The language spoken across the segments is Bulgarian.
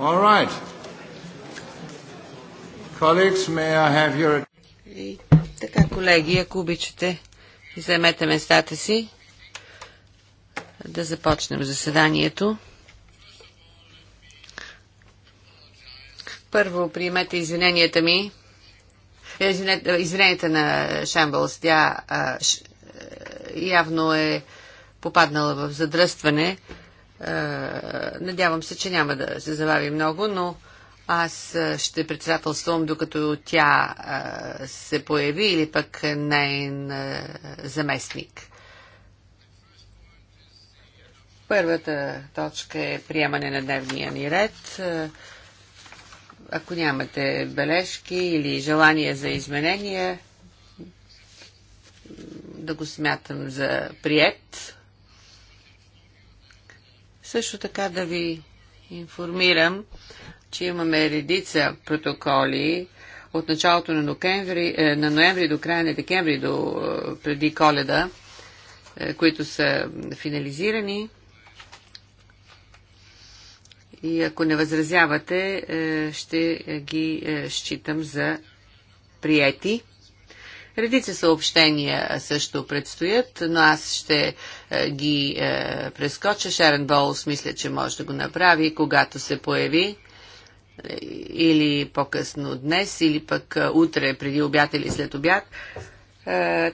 All right. Colleagues, may I have your... И, така, колеги, ако обичате, вземете местата си да започнем заседанието. Първо, приемете извиненията ми. Е, Извинете, извиненията на Шамбълс. Тя а, ш, е, явно е попаднала в задръстване е, надявам се, че няма да се забави много, но аз е, ще председателствам докато тя е, се появи или пък нейн заместник. Първата точка е приемане на дневния ни ред. Ако нямате бележки или желание за изменения, да го смятам за прият. Също така да ви информирам, че имаме редица протоколи от началото на ноември, е, на ноември до края на декември до е, преди коледа, е, които са финализирани. И ако не възразявате, ще ги считам за приети. Редица съобщения също предстоят, но аз ще е, ги е, прескоча. Шарен боус мисля, че може да го направи, когато се появи или по-късно днес, или пък е, утре преди обяд или след обяд.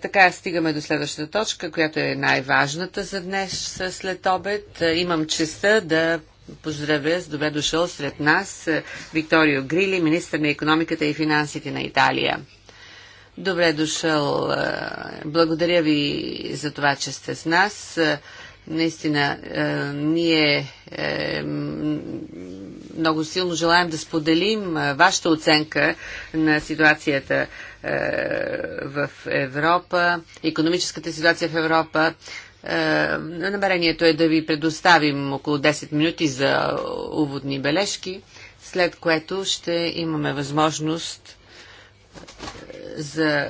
така стигаме до следващата точка, която е най-важната за днес след обед. Имам честа да поздравя с добре дошъл сред нас Викторио Грили, министър на економиката и финансите на Италия. Добре дошъл. Е, благодаря ви за това, че сте с нас. Е, наистина, е, ние много силно желаем да споделим вашата оценка на ситуацията в Европа, економическата ситуация в Европа. Намерението е да ви предоставим около 10 минути за уводни бележки, след което ще имаме възможност за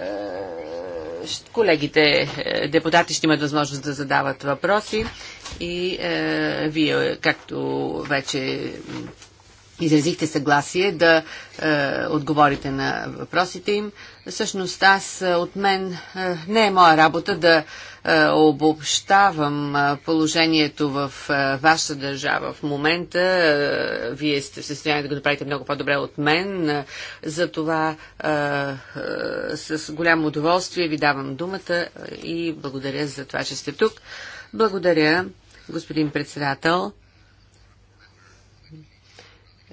колегите е, депутати ще имат възможност да задават въпроси и е, вие, както вече изразихте съгласие да е, отговорите на въпросите им. Всъщност аз е, от мен е, не е моя работа да е, обобщавам е, положението в е, вашата държава в момента. Е, вие сте в състояние да го направите много по-добре от мен. Е, затова е, е, с голямо удоволствие ви давам думата и благодаря за това, че сте тук. Благодаря, господин председател.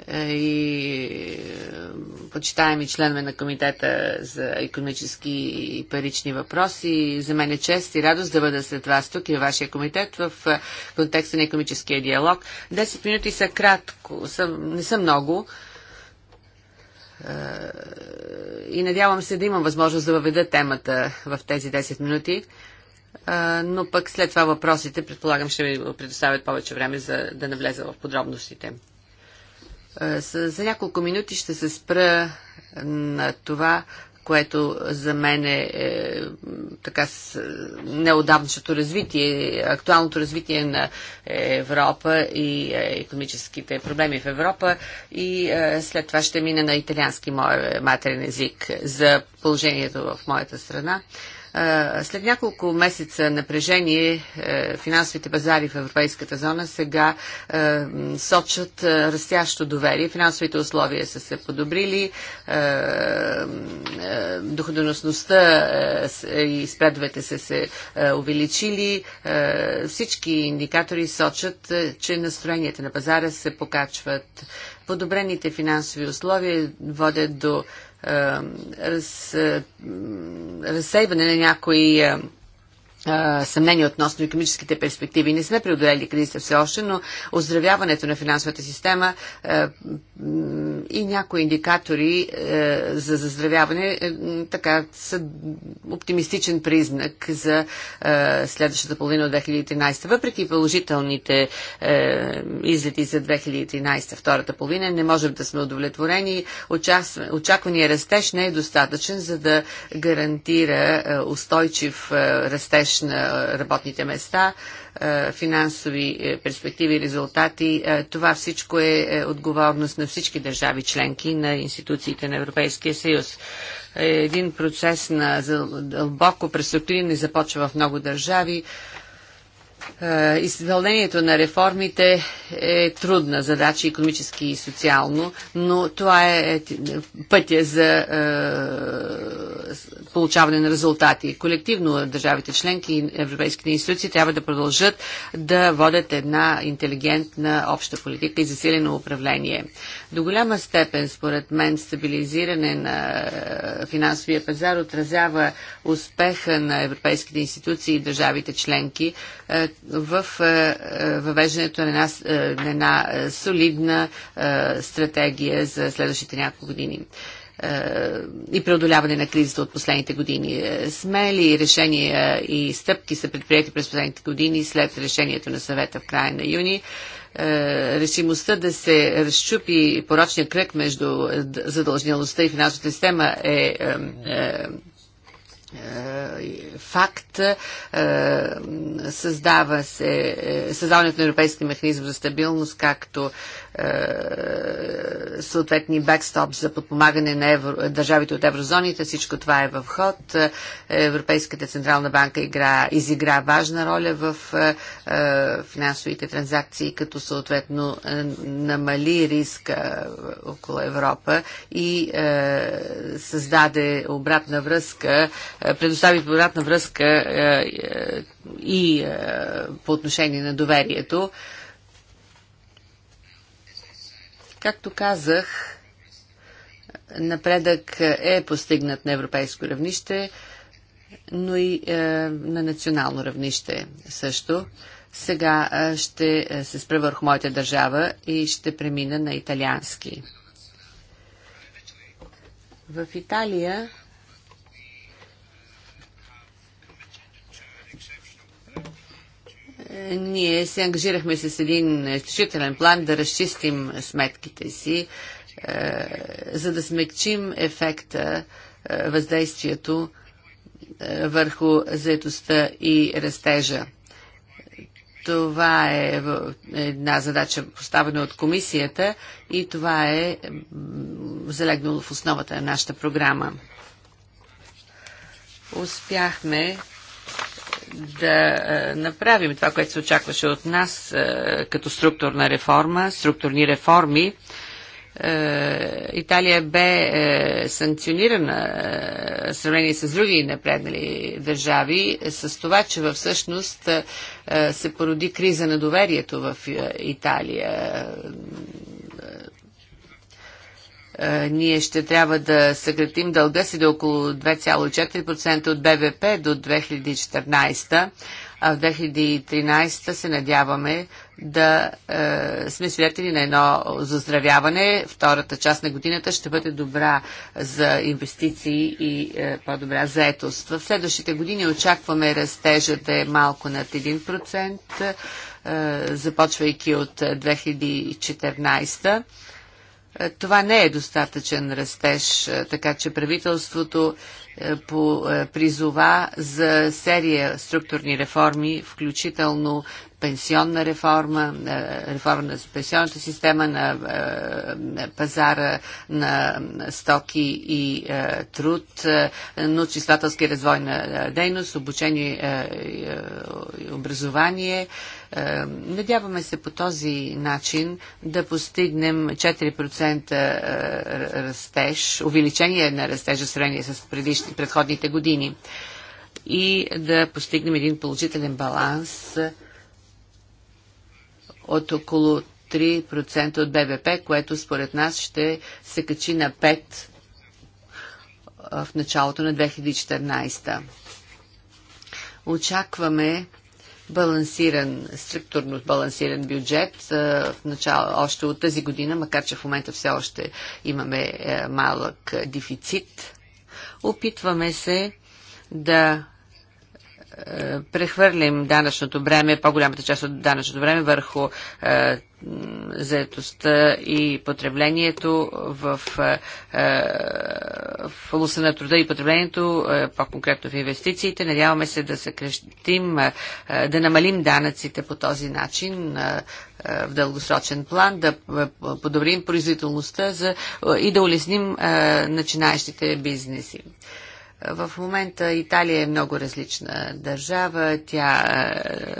Е, и е, почитаеми членове на Комитета за економически и парични въпроси. За мен е чест и радост да бъда след вас тук и вашия комитет в е, контекста на економическия диалог. Десет минути са кратко, са, не са много. И надявам се да имам възможност да въведа темата в тези 10 минути. Но пък след това въпросите, предполагам, ще ми предоставят повече време за да навлеза в подробностите. Е, за няколко минути ще се спра на това, което за мен е, е така с неодавнашното развитие, актуалното развитие на Европа и е, економическите проблеми в Европа и е, след това ще мина на италиански мой матерен език за положението в моята страна. Е, след няколко месеца напрежение е, финансовите пазари в Европейската зона сега е, сочат е, растящо доверие. Финансовите условия са се подобрили, доходоносността и спредовете са се увеличили. Всички индикатори сочат, че настроенията на пазара се покачват. Подобрените финансови условия водят до раз, разсейване на някои а, съмнение относно економическите перспективи. Не сме преодолели кризата все още, но оздравяването на финансовата система и някои индикатори за заздравяване е, така са оптимистичен признак за следващата половина от 2013. Въпреки положителните излети за 2013, втората половина, не можем да сме удовлетворени. Очаквания растеж не е достатъчен, за да гарантира устойчив растеж растеж на работните места, е, финансови е, перспективи и резултати. Е, това всичко е отговорност на всички държави членки на институциите на Европейския съюз. Един процес на дълбоко преструктуриране започва в много държави е, изпълнението на реформите е трудна задача, економически и социално, но това е, е пътя за е, получаване на резултати. Колективно държавите членки и европейските институции трябва да продължат да водят една интелигентна обща политика и засилено управление. До голяма степен, според мен, стабилизиране на е, финансовия пазар отразява успеха на европейските институции и държавите членки е, в е, въвеждането на една, на една солидна стратегия за следващите няколко години и преодоляване на кризата от последните години. Смели решения и стъпки са предприяти през последните години след решението на съвета в края на юни е, решимостта да се разчупи порочния кръг между задължнялостта и финансовата система е, е, е факт създава се, създаването на европейски механизъм за стабилност, както е, съответни бекстоп за подпомагане на евро, държавите от еврозоните. Всичко това е в ход. Е, Европейската централна банка игра, изигра важна роля в е, финансовите транзакции, като съответно намали риска около Европа и създаде обратна връзка, предостави обратна връзка и по отношение на доверието. Както казах, напредък е постигнат на европейско равнище, но и е, на национално равнище също. Сега е, ще е, се спра върху моята държава и ще премина на италиански. В Италия Ние се ангажирахме с един изключителен план да разчистим сметките си, е, за да смекчим ефекта, е, въздействието е, върху заедостта и растежа. Това е една задача поставена от комисията и това е залегнало в основата на нашата програма. Успяхме да е, направим това, което се очакваше от нас е, като структурна реформа, структурни реформи. Е, Италия бе санкционирана в сравнение с други напреднали държави, с това, че всъщност се породи криза на доверието в Италия е, ние ще трябва да съкратим дълга си до около 2,4% от БВП до 2014, а в 2013 се надяваме да е, сме свидетели на едно заздравяване. Втората част на годината ще бъде добра за инвестиции и е, по-добра заетост. В следващите години очакваме да е малко над 1%, е, започвайки от 2014 е, това не е достатъчен растеж, е, така че правителството е, по, призова за серия структурни реформи, включително пенсионна реформа, реформа на пенсионната система, на пазара на стоки и труд, научно-изследователски развой на дейност, обучение и образование, Надяваме се по този начин да постигнем 4% е, растеж, увеличение на растежа в сравнение с предходните години и да постигнем един положителен баланс от около 3% от БВП, което според нас ще се качи на 5% е, в началото на 2014. Очакваме балансиран, структурно балансиран бюджет в начало, още от тази година, макар че в момента все още имаме е, малък дефицит. Опитваме се да е, прехвърлим данъчното бреме, по-голямата част от данъчното бреме върху е, заедостта и потреблението в, е, е в на труда и потреблението, е, по-конкретно в инвестициите. Надяваме се да съкрещим, е, да намалим данъците по този начин в дългосрочен план, да подобрим производителността за, и да улесним начинаещите бизнеси. В момента Италия е много различна държава. Тя е,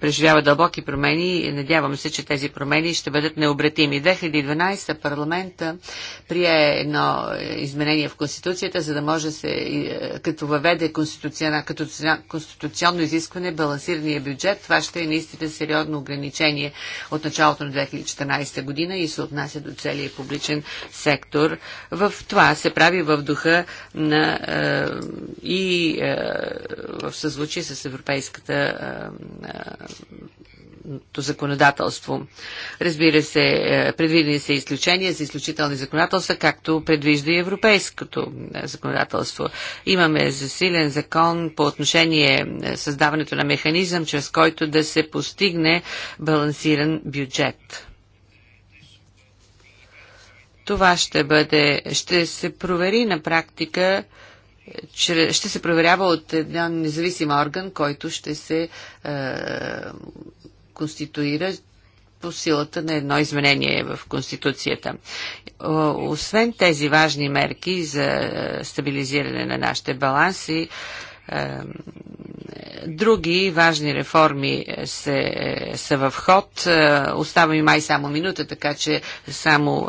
преживява дълбоки промени и надявам се, че тези промени ще бъдат необратими. 2012 парламента прие едно изменение в Конституцията, за да може се, е, като въведе като конституционно изискване балансирания бюджет. Това ще е наистина сериозно ограничение от началото на 2014 година и се отнася до целия публичен сектор. В това се прави в духа на на, е, и е, в съзвучие с европейската е, законодателство. Разбира се, предвидени са изключения за изключителни законодателства, както предвижда и европейското законодателство. Имаме засилен закон по отношение създаването на механизъм, чрез който да се постигне балансиран бюджет. Това ще бъде, ще се провери на практика, ще се проверява от един независим орган, който ще се е, конституира по силата на едно изменение в Конституцията. Освен тези важни мерки за е, стабилизиране на нашите баланси, Други важни реформи е, се, е, са в ход. Е, остава ми май само минута, така че само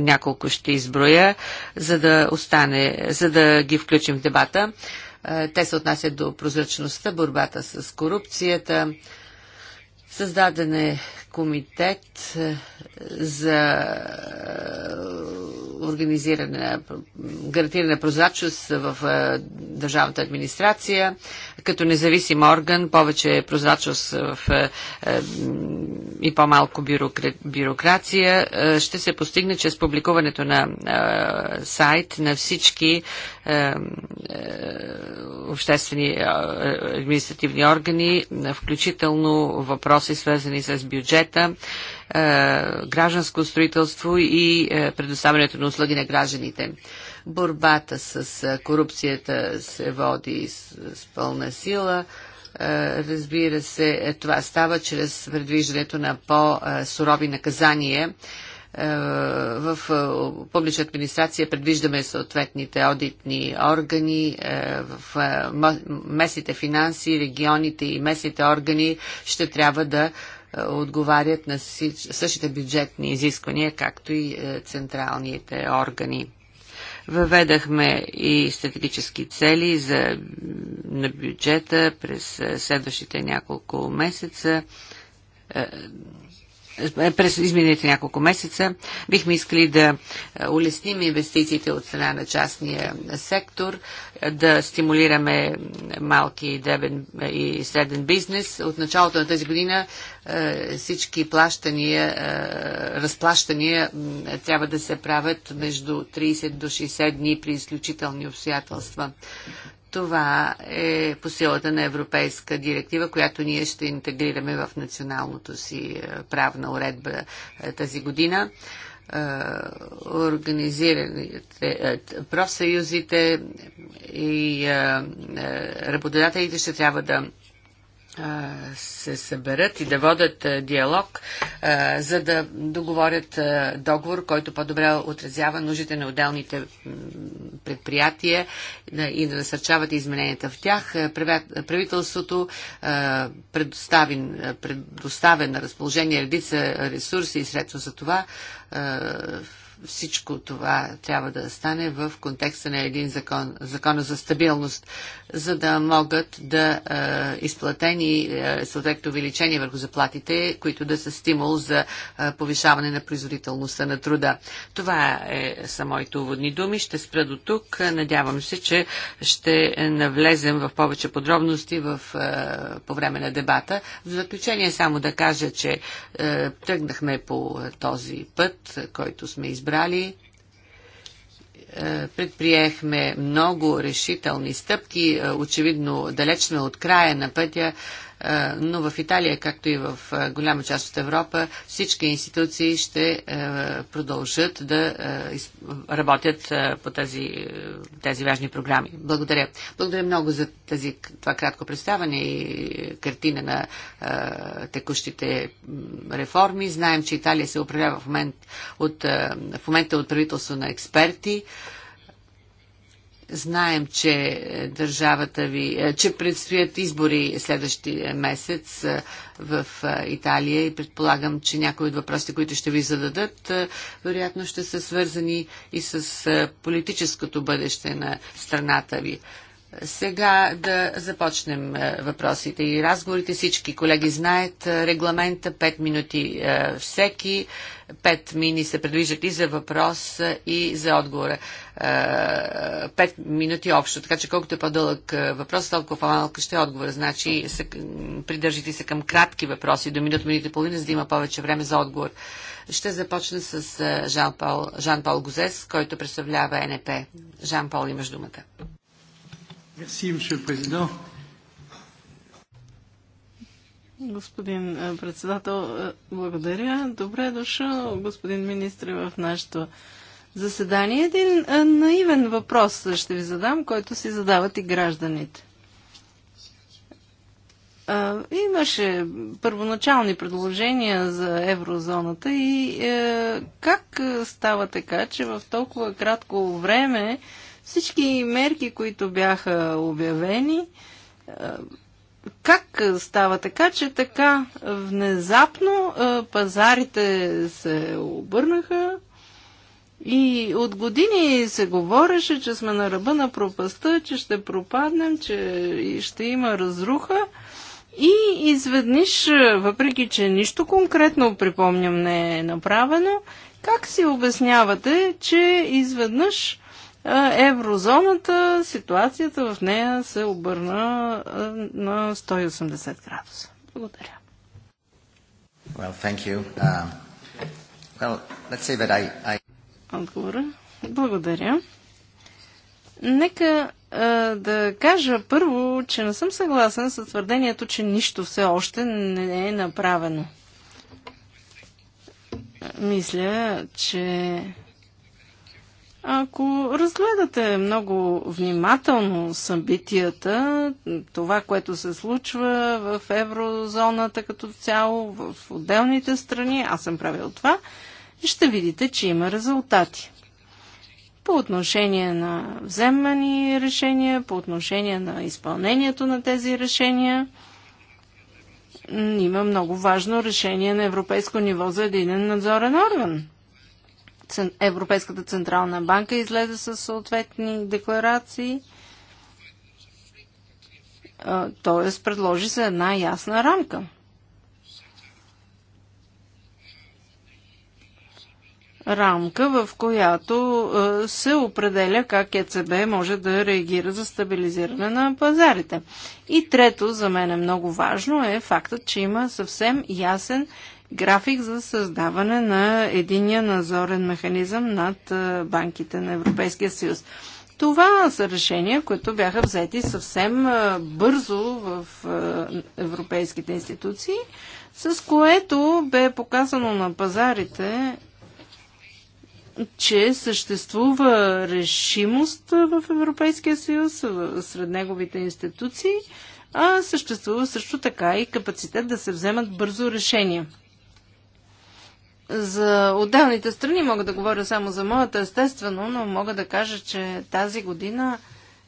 няколко ще изброя, за да, остане, за да ги включим в дебата. Те се отнасят до прозрачността, борбата с корупцията. Създаден е комитет за организиране на гарантирана прозрачност в държавната администрация, като независим орган, повече прозрачност в, е, е, и по-малко бюрокра... бюрокрация е, ще се постигне чрез публикуването на е, сайт на всички е, е, обществени административни органи, включително въпроси свързани с бюджета, гражданско строителство и предоставянето на услуги на гражданите. Борбата с корупцията се води с, с пълна сила. Разбира се, е, това става чрез предвиждането на по-сурови наказания в публична администрация предвиждаме съответните одитни органи, в местните финанси, регионите и местните органи ще трябва да отговарят на същите бюджетни изисквания, както и централните органи. Въведахме и стратегически цели за, на бюджета през следващите няколко месеца през изминалите няколко месеца. Бихме искали да е, улесним инвестициите от страна на частния сектор, да стимулираме малки дебен и среден бизнес. От началото на тази година е, всички плащания, е, разплащания трябва да се правят между 30 до 60 дни при изключителни обстоятелства. Това е по силата на европейска директива, която ние ще интегрираме в националното си е, правна уредба е, тази година е, организираните профсъюзите и работодателите ще трябва да се съберат и да водят диалог, за да договорят договор, който по-добре отразява нуждите на отделните предприятия и да насърчават измененията в тях. Правителството предостави, предоставя на разположение редица ресурси и средства за това. В всичко това трябва да стане в контекста на един закон, закона за стабилност, за да могат да е, изплатени е, съответно увеличение върху заплатите, които да са стимул за е, повишаване на производителността на труда. Това е, са моите уводни думи. Ще спра до тук. Надявам се, че ще навлезем в повече подробности в, е, по време на дебата. В заключение само да кажа, че е, тръгнахме по този път, който сме избрали избрали. Е, предприехме много решителни стъпки, е, очевидно далеч сме от края на пътя, но в Италия, както и в голяма част от Европа, всички институции ще продължат да работят по тези, тези важни програми. Благодаря. Благодаря много за тази, това кратко представане и картина на текущите реформи. Знаем, че Италия се управлява в, момент от, в момента от правителство на експерти. Знаем, че държавата ви, е, че предстоят избори следващия месец е, в е, Италия и предполагам, че някои от въпросите, които ще ви зададат, вероятно ще са свързани и с политическото бъдеще на страната ви. Сега да започнем е, въпросите и разговорите. Всички колеги знаят е, регламента. пет минути е, всеки. пет мини се предвиждат и за въпрос, и за отговора. Пет минути общо. Така че колкото е по-дълъг въпрос, толкова по малък ще е отговор. Значи придържите се към кратки въпроси до минут, минута и половина, за да има повече време за отговор. Ще започна с Жан-Пол, Гузес, който представлява НП. Жан-Пол, имаш думата monsieur le président. Господин е, председател, е, благодаря. Добре е дошъл, господин министр, в нашето заседание. Един е, наивен въпрос ще ви задам, който си задават и гражданите. Имаше първоначални предложения за еврозоната и как става така, че в толкова кратко време всички мерки, които бяха обявени, е, как става така, че така внезапно е, пазарите се обърнаха и от години се говореше, че сме на ръба на пропаста, че ще пропаднем, че ще има разруха. И изведнъж, въпреки че нищо конкретно, припомням, не е направено, как си обяснявате, че изведнъж еврозоната, ситуацията в нея се обърна на 180 градуса. Благодаря. Well, thank you. Uh, well, let's say that I, I... Отговора. Благодаря. Нека а, да кажа първо, че не съм съгласен с твърдението, че нищо все още не е направено. Мисля, че ако разгледате много внимателно събитията, това, което се случва в еврозоната като цяло, в отделните страни, аз съм правил това, ще видите, че има резултати. По отношение на вземани решения, по отношение на изпълнението на тези решения, има много важно решение на европейско ниво за един надзорен орган Европейската централна банка излезе с съответни декларации. Т.е. предложи се една ясна рамка. Рамка, в която се определя как ЕЦБ може да реагира за стабилизиране на пазарите. И трето, за мен е много важно, е фактът, че има съвсем ясен график за създаване на единия назорен механизъм над банките на Европейския съюз. Това са решения, които бяха взети съвсем бързо в европейските институции, с което бе показано на пазарите, че съществува решимост в Европейския съюз, сред неговите институции, а съществува също така и капацитет да се вземат бързо решения. За отделните страни мога да говоря само за моята, естествено, но мога да кажа, че тази година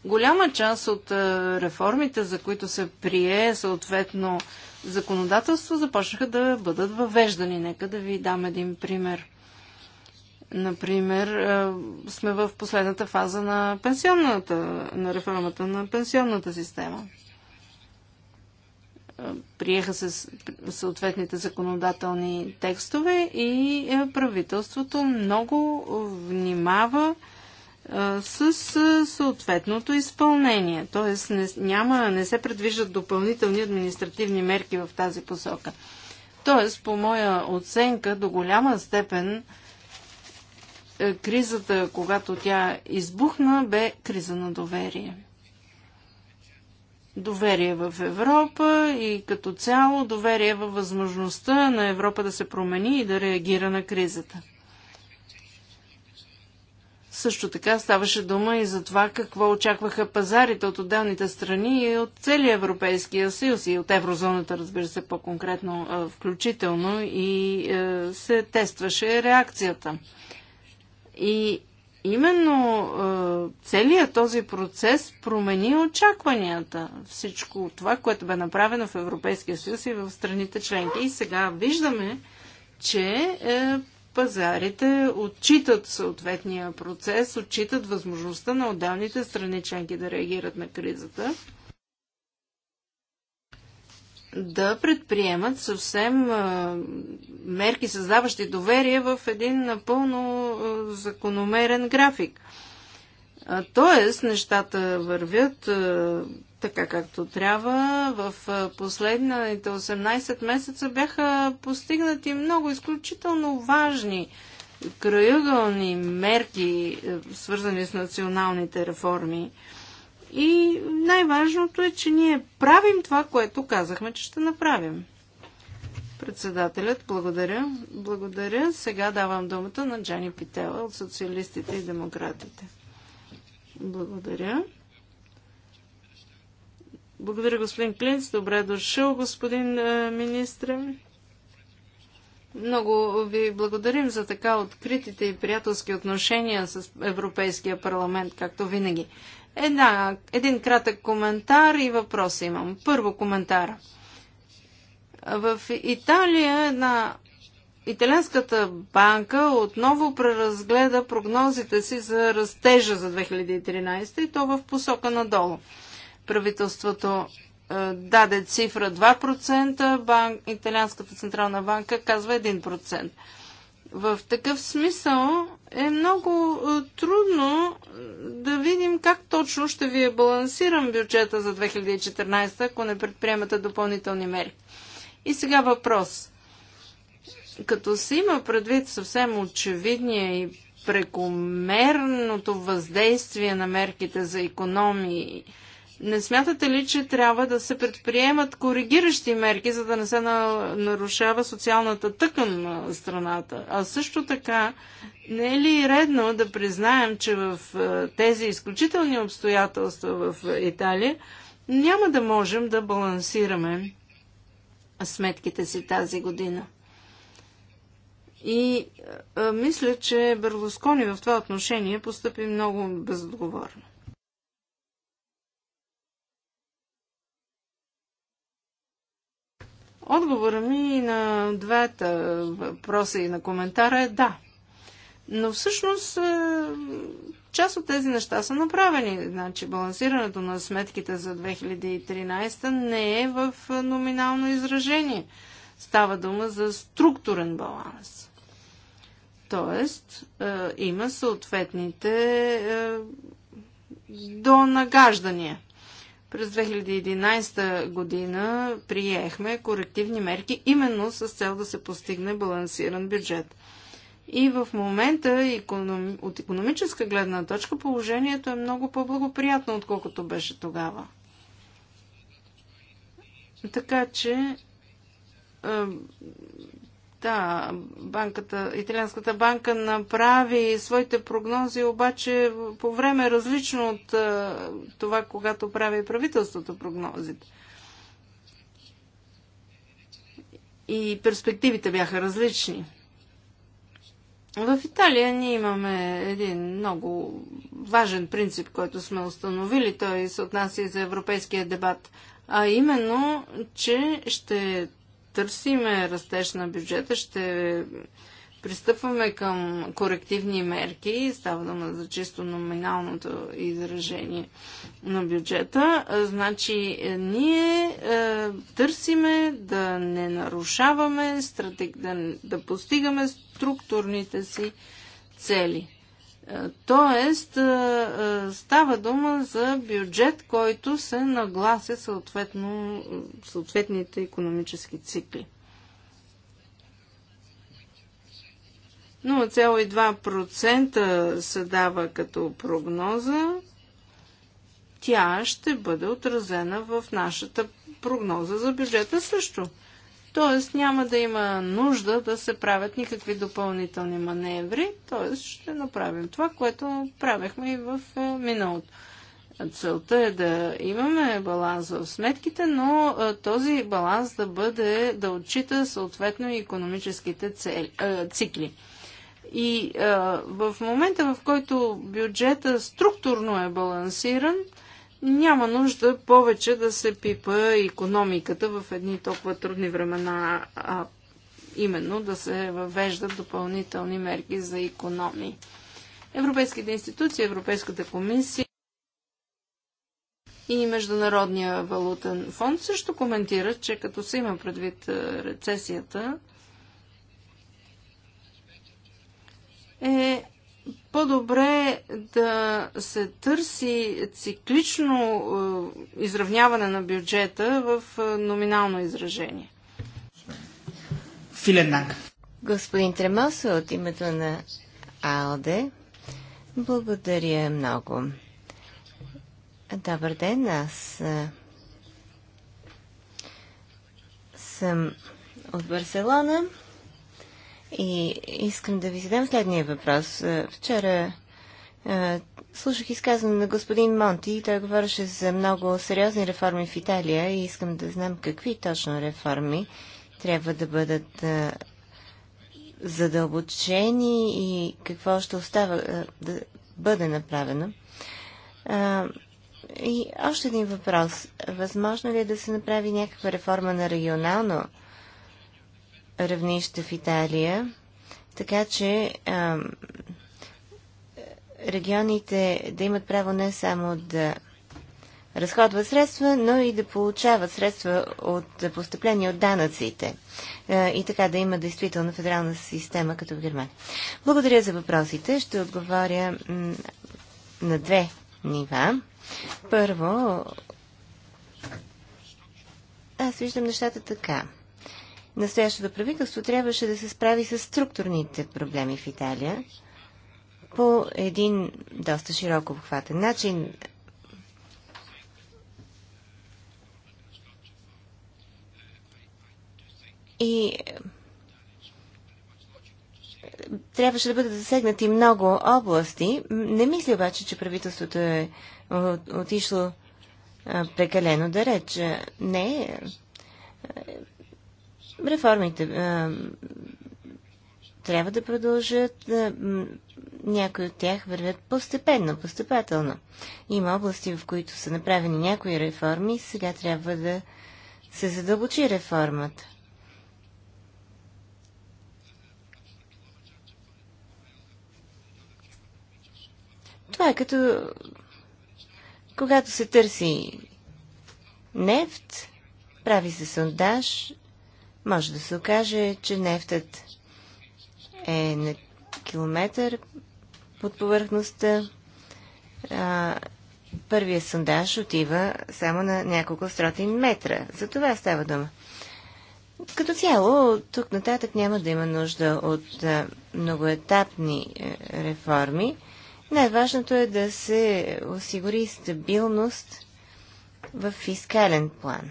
голяма част от е, реформите, за които се прие съответно законодателство, започнаха да бъдат въвеждани. Нека да ви дам един пример. Например, е, сме в последната фаза на пенсионната, на реформата на пенсионната система приеха се съответните законодателни текстове и правителството много внимава с съответното изпълнение. Тоест не, няма, не се предвиждат допълнителни административни мерки в тази посока. Тоест, по моя оценка, до голяма степен кризата, когато тя избухна, бе криза на доверие доверие в Европа и като цяло доверие във възможността на Европа да се промени и да реагира на кризата. Също така ставаше дума и за това какво очакваха пазарите от отделните страни и от целия Европейския съюз и от еврозоната, разбира се, по-конкретно включително и е, се тестваше реакцията. И именно целият този процес промени очакванията. Всичко това, което бе направено в Европейския съюз и в страните членки. И сега виждаме, че е, пазарите отчитат съответния процес, отчитат възможността на отделните страни членки да реагират на кризата да предприемат съвсем мерки, създаващи доверие в един напълно закономерен график. Тоест, нещата вървят така както трябва. В последните 18 месеца бяха постигнати много изключително важни краъгълни мерки, свързани с националните реформи. И най-важното е, че ние правим това, което казахме, че ще направим. Председателят, благодаря. Благодаря. Сега давам думата на Джани Питела от Социалистите и Демократите. Благодаря. Благодаря, господин Клинц. Добре дошъл, господин е, министр. Много ви благодарим за така откритите и приятелски отношения с Европейския парламент, както винаги. Една, един кратък коментар и въпрос имам. Първо коментар. В Италия една Италианската банка отново преразгледа прогнозите си за растежа за 2013 и то в посока надолу. Правителството е, даде цифра 2%, банк, Италианската централна банка казва 1%. В такъв смисъл е много е, трудно да видим как точно ще ви е балансиран бюджета за 2014, ако не предприемате допълнителни мери. И сега въпрос. Като се има предвид съвсем очевидния и прекомерното въздействие на мерките за економии, не смятате ли, че трябва да се предприемат коригиращи мерки, за да не се нарушава социалната тъкан на страната? А също така, не е ли редно да признаем, че в е, тези изключителни обстоятелства в Италия няма да можем да балансираме сметките си тази година? И а, е, е, мисля, че Берлоскони в това отношение поступи много безотговорно. Отговора ми на двата въпроса и на коментара е да. Но всъщност е, част от тези неща са направени. Значи балансирането на сметките за 2013 не е в номинално изражение. Става дума за структурен баланс. Тоест, е, има съответните е, до нагаждания. През 2011 година приехме корективни мерки именно с цел да се постигне балансиран бюджет. И в момента от економическа гледна точка положението е много по-благоприятно, отколкото беше тогава. Така че да, банката, Италианската банка направи своите прогнози, обаче по време различно от е, това, когато прави правителството прогнозите. И перспективите бяха различни. В Италия ние имаме един много важен принцип, който сме установили. Той се отнася и за европейския дебат. А именно, че ще търсиме растеж на бюджета, ще пристъпваме към корективни мерки, става дума за чисто номиналното изражение на бюджета. Значи, ние е, търсиме да не нарушаваме, стратег... да, да постигаме структурните си цели. Е, тоест, е, е, става дума за бюджет, който се наглася съответно съответните економически цикли. 0,2% се дава като прогноза. Тя ще бъде отразена в нашата прогноза за бюджета също. Тоест няма да има нужда да се правят никакви допълнителни маневри, т.е. ще направим това, което правехме и в е, миналото. Целта е да имаме баланс в сметките, но е, този баланс да бъде да отчита съответно и економическите цели, е, цикли. И в момента, в който бюджета структурно е балансиран, няма нужда повече да се пипа економиката в едни толкова трудни времена, а именно да се въвеждат допълнителни мерки за економии. Европейските институции, Европейската комисия и Международния валутен фонд също коментират, че като се има предвид рецесията, е по-добре да се търси циклично е, изравняване на бюджета в е, номинално изражение. Филенак. Господин Тремоса от името на АЛДЕ, благодаря много. Добър ден, аз е, съм от Барселона. И искам да ви задам следния въпрос. Е, вчера е, слушах изказване на господин Монти и той говореше за много сериозни реформи в Италия и искам да знам какви точно реформи трябва да бъдат е, задълбочени и какво ще остава да бъде направено. И още един въпрос. Възможно ли е да се направи някаква реформа на регионално равнище в Италия, така че а, регионите да имат право не само да разходват средства, но и да получават средства от постъпления от данъците. И така да има действително федерална система като в Германия. Благодаря за въпросите. Ще отговоря на две нива. Първо, аз виждам нещата така настоящото правителство трябваше да се справи с структурните проблеми в Италия по един доста широко обхватен начин. И е, трябваше да бъдат засегнати много области. Не мисля обаче, че правителството е отишло прекалено да рече. Не. Е, е, Реформите а, трябва да продължат. А, някои от тях вървят постепенно, постепателно. Има области, в които са направени някои реформи, сега трябва да се задълбочи реформата. Това е като когато се търси нефт, прави се сондаж може да се окаже, че нефтът е на километър под повърхността. А, първия сондаж отива само на няколко стотин метра. За това става дума. Като цяло, тук нататък няма да има нужда от многоетапни е, реформи. Най-важното е да се осигури стабилност в фискален план.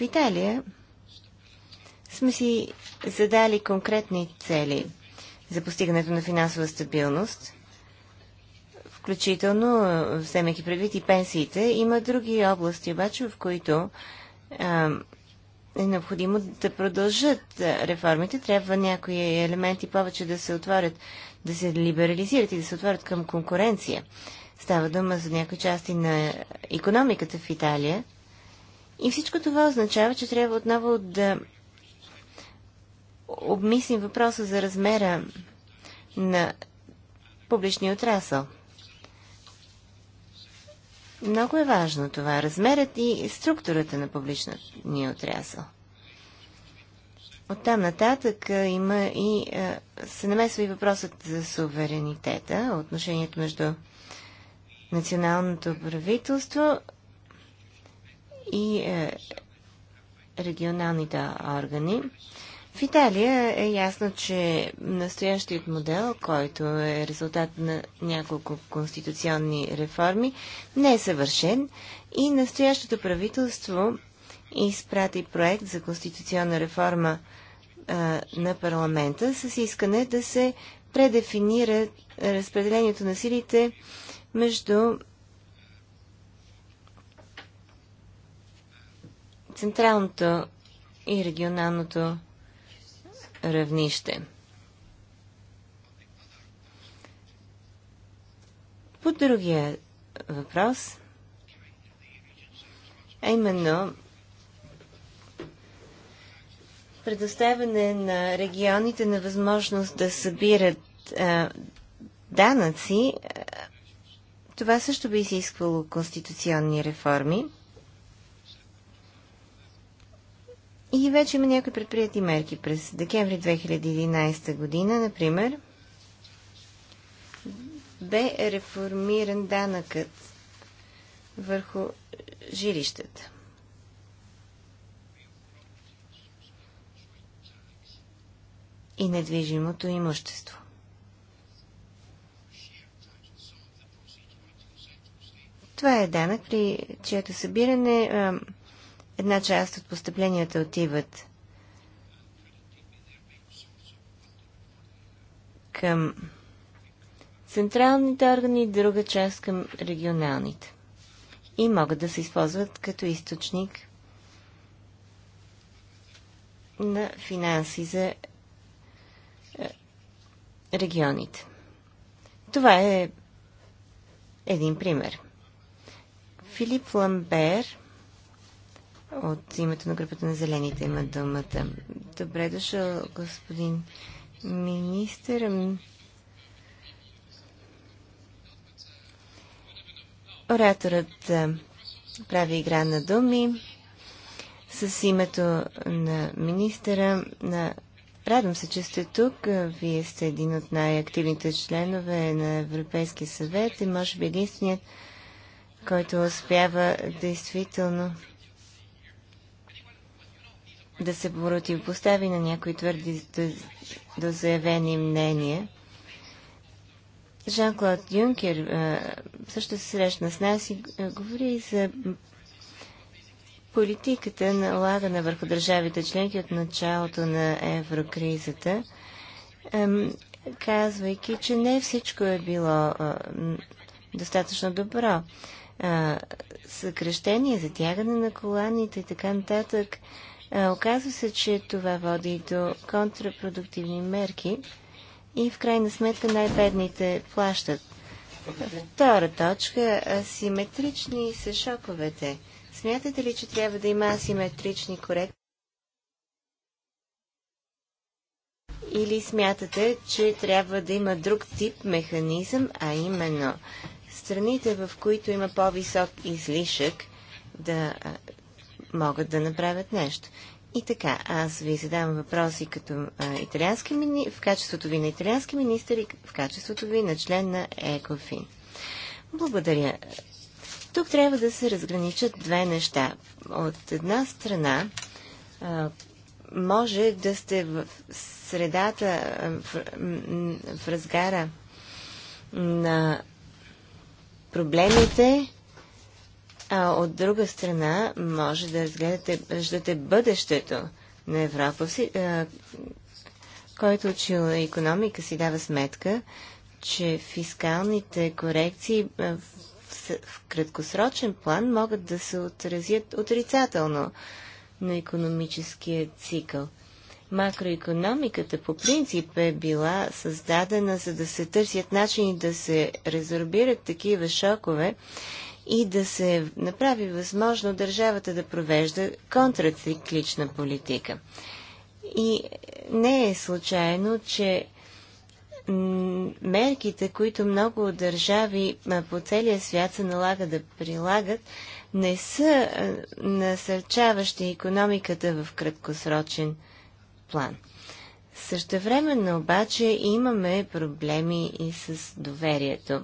В Италия сме си задали конкретни цели за постигането на финансова стабилност, включително, вземайки предвид и пенсиите. Има други области, обаче, в които е необходимо да продължат реформите. Трябва някои елементи повече да се отворят, да се либерализират и да се отворят към конкуренция. Става дума за някои части на економиката в Италия, и всичко това означава, че трябва отново да обмислим въпроса за размера на публичния отрасъл. Много е важно това. Размерът и структурата на публичния отрасъл. Оттам нататък има и се намесва и въпросът за суверенитета, отношението между националното правителство и е, регионалните органи. В Италия е ясно, че настоящият модел, който е резултат на няколко конституционни реформи, не е съвършен и настоящото правителство изпрати проект за конституционна реформа а, е, на парламента с искане да се предефинира разпределението на силите между централното и регионалното равнище. По другия въпрос, а именно предоставяне на регионите на възможност да събират а, данъци, това също би изисквало конституционни реформи. И вече има някои предприяти мерки през декември 2011 година, например, бе реформиран данъкът върху жилищата. и недвижимото имущество. Това е данък, при чието събиране а, Една част от постъпленията отиват към централните органи, друга част към регионалните. И могат да се използват като източник на финанси за е, регионите. Това е един пример. Филип Ламбер от името на групата на зелените има думата. Добре дошъл, господин министър. Ораторът прави игра на думи с името на министъра. На... Радвам се, че сте тук. Вие сте един от най-активните членове на Европейския съвет и може би единственият, който успява действително да се противопостави на някои твърди да, да заявени мнения. Жан-Клод Юнкер също се срещна с нас и говори за политиката налагана върху държавите членки от началото на еврокризата, казвайки, че не всичко е било достатъчно добро. Съкрещение, затягане на коланите и така нататък – Оказва се, че това води до контрапродуктивни мерки и в крайна сметка най-бедните плащат. Втора точка – асиметрични са шоковете. Смятате ли, че трябва да има асиметрични корекции? Или смятате, че трябва да има друг тип механизъм, а именно страните, в които има по-висок излишък, да могат да направят нещо. И така, аз ви задавам въпроси като а, италиански мини... в качеството ви на италиански министър и в качеството ви на член на ЕКОФИН. Благодаря. Тук трябва да се разграничат две неща. От една страна, а, може да сте в средата, в, в разгара на проблемите, а от друга страна, може да разгледате, разгледате бъдещето на Европа, който учил економика си дава сметка, че фискалните корекции в, в краткосрочен план могат да се отразят отрицателно на економическия цикъл. Макроекономиката по принцип е била създадена за да се търсят начини да се резорбират такива шокове и да се направи възможно държавата да провежда контрациклична политика. И не е случайно, че мерките, които много държави по целия свят се налага да прилагат, не са насърчаващи економиката в краткосрочен план. Същевременно обаче имаме проблеми и с доверието.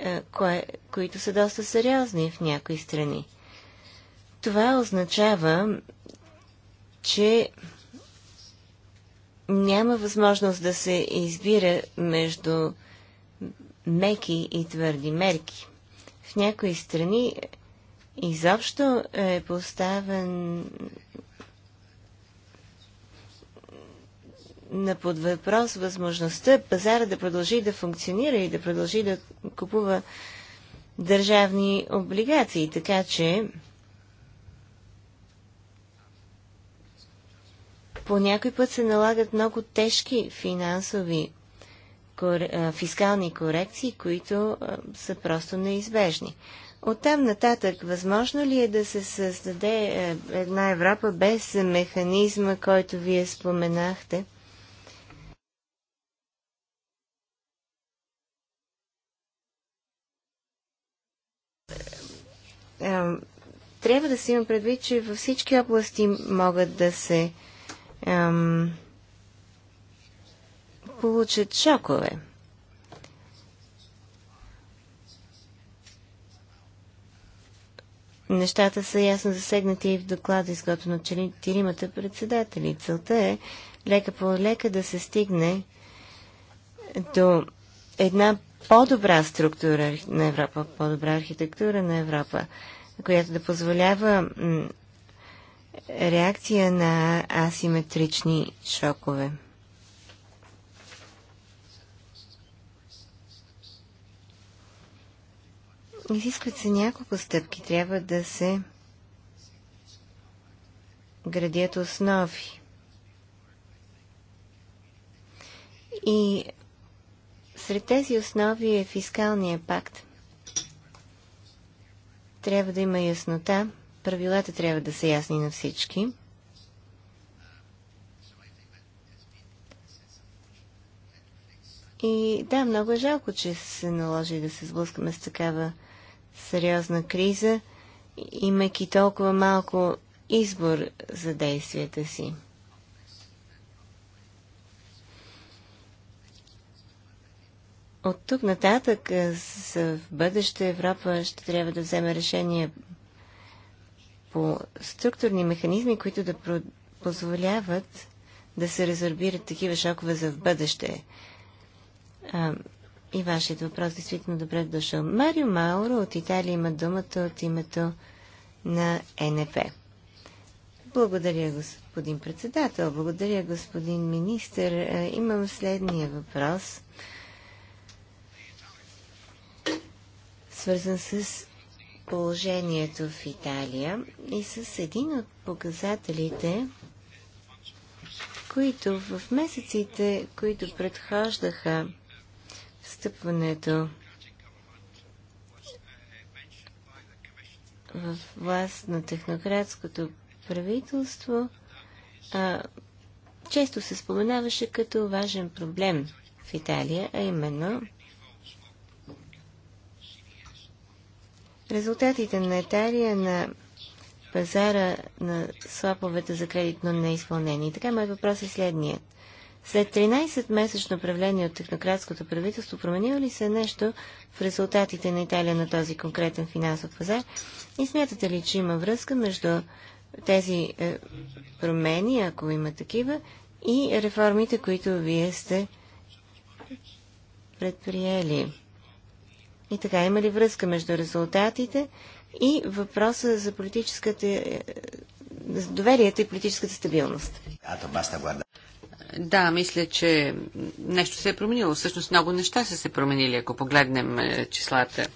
Е, кое, които са доста сериозни в някои страни. Това означава, че няма възможност да се избира между меки и твърди мерки. В някои страни изобщо е поставен на под въпрос възможността пазара да продължи да функционира и да продължи да купува държавни облигации. Така че по някой път се налагат много тежки финансови фискални корекции, които са просто неизбежни. Оттам нататък, възможно ли е да се създаде е, една Европа без механизма, който вие споменахте – трябва да се има предвид, че във всички области могат да се ам, получат шокове. Нещата са ясно засегнати и в доклада, изготвен от тиримата председатели. Целта е лека по лека да се стигне до една по-добра структура на Европа, по-добра архитектура на Европа, която да позволява реакция на асиметрични шокове. Изискват се няколко стъпки. Трябва да се градят основи. И сред тези основи е фискалния пакт. Трябва да има яснота, правилата трябва да са ясни на всички. И да, много е жалко, че се наложи да се сблъскаме с такава сериозна криза, имайки толкова малко избор за действията си. От тук нататък в бъдеще Европа ще трябва да вземе решение по структурни механизми, които да позволяват да се резорбират такива шокове за в бъдеще. А, и вашият въпрос действително добре дошъл. Марио Мауро от Италия има думата от името на НП. Благодаря, господин председател. Благодаря, господин министр. Имам следния въпрос свързан с положението в Италия и с един от показателите, които в месеците, които предхождаха встъпването в власт на технократското правителство, а, често се споменаваше като важен проблем в Италия, а именно Резултатите на Италия на пазара на слаповете за кредитно неизпълнение. И така, моят въпрос е следният. След 13-месечно управление от технократското правителство, променило ли се нещо в резултатите на Италия на този конкретен финансов пазар? И смятате ли, че има връзка между тези е, промени, ако има такива, и реформите, които вие сте предприели? И така, има ли връзка между резултатите и въпроса за политическата е, за доверието и политическата стабилност? Да, мисля, че нещо се е променило. Всъщност много неща са се променили, ако погледнем е, числата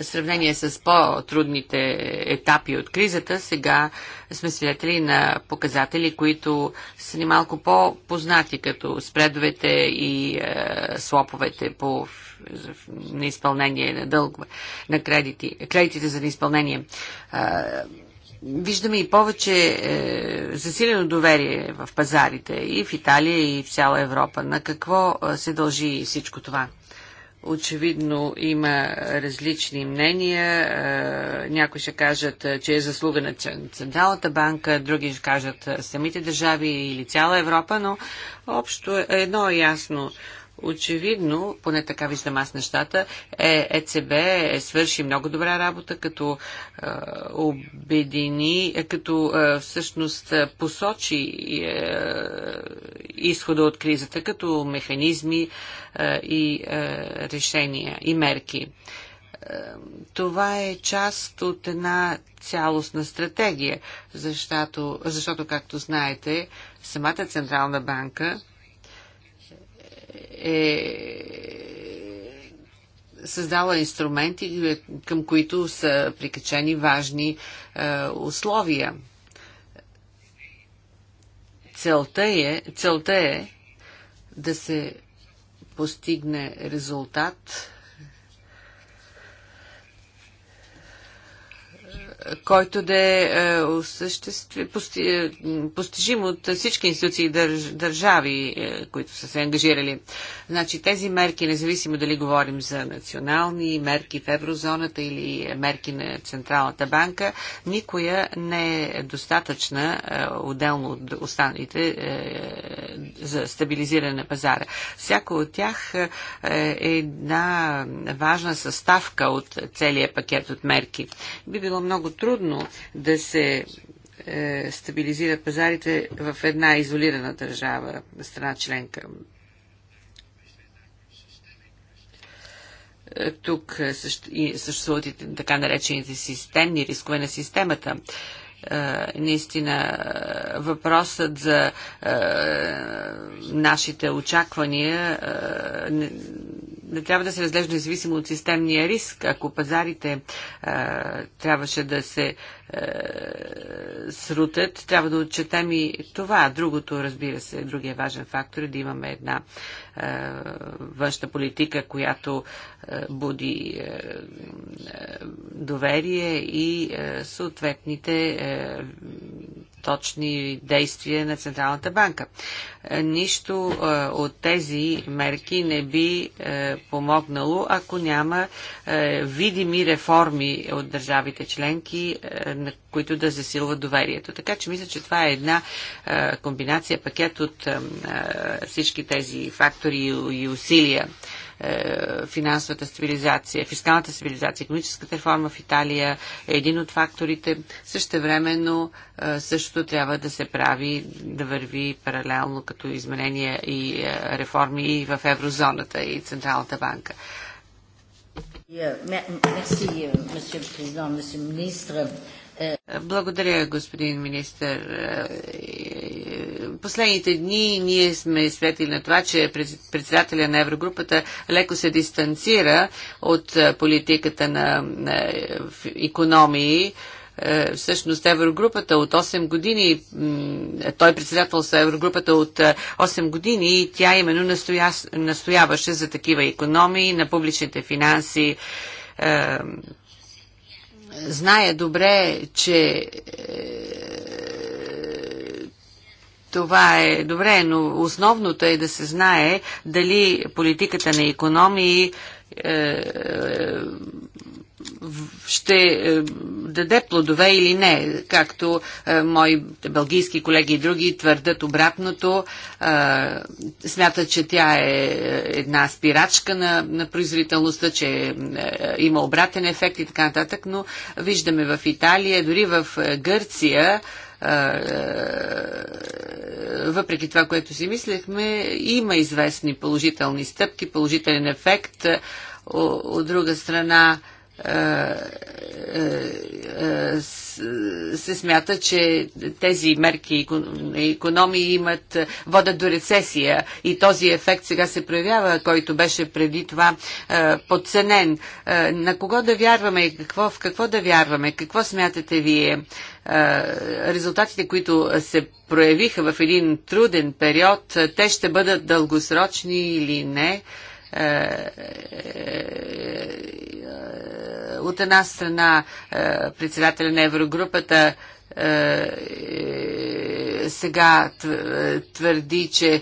сравнение с по-трудните етапи от кризата, сега сме свидетели на показатели, които са ни малко по-познати, като спредовете и е, слоповете по неизпълнение на дългове, на кредити, кредитите за неизпълнение. Е, виждаме и повече е, засилено доверие в пазарите и в Италия и в цяла Европа. На какво е, се дължи всичко това? Очевидно има различни мнения. Е, някои ще кажат, е, че е заслуга на Централната банка, други ще кажат е, самите държави или цяла Европа, но общо едно е ясно Очевидно, поне така виждам аз нещата, е, ЕЦБ е свърши много добра работа, като е, обедини, е, като е, всъщност е, посочи е, изхода от кризата, като механизми е, и е, решения и мерки. Е, това е част от една цялостна стратегия, защото, защото както знаете, самата Централна банка е създала инструменти, е, към които са прикачени важни е, условия. Целта е, целта е да се постигне резултат, който да е, е осъществи, пости, е, постижим от всички институции и държ, държави, е, които са се ангажирали. Значи тези мерки, независимо дали говорим за национални мерки в еврозоната или мерки на Централната банка, никоя не е достатъчна отделно от останалите за стабилизиране на пазара. Всяко от тях е една важна съставка от целия пакет от мерки. Би било много трудно да се е, стабилизират пазарите в една изолирана държава, страна членка. Е, тук е, съществуват и така наречените системни рискове на системата е, наистина въпросът за е, нашите очаквания е, не трябва да се разглежда независимо от системния риск. Ако пазарите а, трябваше да се а, срутят, трябва да отчетем и това. Другото, разбира се, другия важен фактор е да имаме една а, външна политика, която а, буди а, доверие и а, съответните а, точни действия на Централната банка. Е, нищо е, от тези мерки не би е, помогнало, ако няма видими реформи от държавите членки, на които да засилват доверието. Така че мисля, че това е една комбинация, пакет от всички тези фактори и усилия. Е, финансовата стабилизация, фискалната стабилизация, економическата реформа в Италия е един от факторите. Също времено е, също трябва да се прави, да върви паралелно като изменения и е, реформи и в еврозоната и Централната банка. Благодаря, господин министр. Последните дни ние сме свидетели на това, че председателя на Еврогрупата леко се дистанцира от е, политиката на економии е, всъщност Еврогрупата от 8 години, той председател са Еврогрупата от 8 е, години и тя именно настоя, настояваше за такива економии на публичните финанси. Зная добре, че това е добре, но основното е да се знае дали политиката на економии е, е, ще е, даде плодове или не, както мои бългийски колеги и други твърдат обратното. смятат, че тя е една спирачка на, на производителността, че има обратен ефект и така нататък, но виждаме в Италия, дори в Гърция, въпреки това, което си мислехме, има известни положителни стъпки, положителен ефект. От друга страна, се смята, че тези мерки економии имат, водят до рецесия и този ефект сега се проявява, който беше преди това подценен. На кого да вярваме и какво, в какво да вярваме? Какво смятате вие? резултатите, които се проявиха в един труден период, те ще бъдат дългосрочни или не. Е, е, е, от една страна председателя на Еврогрупата е, е, сега твърди, че е,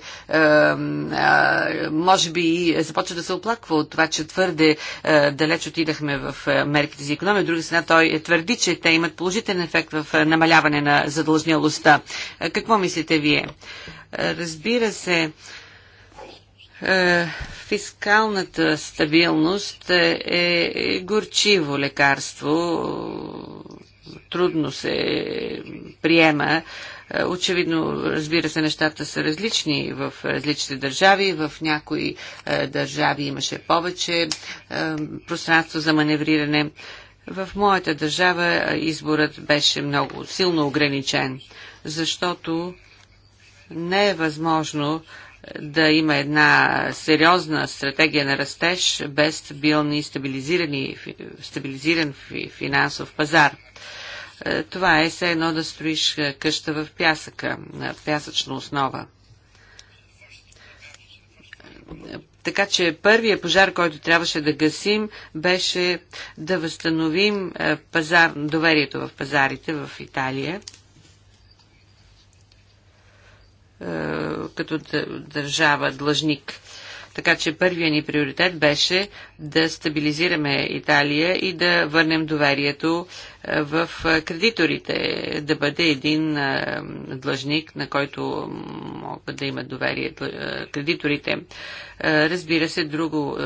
може би започва да се оплаква от това, че твърде далеч отидахме в мерките за економия. От друга страна, той твърди, че те имат положителен ефект в намаляване на задължнялостта. Какво мислите вие? Разбира се, фискалната стабилност е горчиво лекарство трудно се приема. Е, очевидно, разбира се, нещата са различни в различните държави. В някои е, държави имаше повече е, пространство за маневриране. В моята държава изборът беше много силно ограничен, защото не е възможно да има една сериозна стратегия на растеж без стабилни и стабилизиран финансов пазар. Е, това е все едно да строиш е, къща в пясъка, на пясъчна основа. Така че първият пожар, който трябваше да гасим, беше да възстановим е, пазар, доверието в пазарите в Италия. Като държава длъжник – така че първият ни приоритет беше да стабилизираме Италия и да върнем доверието е, в е, кредиторите, да бъде един е, длъжник, на който могат да имат доверие кредиторите. Разбира се, друго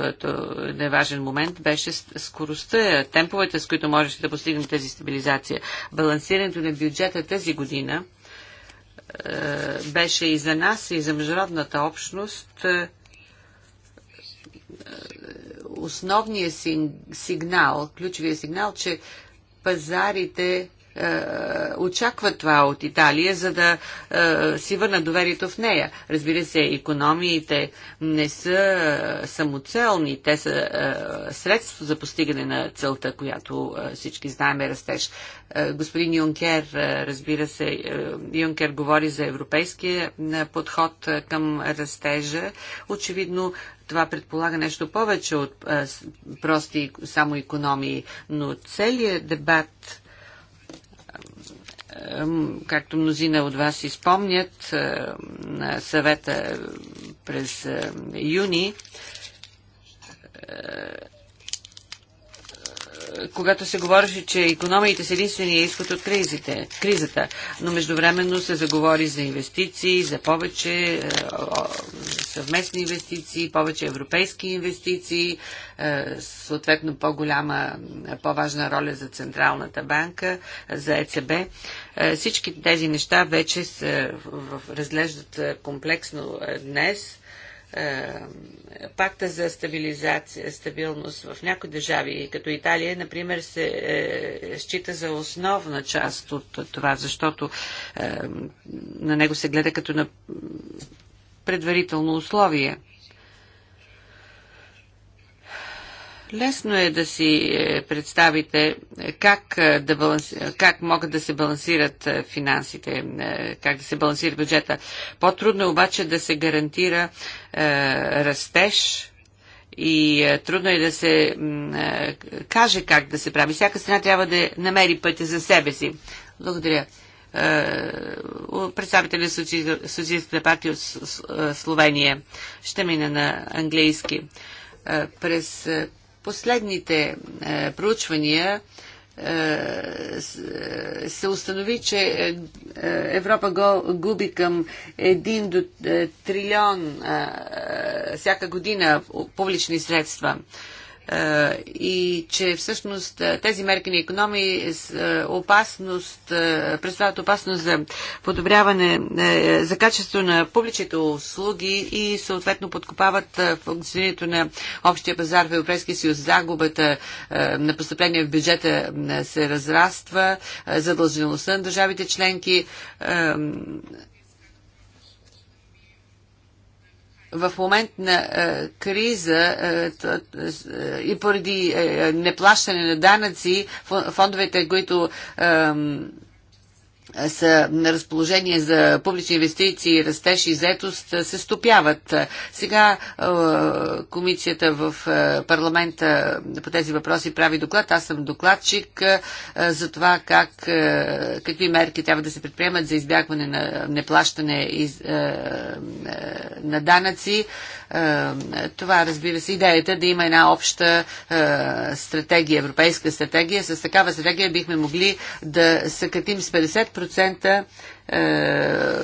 неважен момент беше скоростта, темповете, с които можеше да постигне тази стабилизация. Балансирането на бюджета тази година беше и за нас, и за международната общност основния сигнал, ключовия сигнал, че пазарите е, очакват това от Италия, за да е, си върнат доверието в нея. Разбира се, економиите не са е, самоцелни, те са средство за постигане на целта, която всички знаем е растеж. Господин Юнкер, разбира се, Юнкер говори за европейския подход към растежа. Очевидно, това предполага нещо повече от а, прости само економии, но целият дебат както мнозина от вас изпомнят, е, на съвета през е, юни е, когато се говореше, че економиите са единствения изход от кризите, кризата, но междувременно се заговори за инвестиции, за повече е, съвместни инвестиции, повече европейски инвестиции, е, съответно по-голяма, по-важна роля за Централната банка, за ЕЦБ. Е, всички тези неща вече се разглеждат комплексно днес е, пакта за стабилизация, стабилност в някои държави, като Италия, например, се е, счита за основна част от това, защото е, на него се гледа като на предварително условие. Лесно е да си е, представите е, как, е, да баланс... как могат да се балансират финансите, как да се балансира бюджета. По-трудно е обаче да се гарантира е, растеж и трудно е да се е, каже как да се прави. Всяка страна трябва да намери пътя за себе си. Благодаря. Представители на Социалистите партия от Словения. Ще мина на английски през последните е, проучвания е, е, се установи, че е, Европа го губи към 1 до трилион всяка година публични средства. Е, и че всъщност е, тези мерки на економии с опасност, е, представят опасност за подобряване, за качество на публичните услуги и съответно подкопават функционирането на общия пазар в Европейския съюз. Загубата на постъпление в бюджета се разраства, задължеността на държавите членки в момент на а, е, криза е, е, и поради е, неплащане на данъци, фондовете, които са на разположение за публични инвестиции, растеж и заетост се стопяват. Сега комисията в парламента по тези въпроси прави доклад. Аз съм докладчик за това как, какви мерки трябва да се предприемат за избягване на неплащане на данъци. Това разбира се идеята да има една обща стратегия, европейска стратегия. С такава стратегия бихме могли да съкратим с 50% 10% е, е,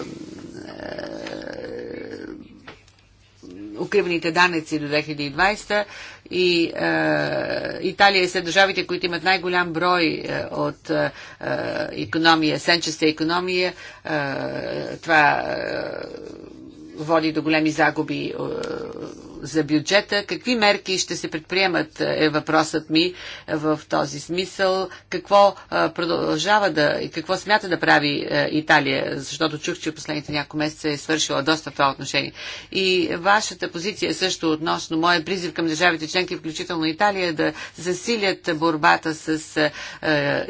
укриваните данъци до 2020 и е, Италия е след държавите, които имат най-голям брой е, от е, економия, сенчеста економия. Е, това е, води до големи загуби е, за бюджета. Какви мерки ще се предприемат е, е въпросът ми е, в този смисъл. Какво е, продължава да и какво смята да прави Италия, защото чух, че последните няколко месеца е свършила доста в това отношение. И вашата позиция също относно моят призив към държавите членки, включително Италия, да засилят борбата с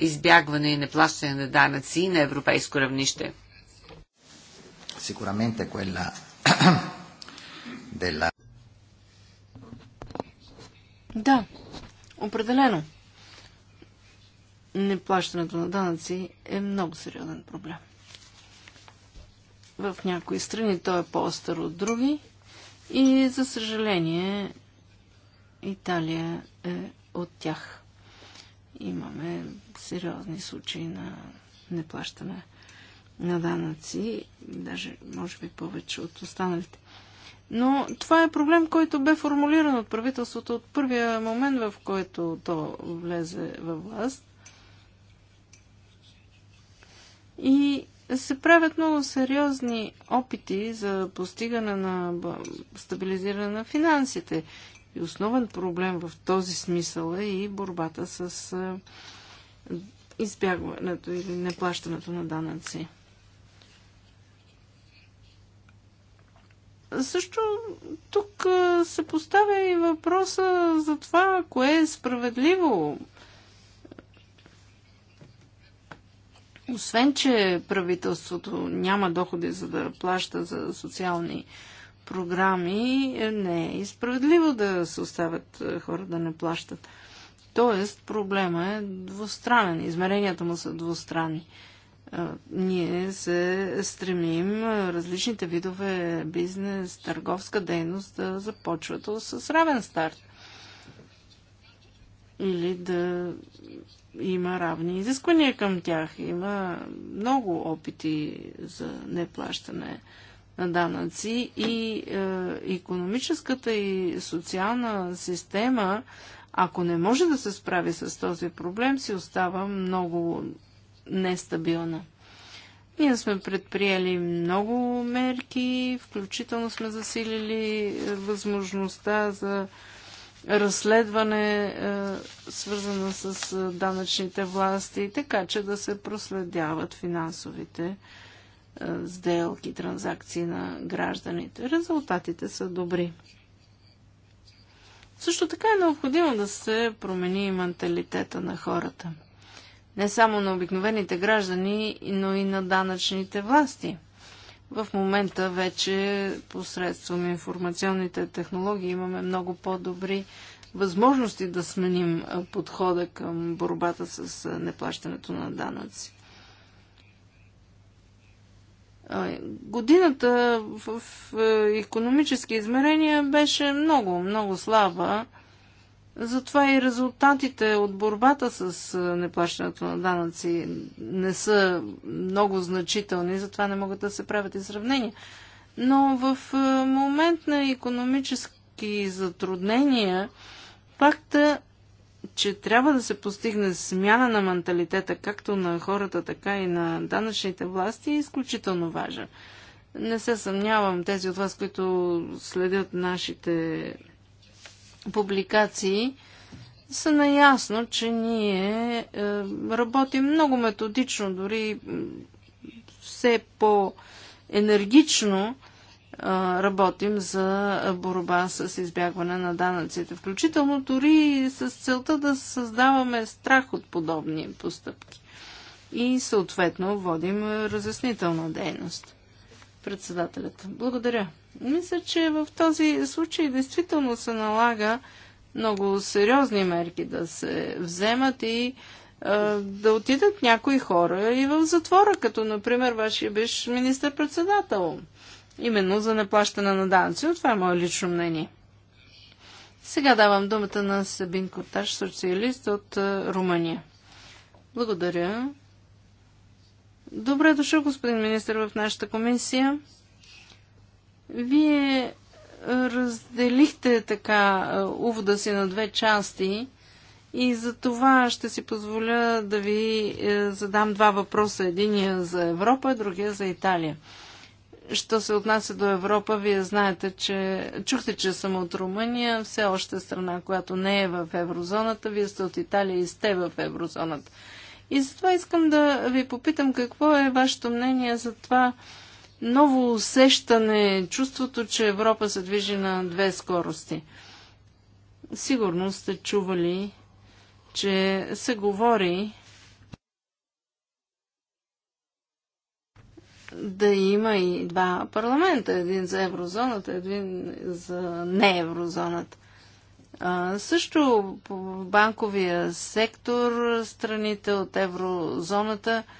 избягване и неплащане на данъци на европейско равнище. Сигурамент е quella della... Да, определено. Неплащането на данъци е много сериозен проблем. В някои страни той е по-остър от други и, за съжаление, Италия е от тях. Имаме сериозни случаи на неплащане на данъци, даже може би повече от останалите. Но това е проблем, който бе формулиран от правителството от първия момент, в който то влезе във власт. И се правят много сериозни опити за постигане на стабилизиране на финансите. И основен проблем в този смисъл е и борбата с избягването или неплащането на данъци. Също тук се поставя и въпроса за това, кое е справедливо. Освен, че правителството няма доходи за да плаща за социални програми, не е справедливо да се оставят хора да не плащат. Тоест, проблема е двустранен. Измеренията му са двустранни ние се стремим различните видове бизнес, търговска дейност да започват с равен старт. Или да има равни изисквания към тях. Има много опити за неплащане на данъци и е, економическата и социална система, ако не може да се справи с този проблем, си остава много нестабилна. Ние сме предприели много мерки, включително сме засилили е, възможността за разследване, е, свързана свързано с е, данъчните власти, така че да се проследяват финансовите сделки, транзакции на гражданите. Резултатите са добри. Също така е необходимо да се промени менталитета на хората – не само на обикновените граждани, но и на данъчните власти. В момента вече посредством информационните технологии имаме много по-добри възможности да сменим подхода към борбата с неплащането на данъци. Годината в економически измерения беше много, много слаба. Затова и резултатите от борбата с неплащането на данъци не са много значителни, затова не могат да се правят и сравнения. Но в момент на економически затруднения, факта, че трябва да се постигне смяна на менталитета, както на хората, така и на данъчните власти, е изключително важен. Не се съмнявам тези от вас, които следят нашите публикации са наясно, че ние е, работим много методично, дори все по-енергично работим за борба с избягване на данъците, включително дори с целта да създаваме страх от подобни постъпки и съответно водим разяснителна дейност. Председателят. Благодаря. Мисля, че в този случай действително се налага много сериозни мерки да се вземат и да отидат някои хора и в затвора, като например вашия биш министър-председател. Именно за неплащане на данци. Това е мое лично мнение. Сега давам думата на Сабин Коташ, социалист от Румъния. Благодаря. Добре дошъл, господин министр, в нашата комисия. Вие е, разделихте така е, увода си на две части и за това ще си позволя да ви е, задам два въпроса. Единия за Европа, другия за Италия. Що се отнася до Европа, вие знаете, че чухте, че съм от Румъния, все още страна, която не е в еврозоната. Вие сте от Италия и сте в еврозоната. И затова искам да ви попитам какво е вашето мнение за това, ново усещане, чувството, че Европа се движи на две скорости. Сигурно сте чували, че се говори да има и два парламента. Един за еврозоната, един за нееврозоната. А, също в банковия сектор страните от еврозоната –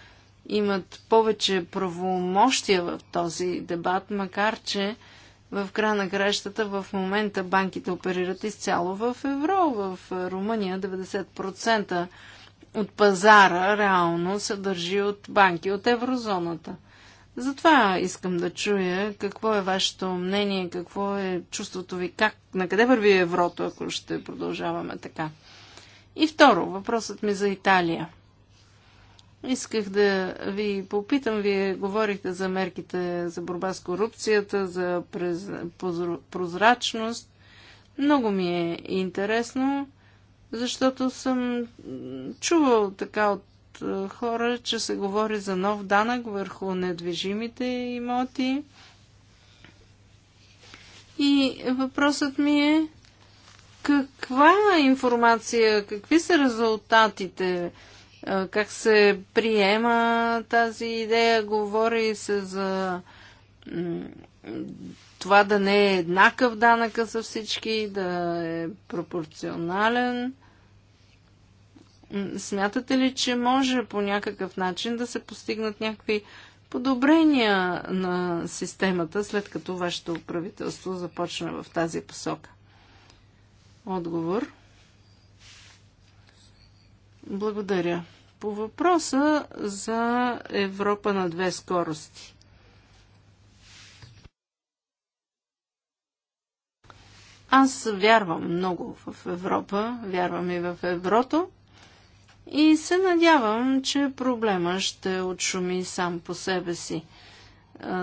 имат повече правомощия в този дебат, макар че в края на кращата в момента банките оперират изцяло в евро. В Румъния 90% от пазара реално се държи от банки от еврозоната. Затова искам да чуя какво е вашето мнение, какво е чувството ви, как, на къде върви еврото, ако ще продължаваме така. И второ, въпросът ми за Италия. Исках да ви попитам, вие говорихте за мерките за борба с корупцията, за прозрачност. Много ми е интересно, защото съм чувал така от е, хора, че се говори за нов данък върху недвижимите имоти. И въпросът ми е каква информация, какви са резултатите? как се приема тази идея, говори се за това да не е еднакъв данъка за всички, да е пропорционален. Смятате ли, че може по някакъв начин да се постигнат някакви подобрения на системата, след като вашето правителство започна в тази посока? Отговор. Благодаря. По въпроса за Европа на две скорости. Аз вярвам много в Европа, вярвам и в еврото и се надявам, че проблема ще отшуми сам по себе си.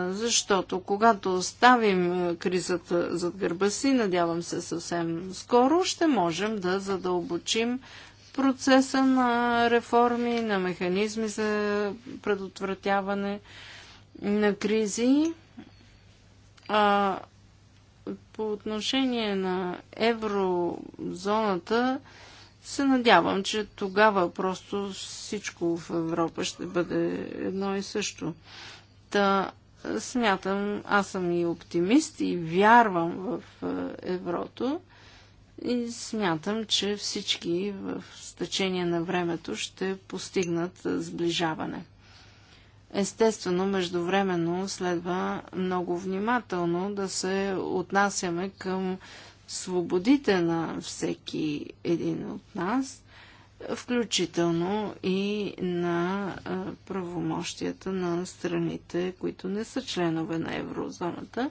Защото когато оставим кризата зад гърба си, надявам се съвсем скоро, ще можем да задълбочим процеса на реформи, на механизми за предотвратяване на кризи. А по отношение на еврозоната, се надявам, че тогава просто всичко в Европа ще бъде едно и също. Та смятам, аз съм и оптимист и вярвам в еврото. И смятам, че всички в течение на времето ще постигнат сближаване. Естествено, междувременно следва много внимателно да се отнасяме към свободите на всеки един от нас, включително и на правомощията на страните, които не са членове на еврозоната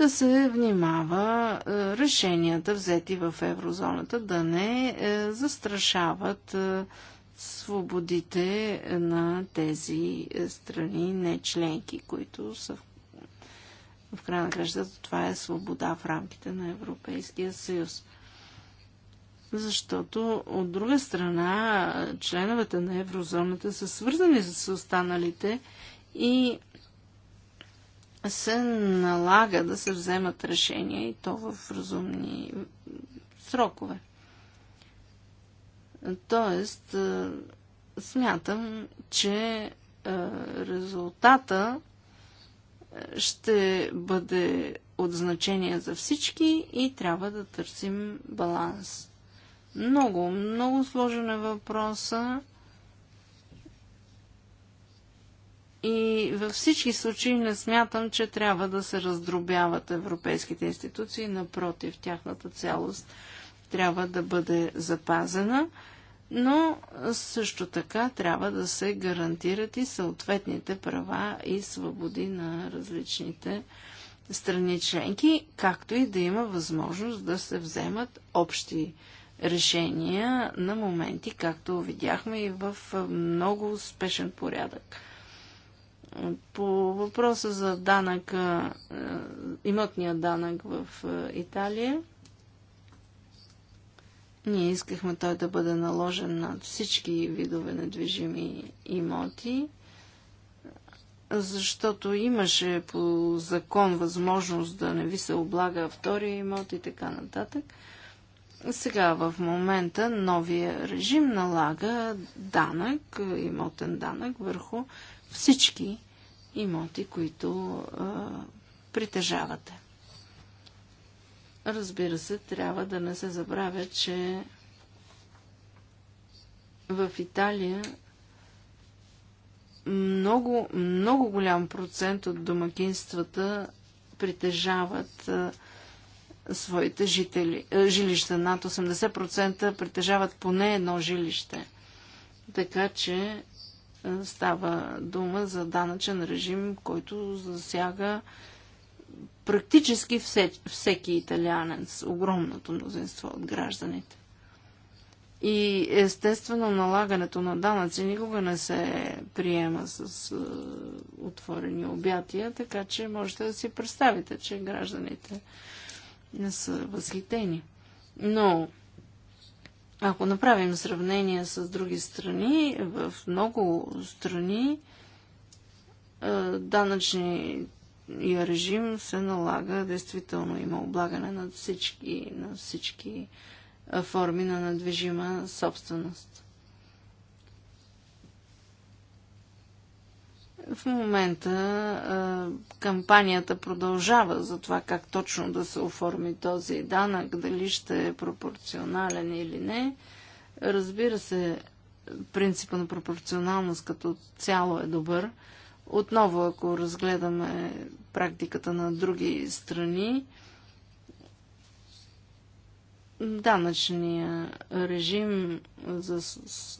да се внимава е, решенията взети в еврозоната да не е, застрашават е, свободите на тези страни, не членки, които са в, в края на кращата. Това е свобода в рамките на Европейския съюз. Защото, от друга страна, членовете на еврозоната са свързани с останалите и се налага да се вземат решения и то в разумни срокове. Тоест, е, смятам, че е, резултата е, ще бъде от значение за всички и трябва да търсим баланс. Много, много сложен е въпроса. И във всички случаи не смятам, че трябва да се раздробяват европейските институции. Напротив, тяхната цялост трябва да бъде запазена, но също така трябва да се гарантират и съответните права и свободи на различните страни членки, както и да има възможност да се вземат общи решения на моменти, както видяхме и в много успешен порядък. По въпроса за данък, е, имотния данък в е, Италия, ние искахме той да бъде наложен над всички видове недвижими имоти, защото имаше по закон възможност да не ви се облага втория имот и така нататък. Сега в момента новия режим налага данък, имотен данък върху всички имоти, които а, притежавате. Разбира се, трябва да не се забравя, че в Италия много, много голям процент от домакинствата притежават а, своите жители, а, жилища. Над 80% притежават поне едно жилище. Така че е, става дума за данъчен режим, който засяга практически все, всеки италианец, огромното мнозинство от гражданите. И естествено налагането на данъци никога не се приема с е, отворени обятия, така че можете да си представите, че гражданите не са възхитени. Но ако направим сравнение с други страни, в много страни е, данъчния режим се налага, действително има облагане на всички, на всички е, форми на недвижима собственост. В момента кампанията продължава за това как точно да се оформи този данък, дали ще е пропорционален или не. Разбира се, принципа на пропорционалност като цяло е добър. Отново, ако разгледаме практиката на други страни, данъчния режим за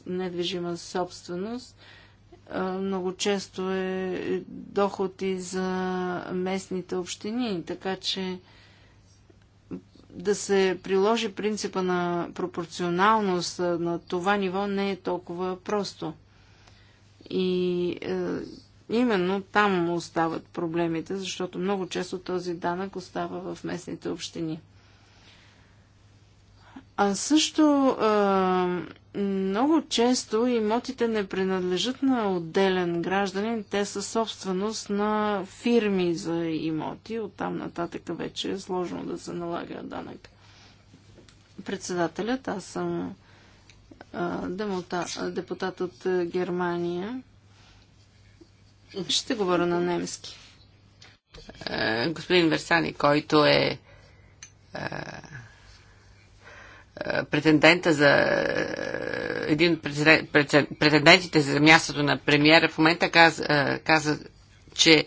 недвижима собственост – много често е доход и за местните общини, така че да се приложи принципа на пропорционалност на това ниво не е толкова просто. И е, именно там остават проблемите, защото много често този данък остава в местните общини. А също много често имотите не принадлежат на отделен гражданин, те са собственост на фирми за имоти. Оттам нататък вече е сложно да се налага данък. Председателят, аз съм демота, депутат от Германия. Ще говоря на немски. Е, господин Версани, който е, е претендента за един от претендентите за мястото на премиера в момента каза, каза че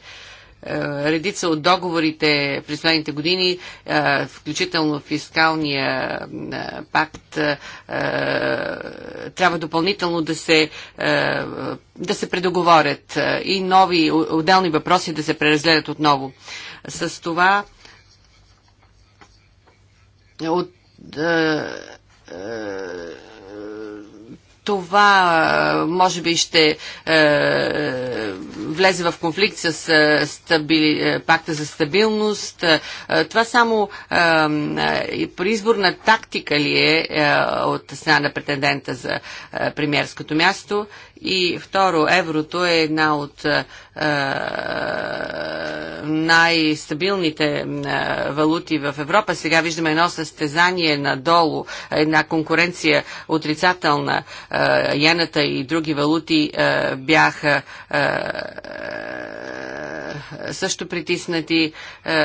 редица от договорите през последните години, включително фискалния пакт, трябва допълнително да се, да се предоговорят и нови отделни въпроси да се преразгледат отново. С това от да, е, това е, може би ще е, влезе в конфликт с е, стабили, е, пакта за стабилност. Това само е, произборна тактика ли е, е от страна на претендента за премьерското място и второ, еврото е една от е, е най-стабилните е, валути в Европа. Сега виждаме едно състезание надолу, една конкуренция отрицателна. Е, ената и други валути е, бяха е, също притиснати.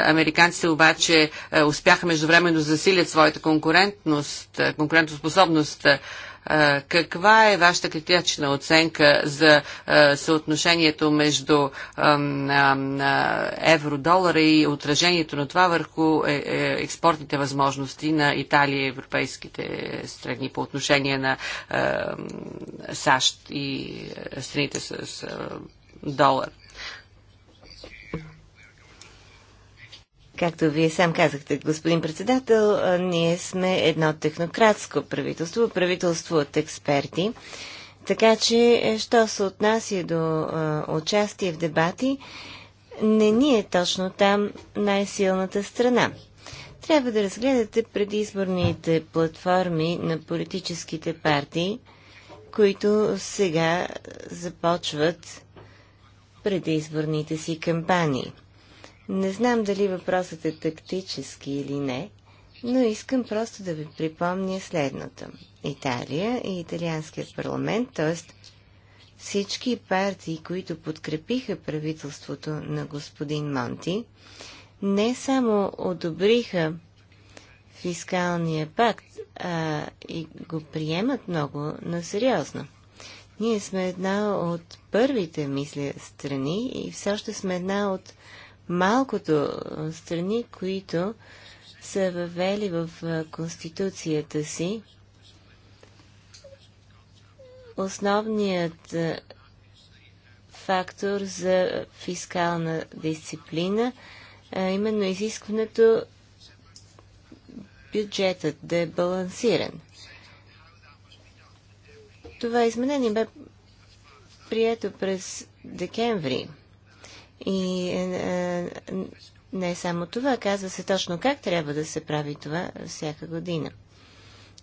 Американците обаче успяха междувременно засилят своята конкурентност, конкурентоспособност. Каква е вашата критична оценка за съотношението между евро-долара и отражението на това върху е, е, експортните възможности на Италия и европейските страни по отношение на САЩ и е, страните с долар? Както вие сам казахте, господин председател, ние сме едно технократско правителство, правителство от експерти. Така че, е, що се отнася до а, участие в дебати, не ни е точно там най-силната страна. Трябва да разгледате предизборните платформи на политическите партии, които сега започват предизборните си кампании. Не знам дали въпросът е тактически или не, но искам просто да ви припомня следното. Италия и Италианският парламент, т.е. всички партии, които подкрепиха правителството на господин Монти, не само одобриха фискалния пакт, а и го приемат много насериозно. Ние сме една от първите, мисля, страни и все още сме една от малкото страни, които са въвели в Конституцията си основният фактор за фискална дисциплина, а именно изискването бюджетът да е балансиран. Това изменение бе прието през декември и е, е, не само това, казва се точно как трябва да се прави това всяка година.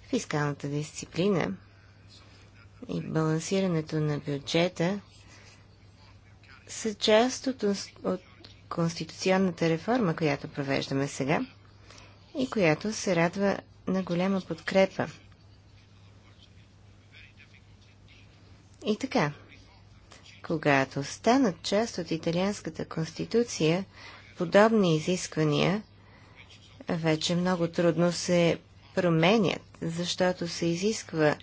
Фискалната дисциплина и балансирането на бюджета са част от, от конституционната реформа, която провеждаме сега и която се радва на голяма подкрепа. И така, когато станат част от италианската конституция, подобни изисквания вече много трудно се променят, защото се изисква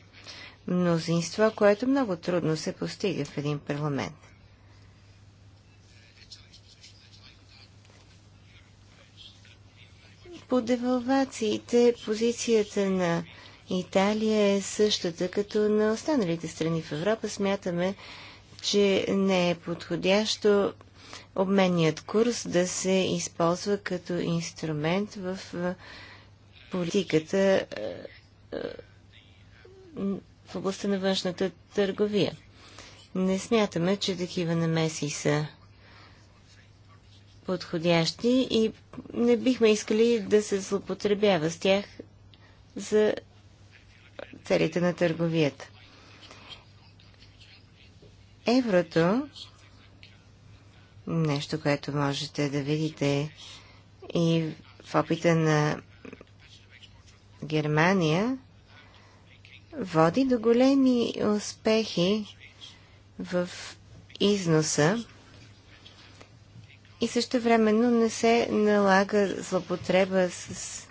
мнозинство, което много трудно се постига в един парламент. По девалвациите позицията на Италия е същата като на останалите страни в Европа. Смятаме, че не е подходящо обменният курс да се използва като инструмент в политиката е, е, в областта на външната търговия. Не смятаме, че такива намеси са подходящи и не бихме искали да се злоупотребява с тях за целите на търговията. Еврото, нещо, което можете да видите и в опита на Германия, води до големи успехи в износа и също времено не се налага злопотреба с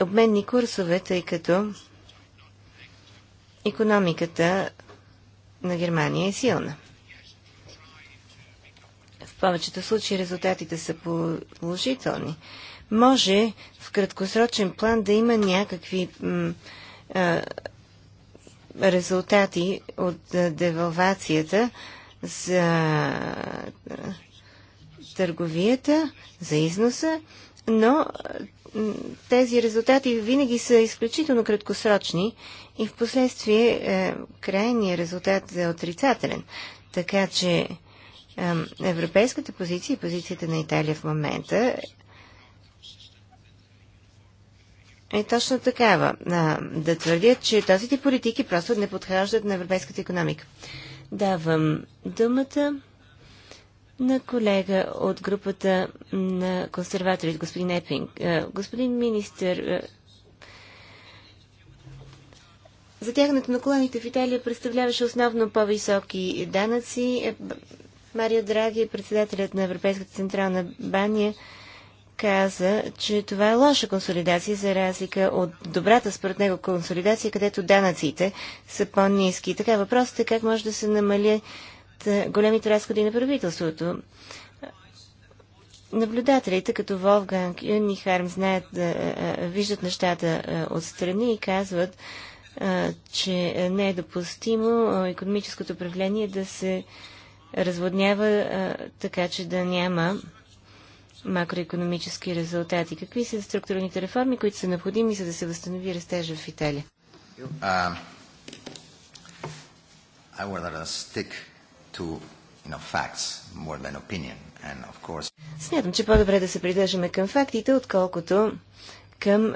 обменни курсове, тъй като економиката на Германия е силна. В повечето случаи резултатите са положителни. Може в краткосрочен план да има някакви а, резултати от девалвацията за а, търговията, за износа, но тези резултати винаги са изключително краткосрочни и в последствие е, крайният резултат е отрицателен. Така че европейската позиция и позицията на Италия в момента е точно такава. да твърдят, че този тип политики просто не подхождат на европейската економика. Давам думата на колега от групата на консерваторите, господин Епинг. Е, господин министр, е, затягането на колоните в Италия представляваше основно по-високи данъци. Е, Марио Драги, председателят на Европейската централна баня, каза, че това е лоша консолидация, за разлика от добрата според него консолидация, където данъците са по-низки. Така въпросът е как може да се намали е, големите разходи на правителството. Наблюдателите, като Волфганг Юни Харм, знаят, е, е, виждат нещата отстрани и казват, че не е допустимо економическото управление да се разводнява така, че да няма макроекономически резултати. Какви са структурните реформи, които са необходими, за да се възстанови растежа в Италия? Uh, I to you know, facts more than opinion. And of course... Смятам, че по-добре да се придържаме към фактите, отколкото към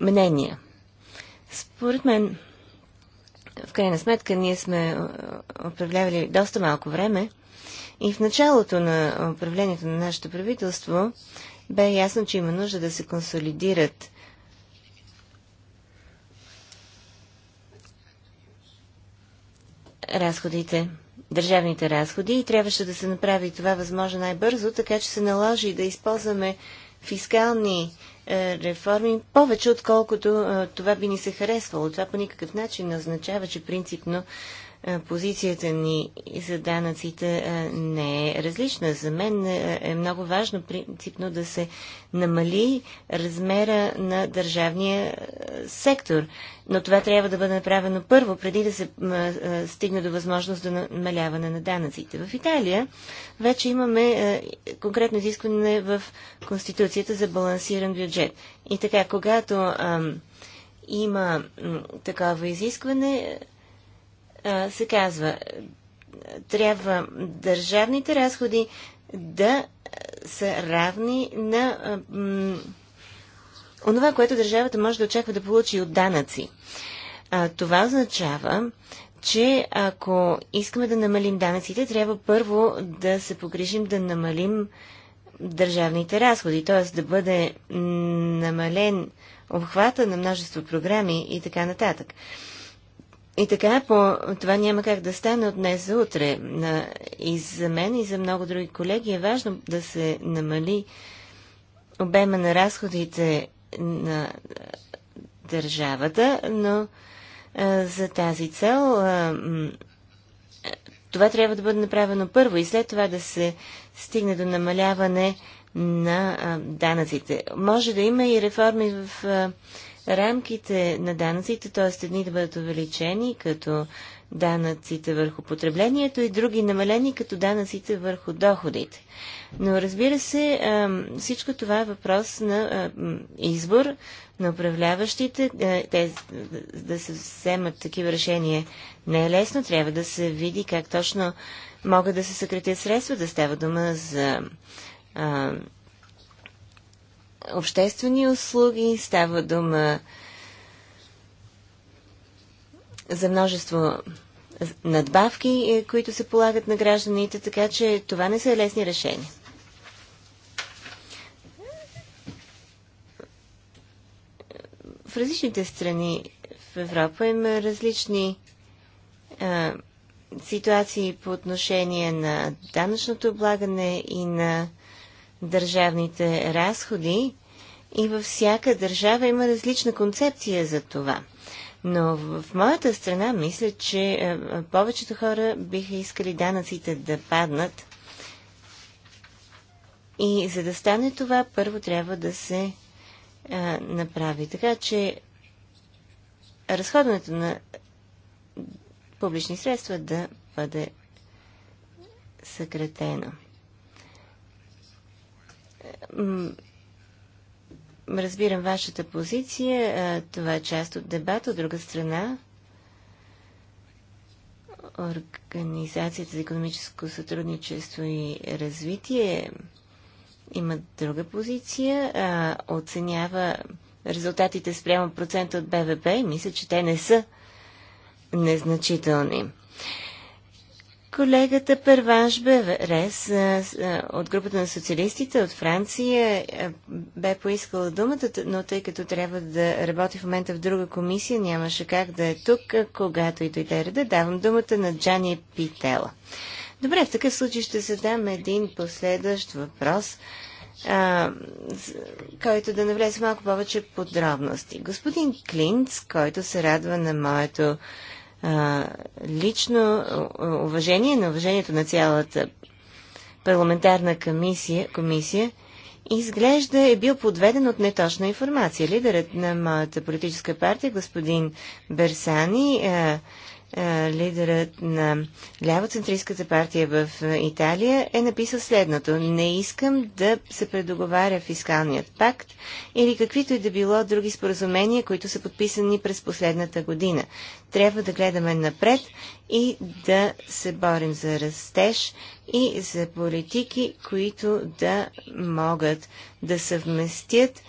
мнения. Според мен, в крайна сметка, ние сме управлявали доста малко време и в началото на управлението на нашето правителство бе ясно, че има нужда да се консолидират разходите, държавните разходи и трябваше да се направи това възможно най-бързо, така че се наложи да използваме фискални е, реформи повече, отколкото е, това би ни се харесвало. Това по никакъв начин не означава, че принципно позицията ни за данъците не е различна. За мен е много важно принципно да се намали размера на държавния сектор. Но това трябва да бъде направено първо, преди да се стигне до възможност за да намаляване на данъците. В Италия вече имаме конкретно изискване в Конституцията за балансиран бюджет. И така, когато има такова изискване, се казва, трябва държавните разходи да са равни на онова, което държавата може да очаква да получи от данъци. А, това означава, че ако искаме да намалим данъците, трябва първо да се погрижим да намалим държавните разходи, т.е. да бъде намален обхвата на множество програми и така нататък. И така, по това няма как да стане от днес за утре. И за мен, и за много други колеги е важно да се намали обема на разходите на държавата, но а, за тази цел а, това трябва да бъде направено първо и след това да се стигне до намаляване на а, данъците. Може да има и реформи в а, рамките на данъците, т.е. едни да бъдат увеличени като данъците върху потреблението и други намалени като данъците върху доходите. Но разбира се, всичко това е въпрос на избор на управляващите. Е, те да се вземат такива решения не е лесно. Трябва да се види как точно могат да се съкратят средства, да става дума за обществени услуги, става дума за множество надбавки, е, които се полагат на гражданите, така че това не са лесни решения. В различните страни в Европа има различни а, ситуации по отношение на данъчното облагане и на държавните разходи и във всяка държава има различна концепция за това. Но в моята страна мисля, че е, е, повечето хора биха искали данъците да паднат. И за да стане това, първо трябва да се а, е, направи. Така че разходването на публични средства да бъде съкратено разбирам вашата позиция. Това е част от дебат. От друга страна, Организацията за економическо сътрудничество и развитие има друга позиция. оценява резултатите спрямо процента от БВП и мисля, че те не са незначителни. Колегата Перванш Беверес от групата на социалистите от Франция бе поискала думата, но тъй като трябва да работи в момента в друга комисия, нямаше как да е тук, когато и дойде реда. Давам думата на Джани Питела. Добре, в такъв случай ще задам един последващ въпрос, който да навлезе малко повече подробности. Господин Клинц, който се радва на моето а, лично уважение, на уважението на цялата парламентарна комисия, комисия изглежда е бил подведен от неточна информация. Лидерът на моята политическа партия, господин Берсани, а, е, лидерът на лявоцентристската партия в е, Италия, е написал следното. Не искам да се предоговаря фискалният пакт или каквито и да било други споразумения, които са подписани през последната година. Трябва да гледаме напред и да се борим за растеж и за политики, които да могат да съвместят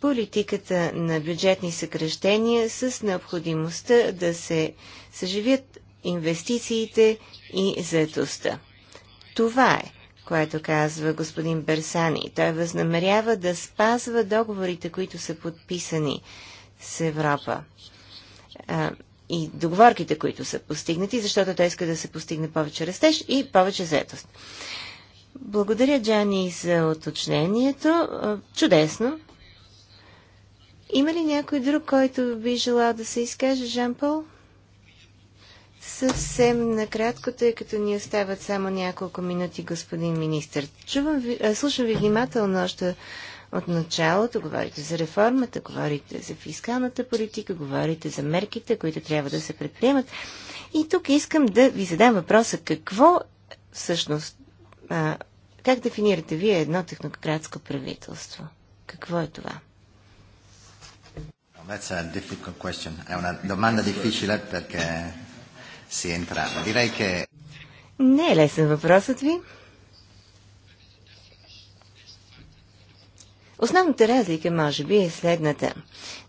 политиката на бюджетни съкръщения с необходимостта да се съживят инвестициите и заедостта. Това е, което казва господин Берсани. Той възнамерява да спазва договорите, които са подписани с Европа а, и договорките, които са постигнати, защото той иска да се постигне повече растеж и повече заетост. Благодаря, Джани, за уточнението. Чудесно. Има ли някой друг, който би желал да се изкаже, Жан Пол? Съвсем накратко, тъй като ни остават само няколко минути, господин министр. Чувам ви, а, слушам ви внимателно още от началото. Говорите за реформата, говорите за фискалната политика, говорите за мерките, които трябва да се предприемат. И тук искам да ви задам въпроса какво всъщност, а, как дефинирате вие едно технократско правителство? Какво е това? That's a difficult question. È una domanda difficile perché си entra. Дирайке... Не е лесен въпросът ви. Основната разлика, може би, е следната.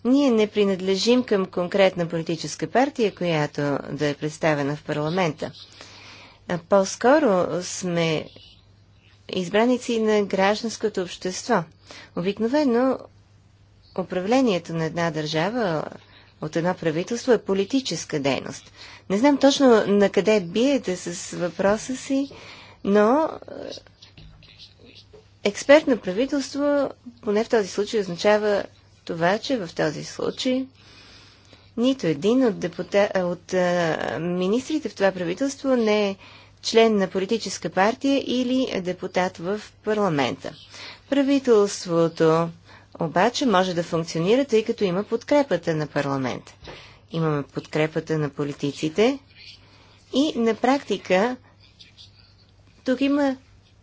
Ние не принадлежим към конкретна политическа партия, която да е представена в парламента. По-скоро сме избраници на гражданското общество. Обикновено управлението на една държава от едно правителство е политическа дейност. Не знам точно на къде биете с въпроса си, но е, експерт на правителство, поне в този случай, означава това, че в този случай нито един от, депута... от а, министрите в това правителство не е член на политическа партия или е депутат в парламента. Правителството обаче може да функционира, тъй като има подкрепата на парламента. Имаме подкрепата на политиците и на практика тук има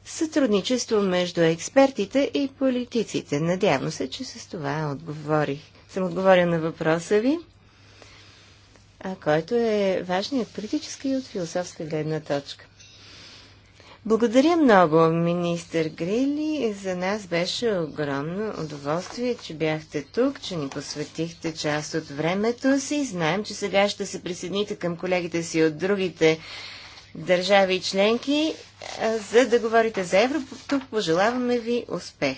сътрудничество между експертите и политиците. Надявам се, че с това отговорих. Съм отговоря на въпроса ви, а който е важният политически и от философска гледна точка. Благодаря много, министър Грили. За нас беше огромно удоволствие, че бяхте тук, че ни посветихте част от времето си. Знаем, че сега ще се присъедините към колегите си от другите държави и членки, за да говорите за Европа. Тук пожелаваме ви успех.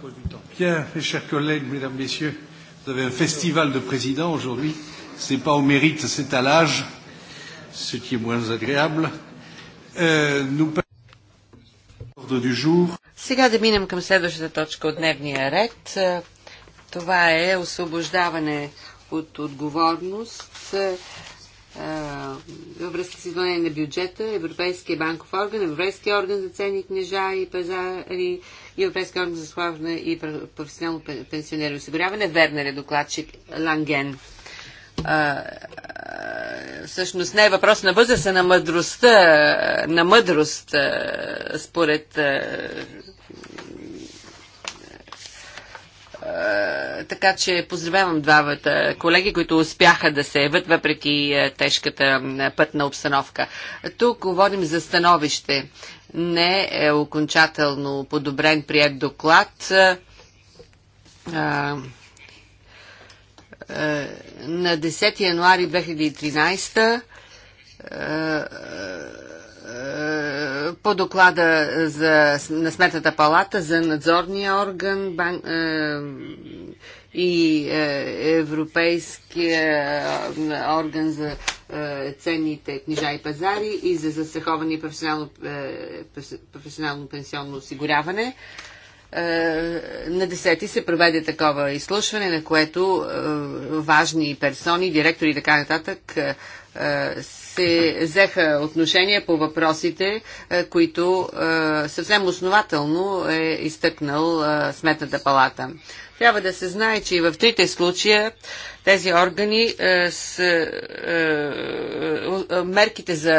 cause du temps. Bien, mes chers collègues, mesdames, messieurs, vous avez un festival de présidents aujourd'hui. Ce n'est pas au mérite, c'est à l'âge, ce qui est moins agréable. Euh, nous du jour. Сега да минем към следващата точка от дневния ред. Това е освобождаване от отговорност е, във връзка с изпълнение на бюджета, Европейския банков орган, Европейския орган за ценни книжа и пазари, Европейския орган за славане и професионално пенсионери осигуряване. Вернер е докладчик Ланген. А, всъщност не е въпрос на възраст, а на мъдростта, на мъдрост, според така че поздравявам двамата колеги, които успяха да се явят въпреки тежката пътна обстановка. Тук говорим за становище не е окончателно подобрен прият доклад. На 10 януари 2013 по доклада за, на Сметната палата за надзорния орган бан, и Европейския орган за е, ценните книжа и пазари и за застраховане и професионално, е, професионално пенсионно осигуряване. Е, на 10 се проведе такова изслушване, на което важни персони, директори и така нататък се взеха отношение по въпросите, които съвсем основателно е изтъкнал Сметната палата. Трябва да се знае, че и в трите случая тези органи е, с е, е, мерките за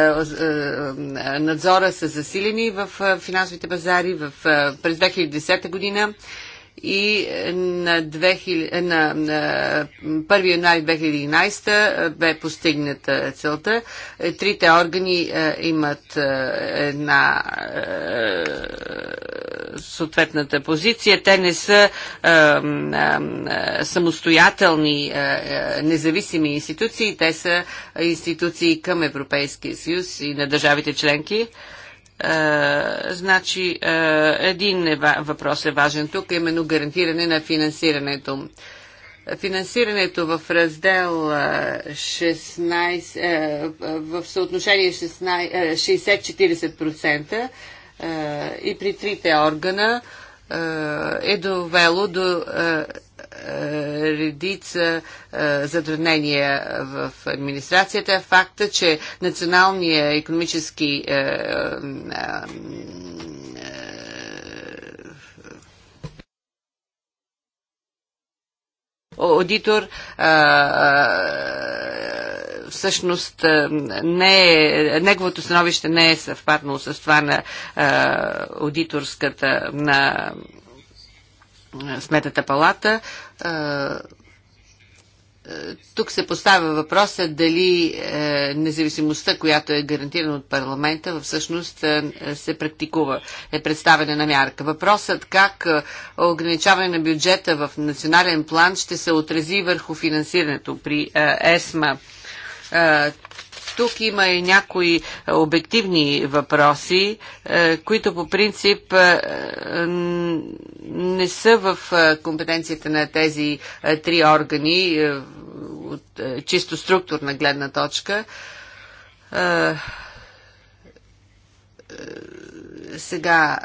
надзора са засилени в финансовите пазари през 2010 година и на, 2000, на, на 1 януари 2011 бе постигната целта. Е, трите органи имат една съответната позиция. Те не са а, самостоятелни, независими институции. Те са институции към Европейския съюз и на държавите членки. Е, значи, е, един е въпрос е важен тук, именно гарантиране на финансирането. Финансирането в раздел 16, е, в съотношение 60-40% и при трите органа е довело до редица е, затруднения в администрацията. Факта, че националния економически е, е, аудитор всъщност не е, неговото становище не е съвпаднало с това на а, аудиторската на Сметната палата тук се поставя въпроса дали е, независимостта, която е гарантирана от парламента, всъщност е, се практикува, е представена на мярка. Въпросът как е, ограничаване на бюджета в национален план ще се отрази върху финансирането при ЕСМА. Тук има и някои обективни въпроси, е, които по принцип е, не са в е, компетенцията на тези три органи от чисто структурна гледна точка сега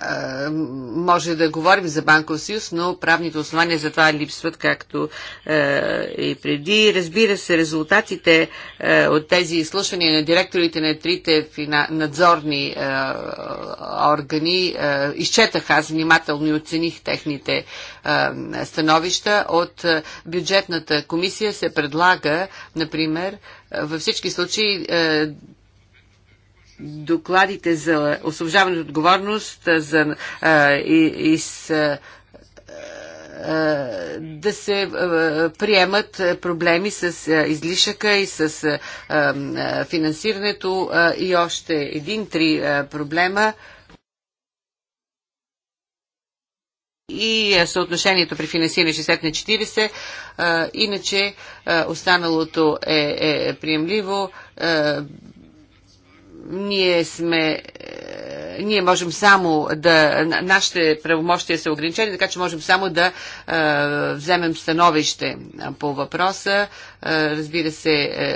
може да говорим за банков съюз, но правните основания за това липсват, както и преди. Разбира се, резултатите от тези изслушвания на директорите на трите надзорни органи изчетах аз внимателно и оцених техните становища. От бюджетната комисия се предлага, например, във всички случаи докладите за освобождаване от отговорност, за а, и, и с, а, да се приемат проблеми с излишъка и с финансирането и още един-три проблема. и съотношението при финансиране 60 на 40. А, иначе а, останалото е, е приемливо. А, ние сме е, ние можем само да нашите правомощия са ограничени, така че можем само да е, вземем становище по въпроса. Е, разбира се, е,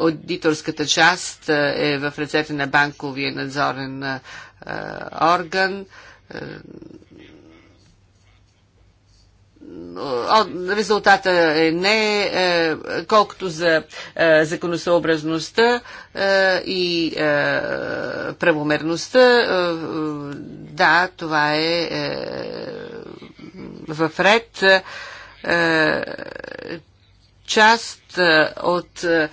аудиторската част е в ръцете на банковия надзорен е, орган. Е, резултата е не, е, колкото за е, законосъобразността е, и е, правомерността, е, да, това е, е в ред. Е, част е, от е,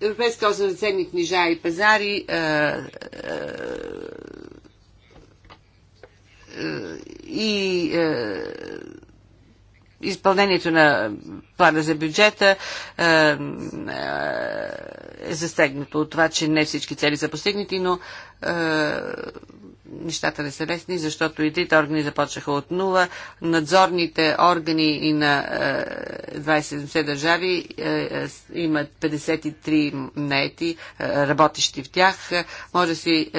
Европейска организация ценни книжа и пазари е, е, и е, изпълнението на плана за бюджета е, е, е засегнато от това, че не всички цели са постигнати, но нещата не са лесни, защото и трите органи започнаха от нула. Надзорните органи и на 27 е, държави е, е, имат 53 наети, работещи в тях. Може да си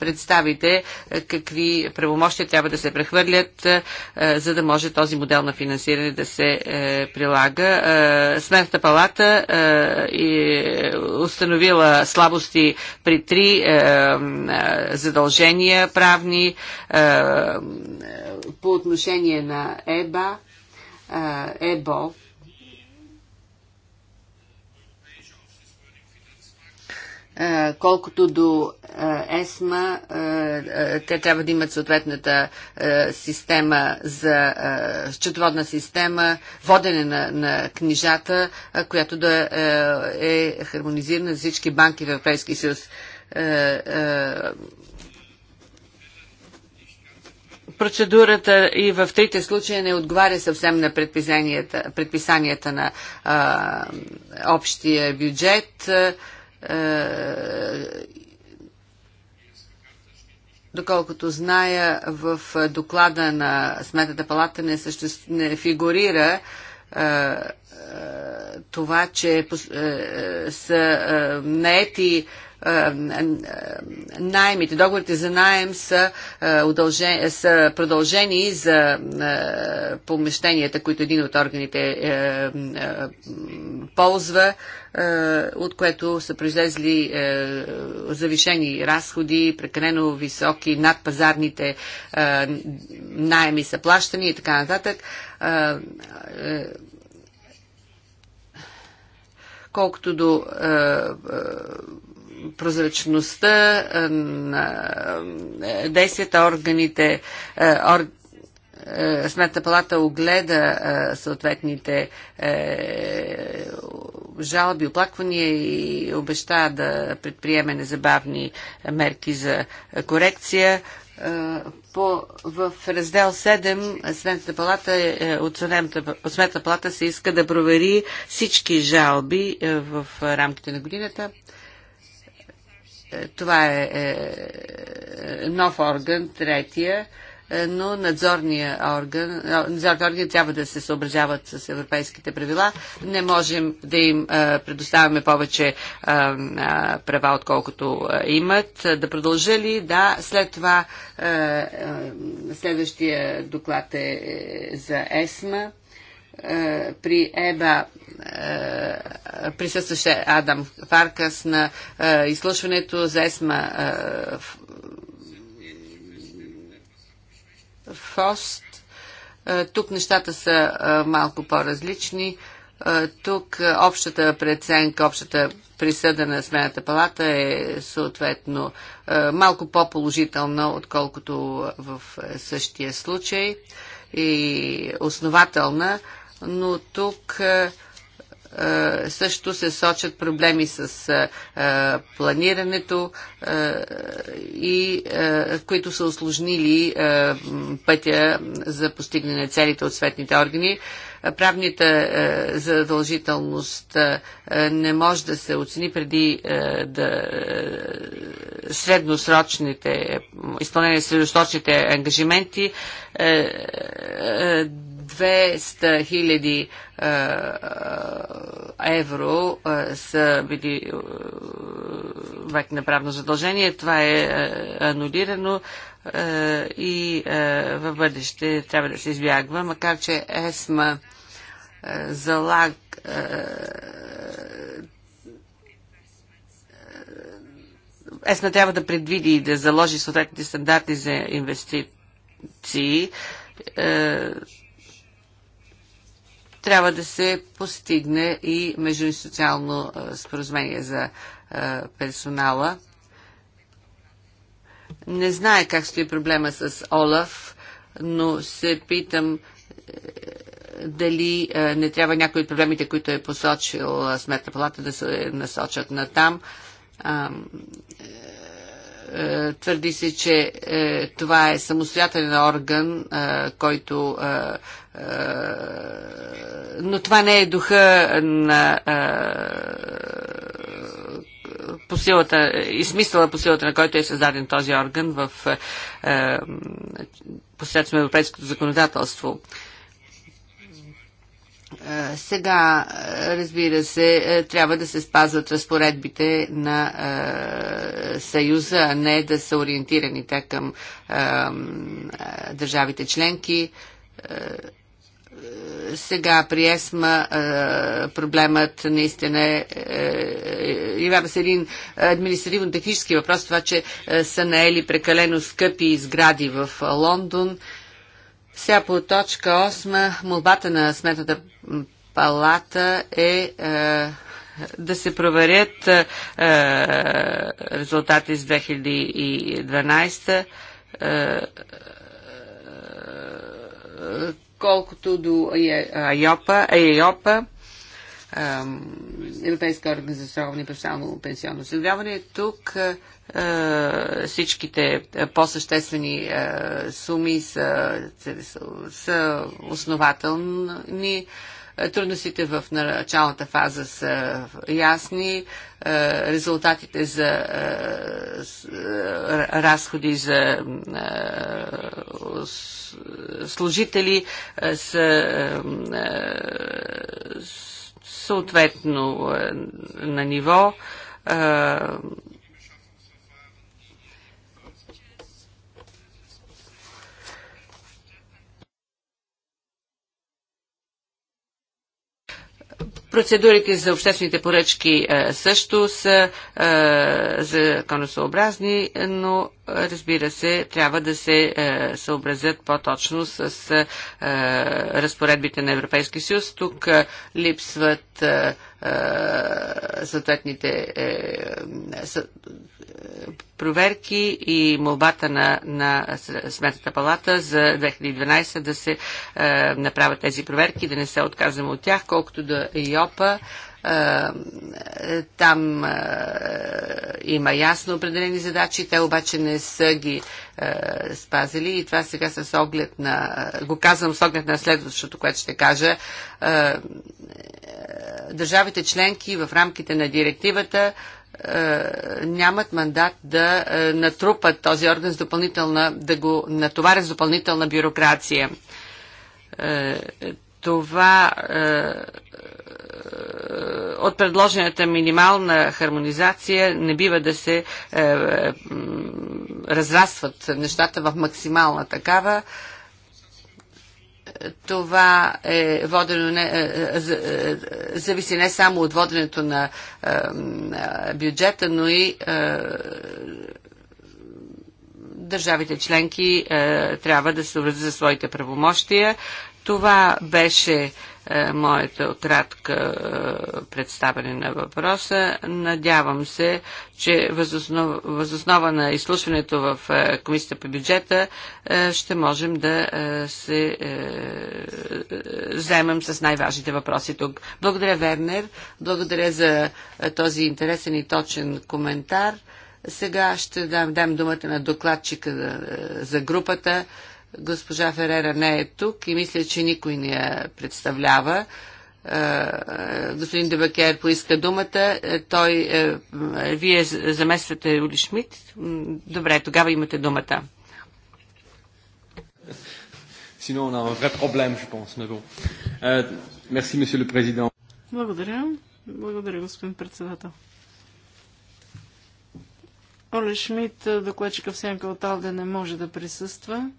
представите какви правомощия трябва да се прехвърлят, за да може този модел на финансиране да се прилага. Сметната палата е установила слабости при три задължения правни е, по отношение на ЕБА, е, ЕБО. Е, колкото до ЕСМА, те трябва да имат съответната система за счетоводна система, водене на, на книжата, която да е хармонизирана за всички банки в Европейския съюз Процедурата и в трите случая не отговаря съвсем на предписанията, предписанията на а, общия бюджет. А, доколкото зная, в доклада на Сметната палата не, съществ... не фигурира а, това, че са наети найемите, договорите за найем са, са продължени за помещенията, които един от органите е, е, ползва, от което са произлезли е, завишени разходи, прекалено високи, над пазарните найеми са плащани и така нататък колкото до прозрачността на действията органите, ор... палата огледа съответните е, жалби, оплаквания и обеща да предприеме незабавни мерки за корекция. По, в раздел 7 Сметната палата, е, е, от, Сметната, от Сметната палата се иска да провери всички жалби в рамките на годината. Това е, е, е нов орган, третия, е, но надзорния орган, е, надзорния орган трябва да се съобразяват с европейските правила. Не можем да им предоставяме повече права, отколкото имат. Да продължа ли? Да. След това следващия доклад е за ЕСМА. При ЕБА е, присъстваше Адам Фаркас на е, изслушването за ЕСМА е, ФОСТ. тук нещата са малко по-различни. Тук общата преценка, общата присъда на Смената палата е съответно малко по-положителна, отколкото в същия случай и основателна, но тук е, също се сочат проблеми с е, е, планирането и които са осложнили пътя за постигане на целите от светните органи. Правната задължителност не може да се оцени преди да средносрочните изпълнение средносрочните ангажименти 200 хиляди е, евро е, са били е, век на правно задължение. Това е анулирано и в бъдеще трябва да се избягва, макар че ЕСМА залаг ЕСМА трябва да предвиди и да заложи съответните стандарти за инвестиции, трябва да се постигне и междуинституционално споразумение за персонала. Не знае как стои проблема с Олаф, но се питам дали не трябва някои от проблемите, които е посочил Сметна палата, да се насочат на там. Е, твърди се, че е, това е самостоятелен орган, е, който. Но това не е духа на по силата и смисъла по силата на който е създаден този орган в, е, посредством европейското законодателство. Е, е, сега, е, разбира се, е, трябва да се спазват разпоредбите на Съюза, а не да са ориентирани те към държавите членки сега при ЕСМА проблемът наистина е, явява се един административно-технически въпрос, това, че са наели прекалено скъпи сгради в Лондон сега по точка 8, молбата на сметната палата е, е да се проверят е, е резултати с 2012 е, е, колкото до АЙОПА, АЙОПА Европейска организационна и професионално пенсионно осигуряване. Тук е, е, всичките по-съществени е, суми са, са основателни. Трудностите в началната фаза са ясни. Е, резултатите за разходи за служители са съответно на ниво Процедурите за обществените поръчки е, също са е, законосъобразни, но разбира се, трябва да се е, съобразят по-точно с разпоредбите на Европейски съюз. Тук липсват съответните проверки и молбата на, на Сметната палата за 2012 да се е, направят тези проверки, да не се отказваме от тях, колкото да ИОПА. Е, е, там е, има ясно определени задачи, те обаче не са ги е, спазили и това сега с оглед на, е, го казвам с оглед на следващото, което ще кажа, е, държавите членки в рамките на директивата нямат мандат да е, натрупат този орган с допълнителна, да го натоварят с допълнителна бюрокрация. Е, това е, от предложената минимална хармонизация не бива да се разрастват нещата в максимална такава това е водено не, е, е, е, зависи не само от воденето на бюджета, но и държавите членки трябва да се за своите правомощия. Това беше е, моята кратка е, представяне на въпроса. Надявам се, че възоснова, на изслушването в е, Комисията по бюджета ще можем да се вземем с най-важните въпроси тук. Благодаря, Вернер. Благодаря за този интересен и точен коментар. Сега ще дам, дам думата на докладчика за групата. Госпожа Ферера не е тук и мисля, че никой не я представлява. Е, е, господин Дебакер поиска думата. Е, той, вие замествате Ули Шмидт. Добре, тогава имате думата. Sinon, on a un vrai problème, je pense. Mais bon. Euh, merci, Monsieur le Président. Благодаря. Благодаря, господин председател. Оле Шмидт, докладчика в сянка от Алде, не може да присъства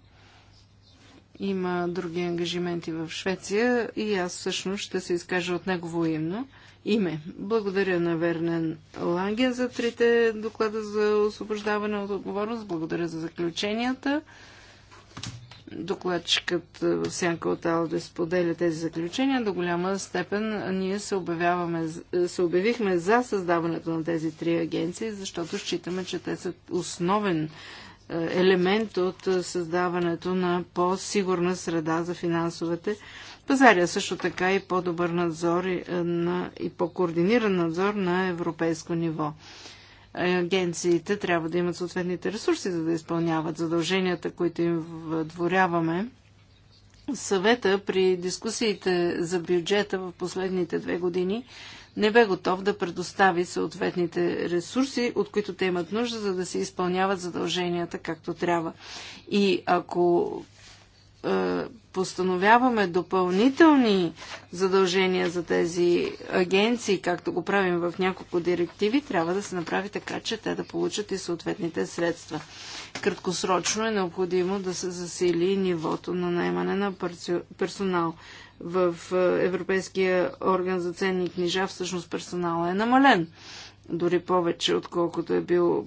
има други ангажименти в Швеция и аз всъщност ще се изкажа от негово имно. Име. Благодаря на Вернен Ланген за трите доклада за освобождаване от отговорност. Благодаря за заключенията. Докладчикът сянка от Алде споделя тези заключения. До голяма степен ние се, обявяваме, се обявихме за създаването на тези три агенции, защото считаме, че те са основен елемент от създаването на по-сигурна среда за финансовете пазари, също така и по-добър надзор и, е, на, и по-координиран надзор на европейско ниво. Агенциите трябва да имат съответните ресурси, за да изпълняват задълженията, които им въдворяваме. Съвета при дискусиите за бюджета в последните две години не бе готов да предостави съответните ресурси, от които те имат нужда, за да се изпълняват задълженията както трябва. И ако е, постановяваме допълнителни задължения за тези агенции, както го правим в няколко директиви, трябва да се направи така, че те да получат и съответните средства. Краткосрочно е необходимо да се засили нивото на найемане на персонал в е, Европейския орган за ценни книжа, всъщност персонала е намален. Дори повече, отколкото е бил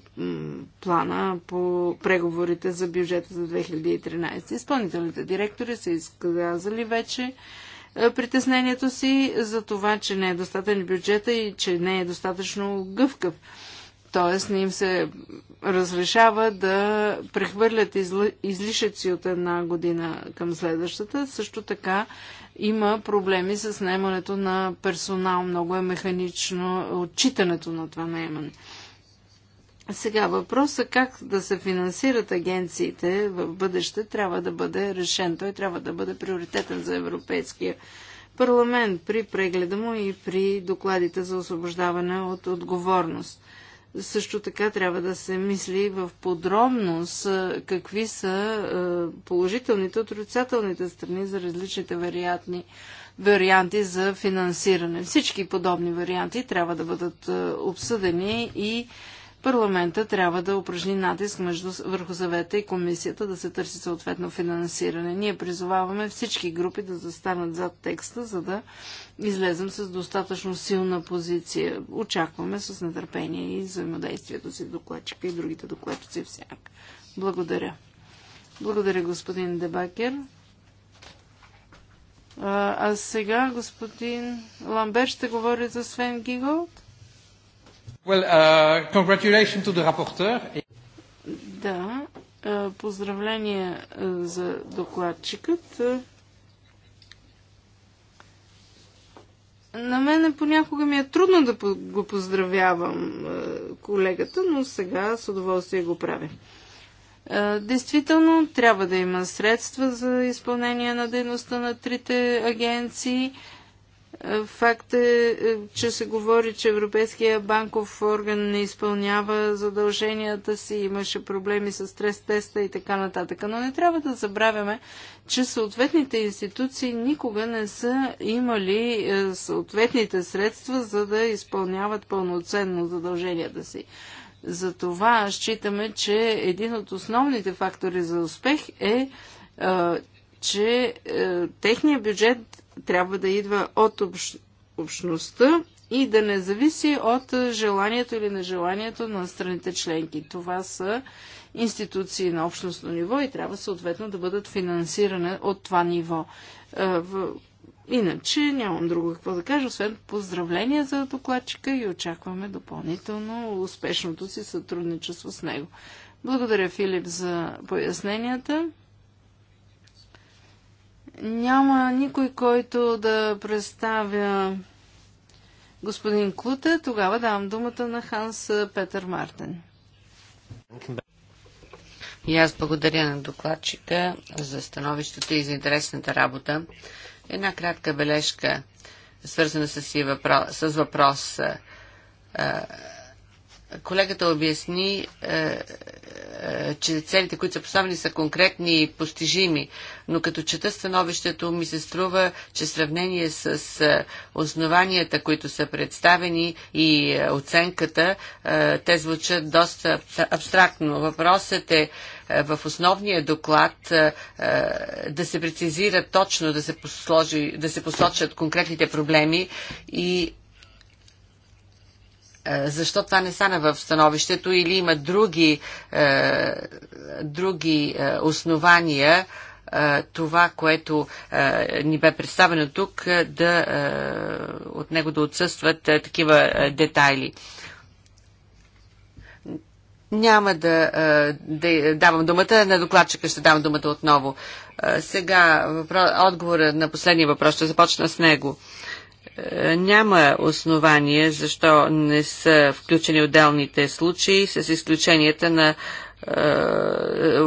плана по преговорите за бюджета за 2013. Изпълнителните директори са изказали вече е, притеснението си за това, че не е достатъчен бюджета и че не е достатъчно гъвкав. Т.е. не им се разрешава да прехвърлят излишъци от една година към следващата. Също така има проблеми с наемането на персонал. Много е механично отчитането на това наемане. Сега въпросът е как да се финансират агенциите в бъдеще трябва да бъде решен. Той трябва да бъде приоритетен за Европейския парламент при прегледа му и при докладите за освобождаване от отговорност. Също така трябва да се мисли в подробност какви са положителните, отрицателните страни за различните вариантни, варианти за финансиране. Всички подобни варианти трябва да бъдат обсъдени и парламента трябва да упражни натиск между, върху съвета и комисията да се търси съответно финансиране. Ние призоваваме всички групи да застанат зад текста, за да излезем с достатъчно силна позиция. Очакваме с нетърпение и взаимодействието си докладчика и другите докладчици всяк. Благодаря. Благодаря, господин Дебакер. А сега господин Ламбер ще говори за Свен Гиголд. Well, uh, congratulations to the rapporteur. Да, е, поздравления е, за докладчикът. Е, на мен понякога ми е трудно да го поздравявам колегата, но сега с удоволствие го правя. Действително трябва да има средства за изпълнение на дейността на трите агенции. Факт е, е, че се говори, че Европейския банков орган не изпълнява задълженията си, имаше проблеми с стрес-теста и така нататък. Но не трябва да забравяме, че съответните институции никога не са имали е, съответните средства, за да изпълняват пълноценно задълженията си. Затова считаме, че един от основните фактори за успех е, е че техният бюджет трябва да идва от общ, общността и да не зависи от желанието или нежеланието на страните членки. Това са институции на общностно ниво и трябва съответно да бъдат финансирани от това ниво. Е, иначе нямам друго какво да кажа, освен поздравления за докладчика и очакваме допълнително успешното си сътрудничество с него. Благодаря, Филип, за поясненията. Няма никой, който да представя господин Клуте. Тогава давам думата на Ханс Петър Мартен. И аз благодаря на докладчика за становището и за интересната работа. Една кратка бележка, свързана с, въпрос, с въпрос. Колегата обясни, че целите, които са поставени, са конкретни и постижими но като чета становището ми се струва, че сравнение с основанията, които са представени и оценката, те звучат доста абстрактно. Въпросът е в основния доклад да се прецизира точно, да се, посложи, да се посочат конкретните проблеми и защо това не стана в становището или има други, други основания, това, което ни бе представено тук, да, от него да отсъстват такива детайли. Няма да, да давам думата, на докладчика ще давам думата отново. Сега отговора на последния въпрос, ще започна с него. Няма основание защо не са включени отделните случаи, с изключенията на е, е,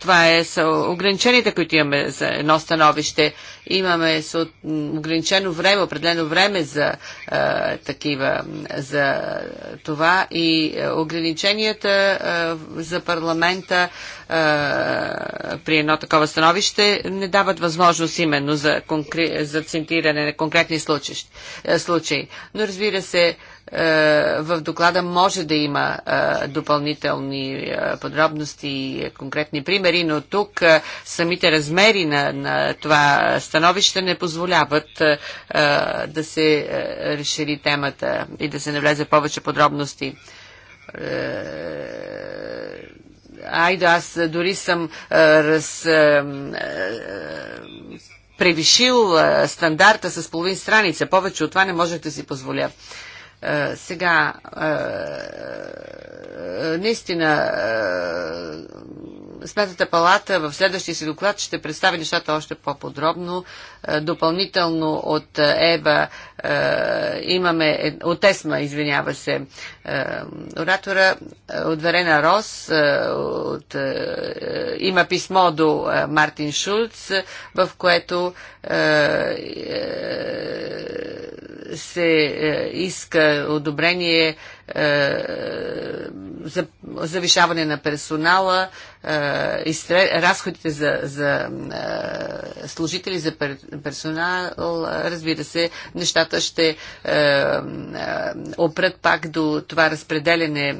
това е, са ограниченията, които имаме за едно становище. Имаме са ограничено време, определено време за а, е, такива, за това и ограниченията а, за парламента а, при едно такова становище не дават възможност именно за, конкре... за центиране на конкретни случаи. Но разбира се, а, е, в доклада може да има е, допълнителни е, подробности и конкретни примери, но тук самите размери на, на това становище не позволяват да се разшири темата и да се навлезе повече подробности. Айде, аз дори съм раз превишил стандарта с половин страница. Повече от това не можех да си позволя а, е, Сега, а, е, е, наистина, Сметната палата в следващия си доклад ще представи нещата още по-подробно. Е, допълнително от е, Ева е, имаме, от Есма, извинява се, оратора, от Верена Рос, от, има писмо до Мартин Шулц, в което се иска одобрение е, за завишаване на персонала, е, разходите за, за е, служители, за персонал, разбира се, нещата ще опрат пак до това разпределене,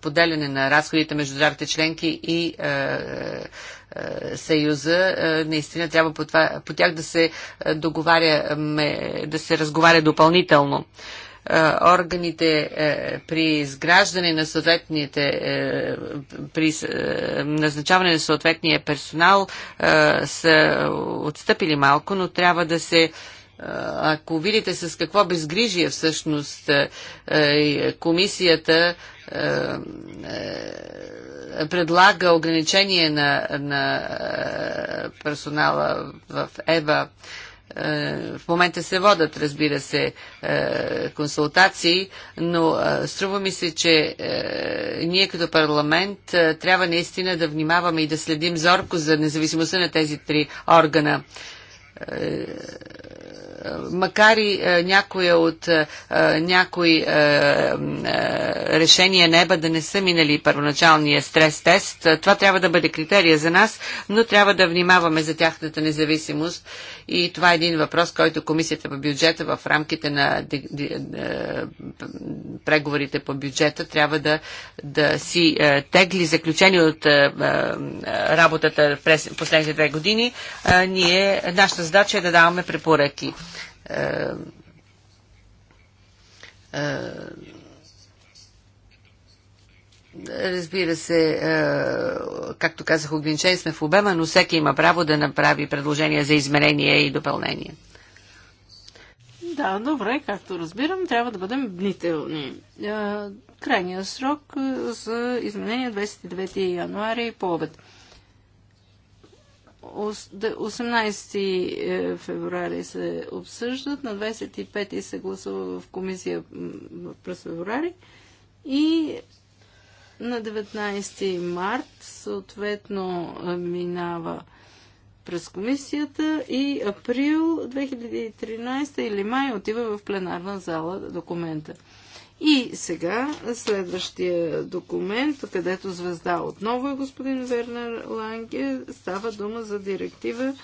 поделяне на разходите между здравите членки и Съюза, наистина трябва по, това, по тях да се договаря, да се разговаря допълнително. Е, органите е, при изграждане на съответните, е, при назначаване на съответния персонал са отстъпили малко, но трябва да се ако видите с какво безгрижие всъщност комисията предлага ограничение на, на персонала в ЕВА, е, в момента се водат, разбира се, е, консултации, но е, струва ми се, че ние като парламент трябва наистина да внимаваме и да следим зорко за независимостта на тези три органа макар и е, някоя от е, е, някои решения неба да не са минали първоначалния стрес тест, това трябва да бъде критерия за нас, но трябва да внимаваме за тяхната независимост и това е един въпрос, който комисията по бюджета в рамките на преговорите по бюджета трябва да, да си тегли заключение от работата през последните две години. Ние, нашата задача е да даваме препоръки. Е, е, разбира се, е, както казах, ограничени сме в обема, но всеки има право да направи предложения за изменение и допълнение. Да, добре, както разбирам, трябва да бъдем бнителни. Крайният срок за изменение 29 януари по обед. 18 е, февруари се обсъждат, на 25 се гласува в комисия през феврари и на 19 март съответно е, минава през комисията и април 2013 или май отива в пленарна зала документа. И сега следващия документ, където звезда отново е господин Вернер Ланге, става дума за директива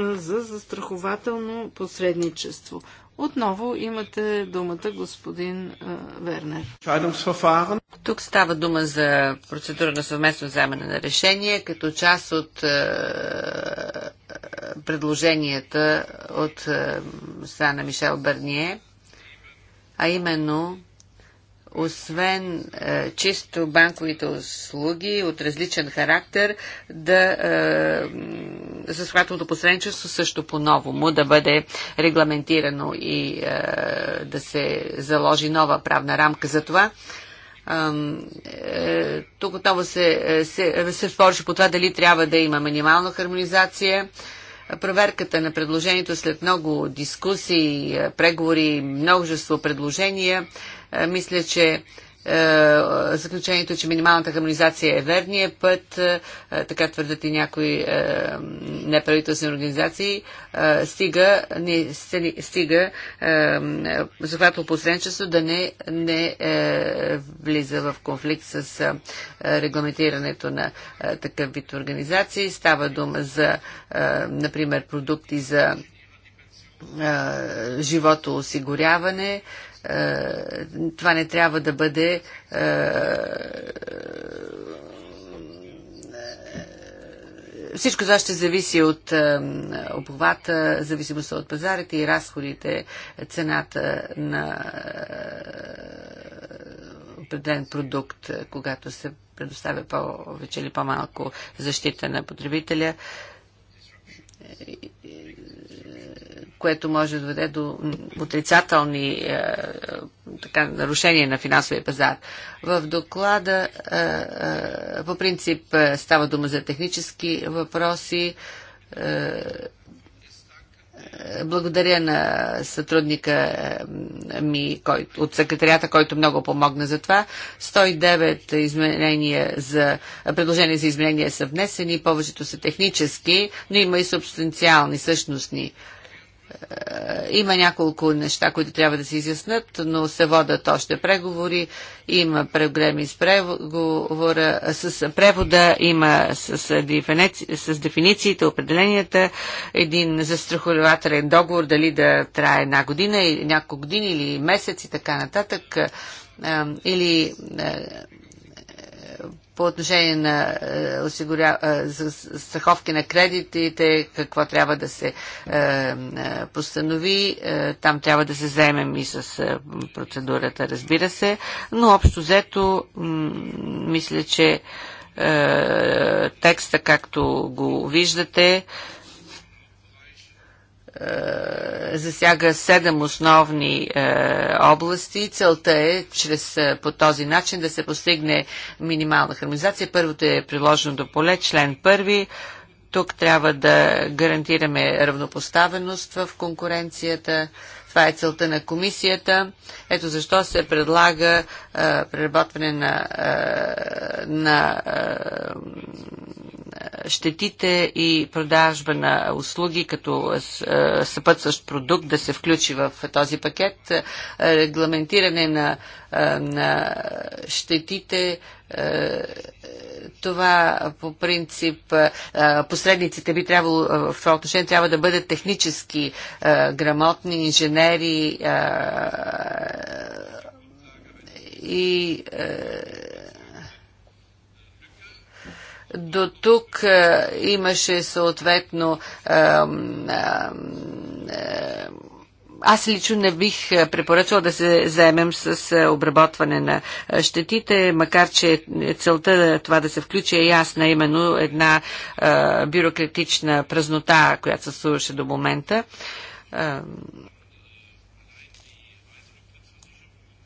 за застрахователно посредничество. Отново имате думата, господин Вернер. Тук става дума за процедура на съвместно вземане на решение, като част от предложенията от а, Мишел Бърние, а именно освен е, чисто банковите услуги от различен характер, да е, съсвратното посредничество също по-новому да бъде регламентирано и е, да се заложи нова правна рамка за това. Е, тук отново се, е, се, се спореше по това дали трябва да има минимална хармонизация проверката на предложението след много дискусии, е, преговори, множество предложения е, мисля, че е, заключението, че минималната хармонизация е верния път, е, така твърдат и някои неправителствени организации, стига, не, стига захватло посредничество да не, не влиза в конфликт с регламентирането на такъв вид организации. Става дума за, например, продукти за живото осигуряване, е, това не трябва да бъде е, е, всичко това ще зависи от обхвата, зависимостта от пазарите и разходите, цената на определен продукт, когато се предоставя повече или по-малко защита на потребителя което може да доведе до отрицателни е, е, така, нарушения на финансовия пазар. В доклада е, е, по принцип е, става дума за технически въпроси. Е, благодаря на сътрудника ми кой, от секретарията, който много помогна за това. 109 изменения за, предложения за изменения са внесени, повечето са технически, но има и субстанциални, същностни. Е, има няколко неща, които трябва да се изяснат, но се водат още преговори. Има проблеми с, преговора, с превода, има с, дефиници, с дефинициите, определенията, един застрахователен договор, дали да трае една година, няколко години или месец и така нататък. Е, или е, по отношение на е, осигуря... е, страховки на кредитите, какво трябва да се е, е, постанови. Е, там трябва да се вземем и с е, процедурата, разбира се. Но общо взето, мисля, че е, текста, както го виждате, е, е, засяга седем основни е, области. Целта е чрез е, по този начин да се постигне минимална хармонизация. Първото е приложено до поле, член първи. Тук трябва да гарантираме равнопоставеност в конкуренцията. Е, това е целта на комисията. Ето защо се предлага а, е, преработване на, а, е, на а, е, щетите и продажба на услуги като съпътстващ продукт да се включи в този пакет. Регламентиране на, на щетите това по принцип посредниците би трябвало в това отношение трябва да бъдат технически грамотни инженери и до тук имаше съответно аз лично не бих е, препоръчал да се заемем с е, обработване на е, щетите, макар че целта това да се включи е ясна, именно една бюрократична празнота, която съществуваше до момента.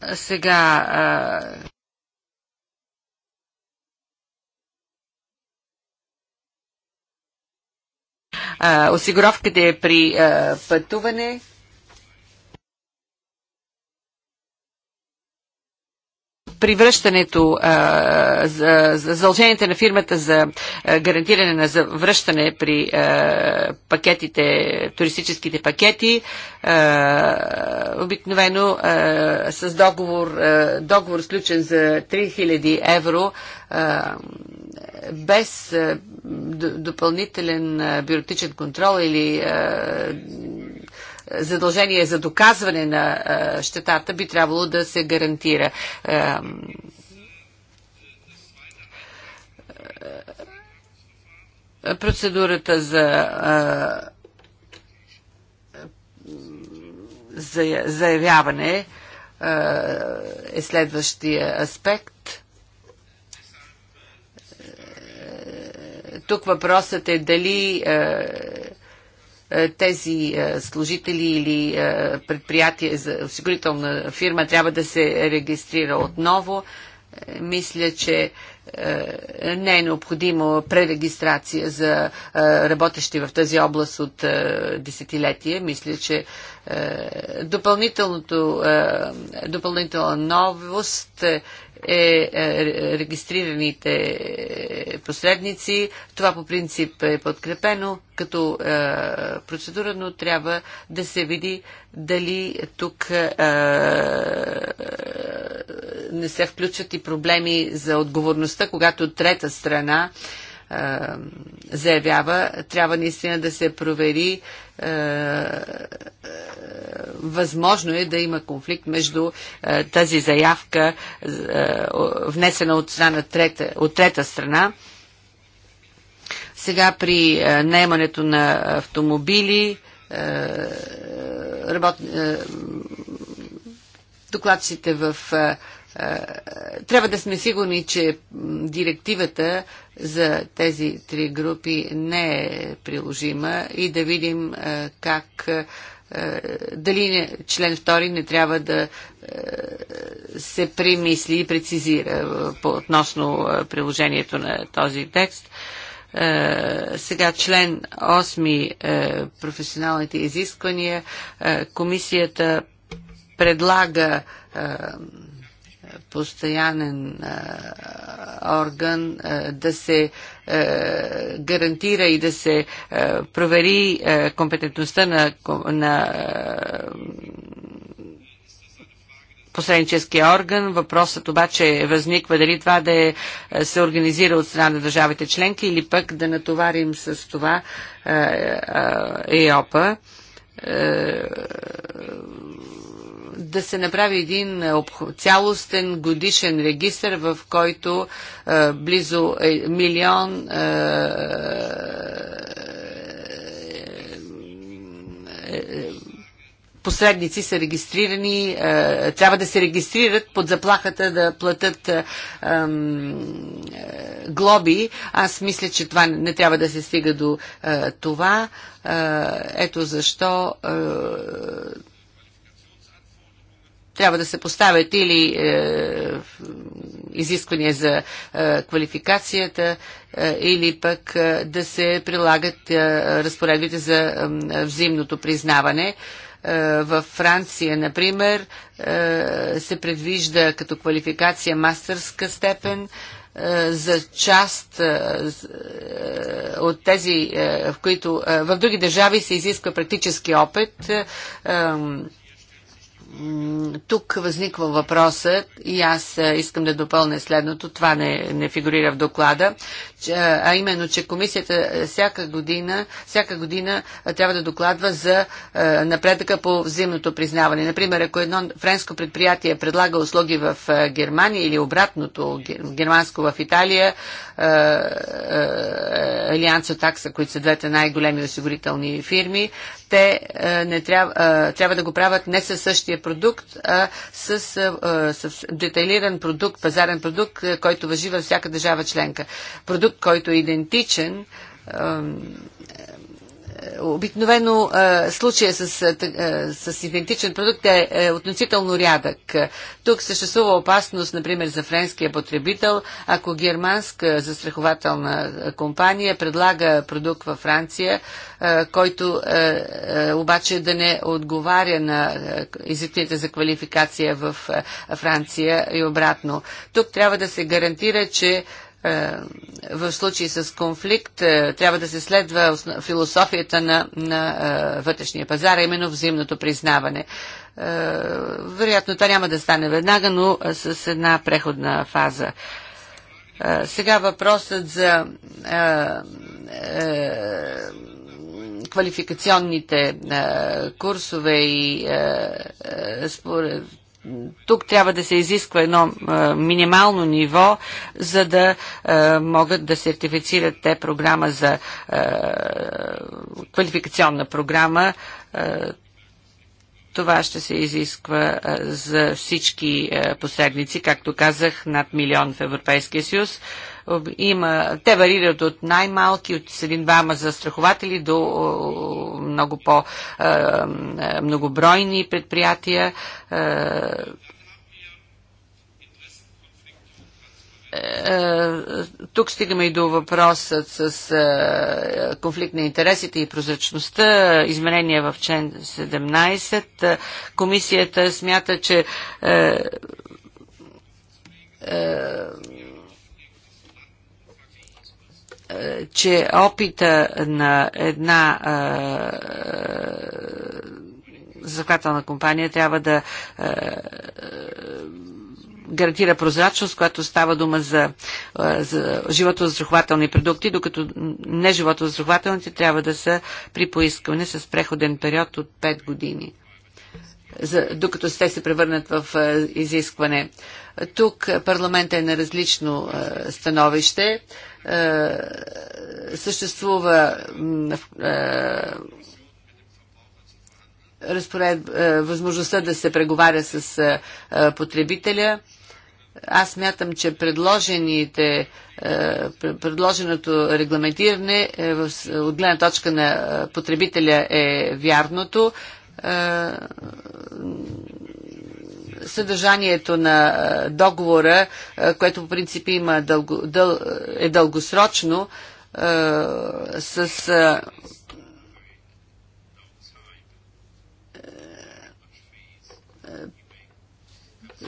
Сега осигуровките при пътуване привръщането, за задълженията на фирмата за гарантиране на завръщане при пакетите, туристическите пакети, обикновено с договор, договор сключен за 3000 евро, без допълнителен бюрократичен контрол или задължение за доказване на щетата би трябвало да се гарантира. Процедурата за заявяване е следващия аспект. Тук въпросът е дали е, тези е, служители или е, предприятие за осигурителна фирма трябва да се регистрира отново. Мисля, че не е необходимо пререгистрация за работещи в тази област от десетилетия. Мисля, че допълнителното, допълнителна новост е, е регистрираните е, посредници. Това по принцип е подкрепено като е, процедура, но трябва да се види дали тук не се включат и проблеми за отговорността, когато трета страна заявява, трябва наистина да се провери. Възможно е да има конфликт между тази заявка, внесена от, страна трета, от трета страна. Сега при наемането на автомобили, работ... докладчите в трябва да сме сигурни, че директивата за тези три групи не е приложима и да видим е, как е, дали член 2 не трябва да е, се примисли и прецизира по относно приложението на този текст. Сега член 8 професионалните изисквания. Комисията предлага постоянен орган да се гарантира и да се провери компетентността на, на посредническия орган. Въпросът обаче възниква дали това да е, се организира от страна на държавите членки или пък да натоварим с това ЕОПа. А, да се направи един е, цялостен годишен регистр, в който е, близо е, милион е, е, е, посредници са регистрирани, е, трябва да се регистрират под заплахата да платят е, е, глоби. Аз мисля, че това не трябва да се стига до е, това. Ето защо трябва да се поставят или е, изисквания за е, квалификацията, е, или пък е, да се прилагат е, разпоредбите за е, взаимното признаване. Е, във Франция, например, е, се предвижда като квалификация мастърска степен е, за част от тези, в които в други държави се изисква практически опит тук възниква въпросът и аз искам да допълня следното, това не, не фигурира в доклада, че, а именно, че комисията всяка година, всяка година трябва да докладва за напредъка по взаимното признаване. Например, ако едно френско предприятие предлага услуги в Германия или обратното, германско в Италия, Алианцо Такса, които са двете най-големи осигурителни фирми, те не трябва, трябва да го правят не със същия продукт, а с, с детайлиран продукт, пазарен продукт, който въжи във всяка държава членка. Продукт, който е идентичен Обикновено е, случая с, е, е, с идентичен продукт е относително рядък. Тук съществува опасност, например, за френския потребител, ако германска застрахователна компания предлага продукт във Франция, който обаче да не отговаря на изискванията за квалификация в Франция и обратно. Тук трябва да се гарантира, че е, в случай с конфликт е, трябва да се следва философията на, на е, вътрешния пазар, именно взаимното признаване. Вероятно това няма да стане веднага, но с една преходна фаза. Сега въпросът за квалификационните курсове и според тук трябва да се изисква едно а, е, минимално ниво, за да а, е, могат да сертифицират те програма за а, е, квалификационна програма. А, това ще се изисква а, за всички а, посредници, както казах, над милион в Европейския съюз. А, има, те варират от най-малки, от 7-2 застрахователи до много по-многобройни предприятия. тук стигаме и до въпросът с конфликт на интересите и прозрачността, изменения в член 17. Комисията смята, че че опита на една захватална компания трябва да гарантира прозрачност, когато става дума за, за животозастрахователни продукти, докато не животозастрахователните трябва да са при поискване с преходен период от 5 години, за, докато те се превърнат в изискване. Тук парламентът е на различно становище. Е, съществува е, разпоред, е, възможността да се преговаря с потребителя. Аз мятам, че предложените, предложеното регламентиране от гледна точка на потребителя е вярното съдържанието на договора, което по принцип има дълго, дъл, е дългосрочно, с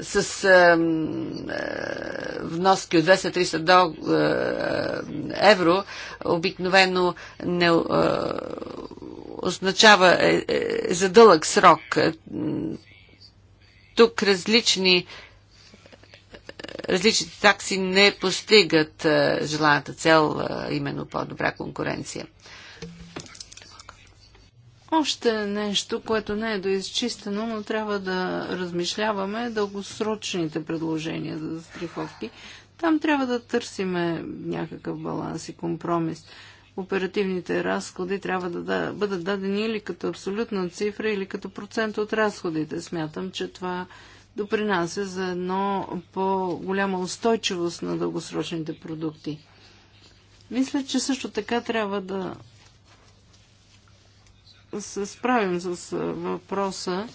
с е, е, вноски от 200-300 до, е, евро обикновено не е, означава е, е, за дълъг срок тук различни различните такси не постигат желаната цел, именно по-добра конкуренция. Още нещо, което не е доизчистено, но трябва да размишляваме дългосрочните предложения за застраховки. Там трябва да търсиме някакъв баланс и компромис оперативните разходи трябва да, да бъдат дадени или като абсолютна цифра, или като процент от разходите. Смятам, че това допринася за едно по-голяма устойчивост на дългосрочните продукти. Мисля, че също така трябва да се справим с въпроса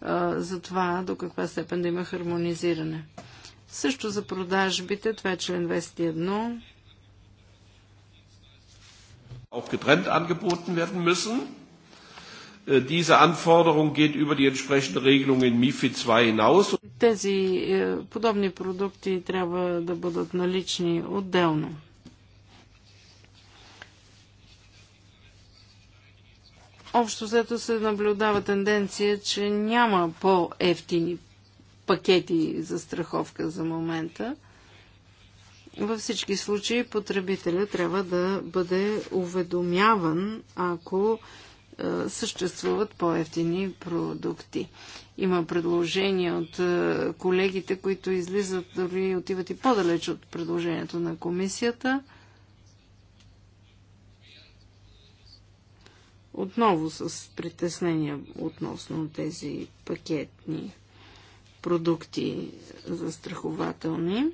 а, за това до каква степен да има хармонизиране. Също за продажбите, това е член 21, auch getrennt angeboten werden müssen. Äh, diese Anforderung geht über die entsprechende Regelung in MIFID 2 hinaus. Тези äh, подобни продукти трябва да бъдат налични отделно. Общо взето се наблюдава тенденция, че няма по-ефтини пакети за страховка за момента. Във всички случаи потребителя трябва да бъде уведомяван, ако е, съществуват по-ефтини продукти. Има предложения от е, колегите, които излизат, дори отиват и по-далеч от предложението на комисията. Отново с притеснения относно тези пакетни продукти за страхователни.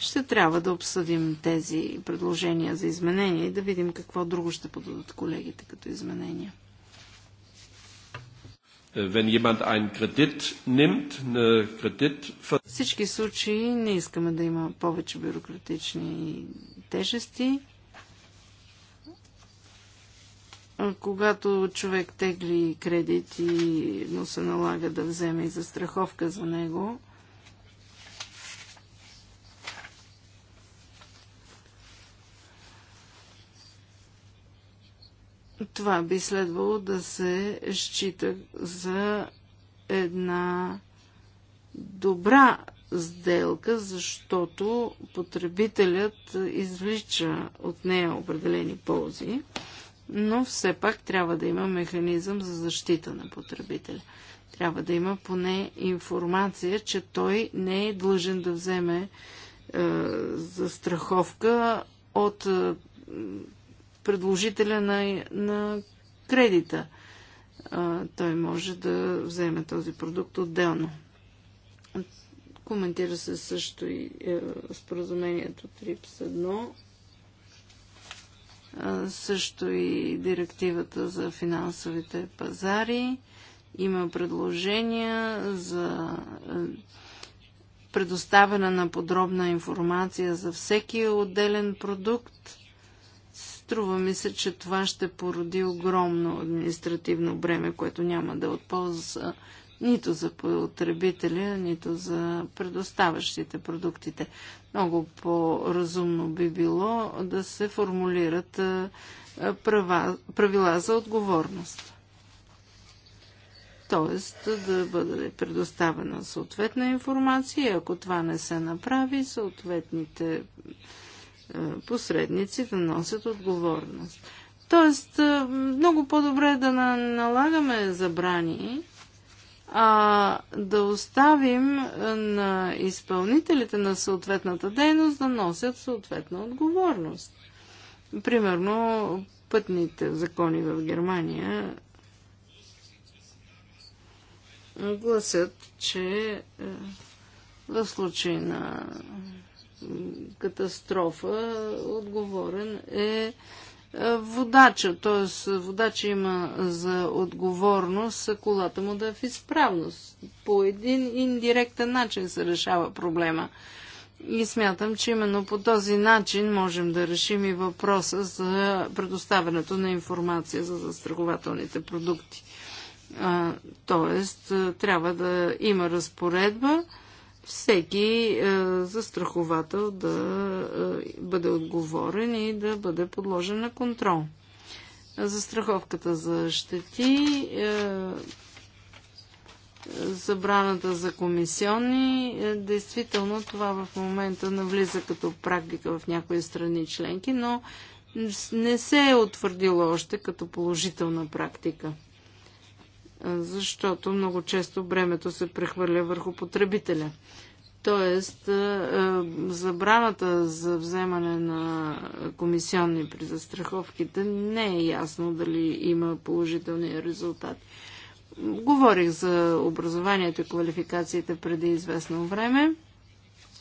Ще трябва да обсъдим тези предложения за изменения и да видим какво друго ще подадат колегите като изменения. Е, kredit nimmt, kredit... всички случаи не искаме да има повече бюрократични тежести. Когато човек тегли кредит и му се налага да вземе и застраховка за него, това би следвало да се счита за една добра сделка, защото потребителят извлича от нея определени ползи, но все пак трябва да има механизъм за защита на потребителя. Трябва да има поне информация, че той не е длъжен да вземе е, застраховка от е, предложителя на, на кредита. А, той може да вземе този продукт отделно. Коментира се също и е, споразумението ТРИПС 1, а, също и директивата за финансовите пазари. Има предложения за е, предоставяне на подробна информация за всеки отделен продукт Струва ми се, че това ще породи огромно административно бреме, което няма да е отползва нито за потребителя, нито за предоставящите продуктите. Много по-разумно би било да се формулират права, правила за отговорност. Тоест да бъде предоставена съответна информация, ако това не се направи, съответните Посредниците носят отговорност. Тоест, много по-добре е да налагаме забрани, а да оставим на изпълнителите на съответната дейност да носят съответна отговорност. Примерно, пътните закони в Германия гласят, че в случай на катастрофа отговорен е, е водача, т.е. водача има за отговорност колата му да е в изправност. По един индиректен начин се решава проблема. И смятам, че именно по този начин можем да решим и въпроса за предоставянето на информация за застрахователните продукти. Тоест, трябва да има разпоредба, всеки е, застраховател да е, бъде отговорен и да бъде подложен на контрол. Застраховката за щети, е, забраната за комисионни, е, действително това в момента навлиза като практика в някои страни членки, но не се е утвърдило още като положителна практика защото много често бремето се прехвърля върху потребителя. Тоест, забраната за вземане на комисионни при застраховките не е ясно дали има положителни резултати. Говорих за образованието и квалификациите преди известно време.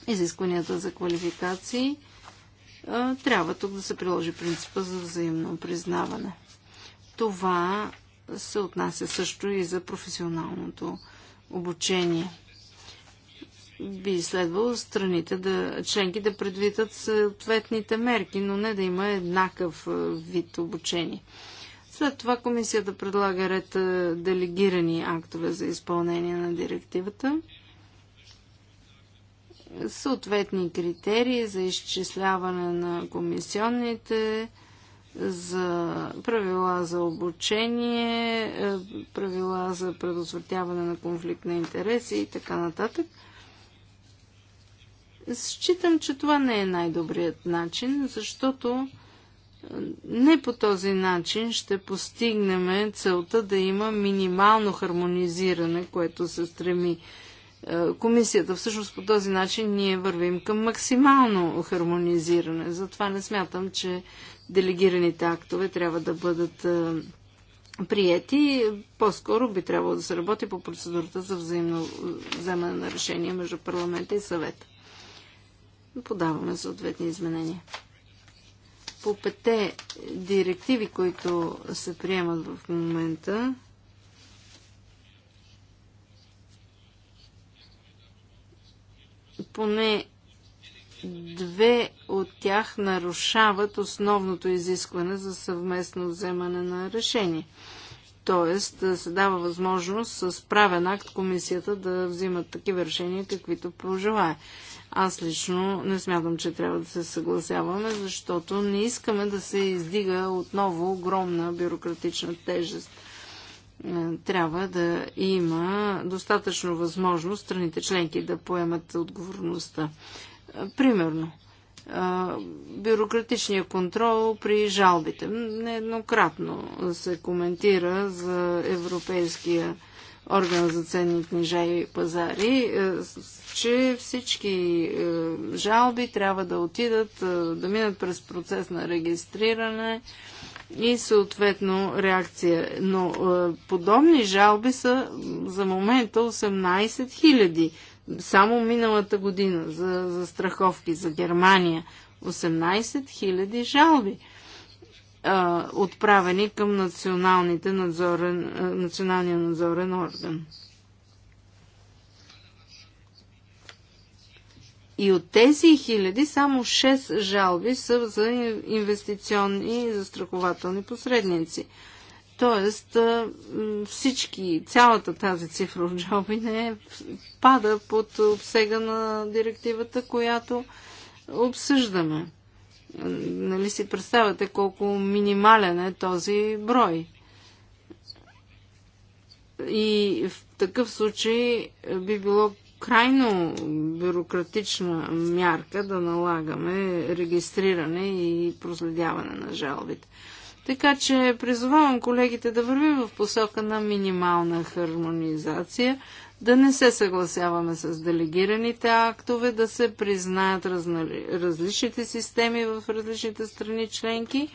Изискванията за квалификации трябва тук да се приложи принципа за взаимно признаване. Това се отнася също и за професионалното обучение. Би следвало страните да, членки да предвидят съответните мерки, но не да има еднакъв вид обучение. След това комисията предлага ред делегирани актове за изпълнение на директивата съответни критерии за изчисляване на комисионните за правила за обучение, е, правила за предотвратяване на конфликт на интереси и така нататък. Считам, че това не е най-добрият начин, защото е, не по този начин ще постигнем целта да има минимално хармонизиране, което се стреми е, комисията. Всъщност по този начин ние вървим към максимално хармонизиране. Затова не смятам, че делегираните актове трябва да бъдат приети. По-скоро би трябвало да се работи по процедурата за взаимно вземане на решение между парламента и съвета. Подаваме съответни изменения. По пете директиви, които се приемат в момента, поне Две от тях нарушават основното изискване за съвместно вземане на решение. Тоест, е, се дава възможност с правен акт комисията да взимат такива решения, каквито пожелае. Аз лично не смятам, че трябва да се съгласяваме, защото не искаме да се издига отново огромна бюрократична тежест. Е, трябва да има достатъчно възможност страните членки да поемат отговорността. Примерно, бюрократичния контрол при жалбите. Нееднократно се коментира за Европейския орган за ценни книжа и пазари, че всички жалби трябва да отидат, да минат през процес на регистриране и съответно реакция. Но подобни жалби са за момента 18 000 само миналата година за, за страховки за Германия 18 000 жалби а, отправени към националните надзорен, а, националния надзорен орган. И от тези хиляди само 6 жалби са за инвестиционни и застрахователни посредници. Тоест всички, цялата тази цифра от джоби не пада под обсега на директивата, която обсъждаме. Нали си представяте колко минимален е този брой? И в такъв случай би било крайно бюрократична мярка да налагаме регистриране и проследяване на жалбите. Така че призовавам колегите да вървим в посока на минимална хармонизация, да не се съгласяваме с делегираните актове, да се признаят разна... различните системи в различните страни членки,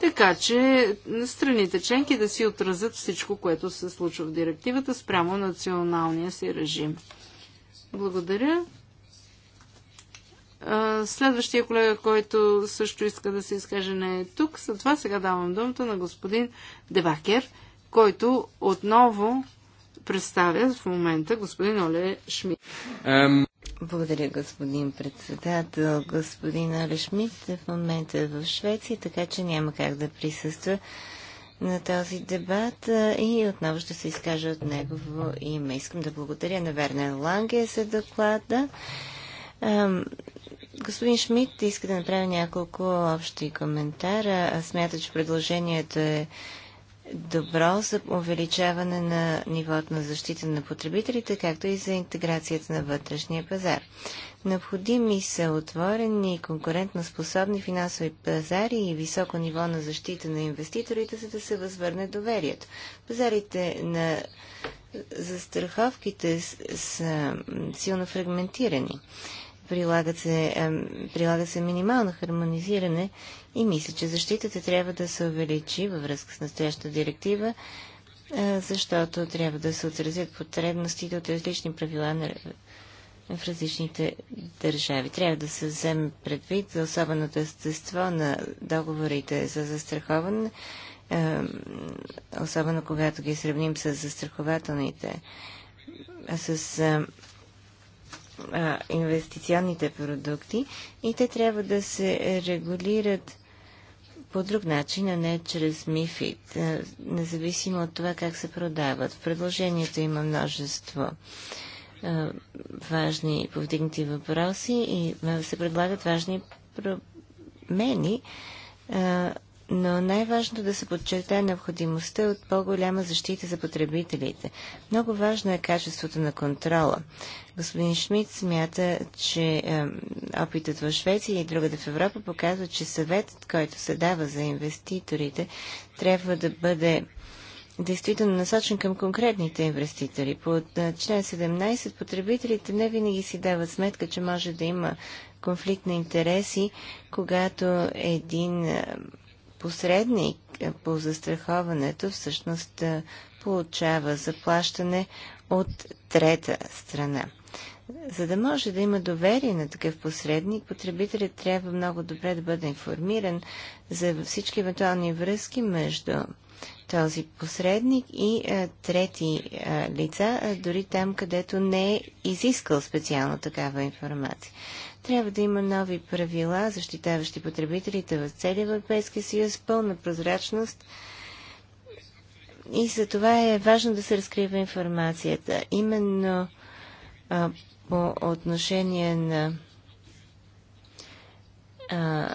така че страните членки да си отразят всичко, което се случва в директивата спрямо националния си режим. Благодаря. Следващия колега, който също иска да се изкаже, не е тук. За това сега давам думата на господин Дебакер, който отново представя в момента господин Оле Шмидт. Um... Благодаря, господин председател. Господин Оле Шмидт е в момента е в Швеция, така че няма как да присъства на този дебат и отново ще се изкажа от негово име. Искам да благодаря на Вернер Ланге за доклада. Господин Шмидт иска да направи няколко общи коментара. Смята, че предложението е добро за увеличаване на нивото на защита на потребителите, както и за интеграцията на вътрешния пазар. Необходими са отворени и конкурентно способни финансови пазари и високо ниво на защита на инвеститорите, за да се възвърне доверието. Пазарите на застраховките са силно фрагментирани прилагат се, прилага се минимално хармонизиране и мисля, че защитата трябва да се увеличи във връзка с настоящата директива, е, защото трябва да се отразят потребностите от различни правила на в различните държави. Трябва да се вземе предвид за особеното естество на договорите за застраховане, особено когато ги сравним с застрахователните, с а, инвестиционните продукти и те трябва да се регулират по друг начин, а не чрез МИФИД, независимо от това как се продават. В предложението има множество а, важни повдигнати въпроси и се предлагат важни промени, а, но най-важното е да се подчертае необходимостта от по-голяма защита за потребителите. Много важно е качеството на контрола. Господин Шмидт смята, че е, опитът в Швеция и другата в Европа показва, че съветът, който се дава за инвеститорите, трябва да бъде действително насочен към конкретните инвеститори. По е, член 17 потребителите не винаги си дават сметка, че може да има конфликт на интереси, когато един посредник е, по застраховането всъщност е, получава заплащане от трета страна. За да може да има доверие на такъв посредник, потребителят трябва много добре да бъде информиран за всички евентуални връзки между този посредник и а, е, трети а, лица, а, дори там, където не е изискал специално такава информация. Трябва да има нови правила, защитаващи потребителите в целия Европейски съюз, пълна прозрачност и за това е важно да се разкрива информацията. Именно а, по отношение на а,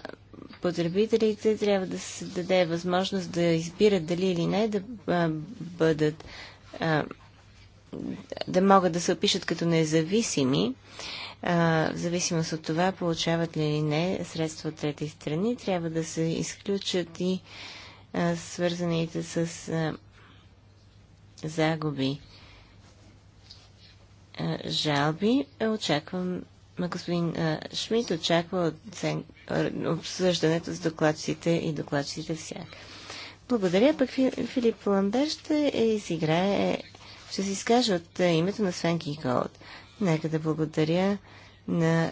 потребителите трябва да се даде възможност да избират дали или не да а, бъдат а, да могат да се опишат като независими в зависимост от това получават ли или не средства от трети страни, трябва да се изключат и свързаните с загуби жалби. Очаквам, господин Шмидт очаква обсъждането с докладчиците и докладчиците всяка. Благодаря, пък Филип Ламбер ще е, изиграе, ще се изкаже от името на Свенки Голд. Нека да благодаря на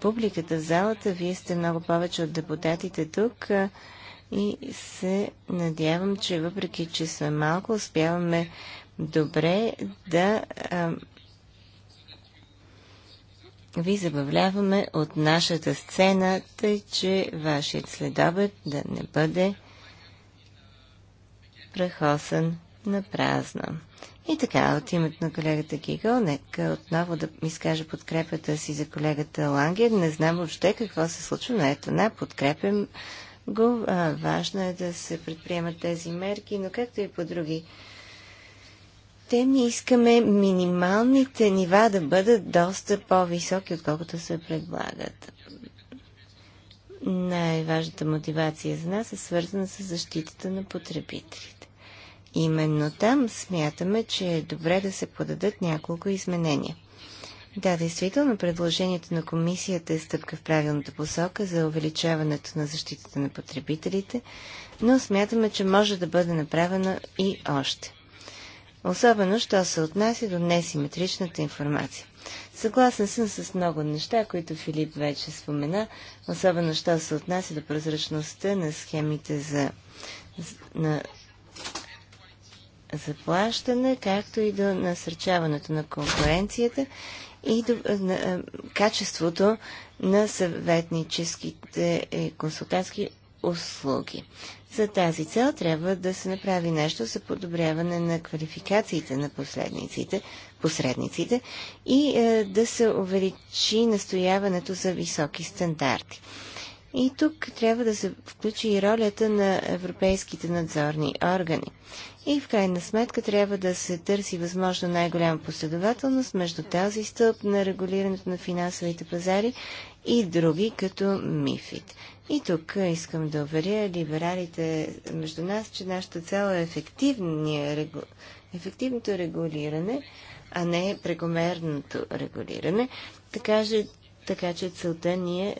публиката в залата. Вие сте много повече от депутатите тук и се надявам, че въпреки, че сме малко, успяваме добре да ви забавляваме от нашата сцена, тъй че вашият следобед да не бъде прехосан на празна. И така, от името на колегата Гигъл, нека отново да ми изкажа подкрепата си за колегата Лангер. Не знам въобще какво се случва, но ето не, подкрепям го. А, важно е да се предприемат тези мерки, но както и по други теми искаме минималните нива да бъдат доста по-високи, отколкото се предлагат. Най-важната мотивация за нас е свързана с защитата на потребителите. Именно там смятаме, че е добре да се подадат няколко изменения. Да, действително, предложението на комисията е стъпка в правилната посока за увеличаването на защитата на потребителите, но смятаме, че може да бъде направено и още. Особено, що се отнася до несиметричната информация. Съгласен съм с много неща, които Филип вече спомена, особено, що се отнася до прозрачността на схемите за, на заплащане, както и до насърчаването на конкуренцията и до е, на, е, качеството на съветническите и е, консултантски услуги. За тази цел трябва да се направи нещо за подобряване на квалификациите на последниците, посредниците и е, да се увеличи настояването за високи стандарти. И тук трябва да се включи и ролята на европейските надзорни органи. И в крайна сметка трябва да се търси възможно най-голяма последователност между тази стълб на регулирането на финансовите пазари и други като МИФИД. И тук искам да уверя либералите между нас, че нашата цел е регу... ефективното регулиране, а не прекомерното регулиране. Така, че, така че целта ни е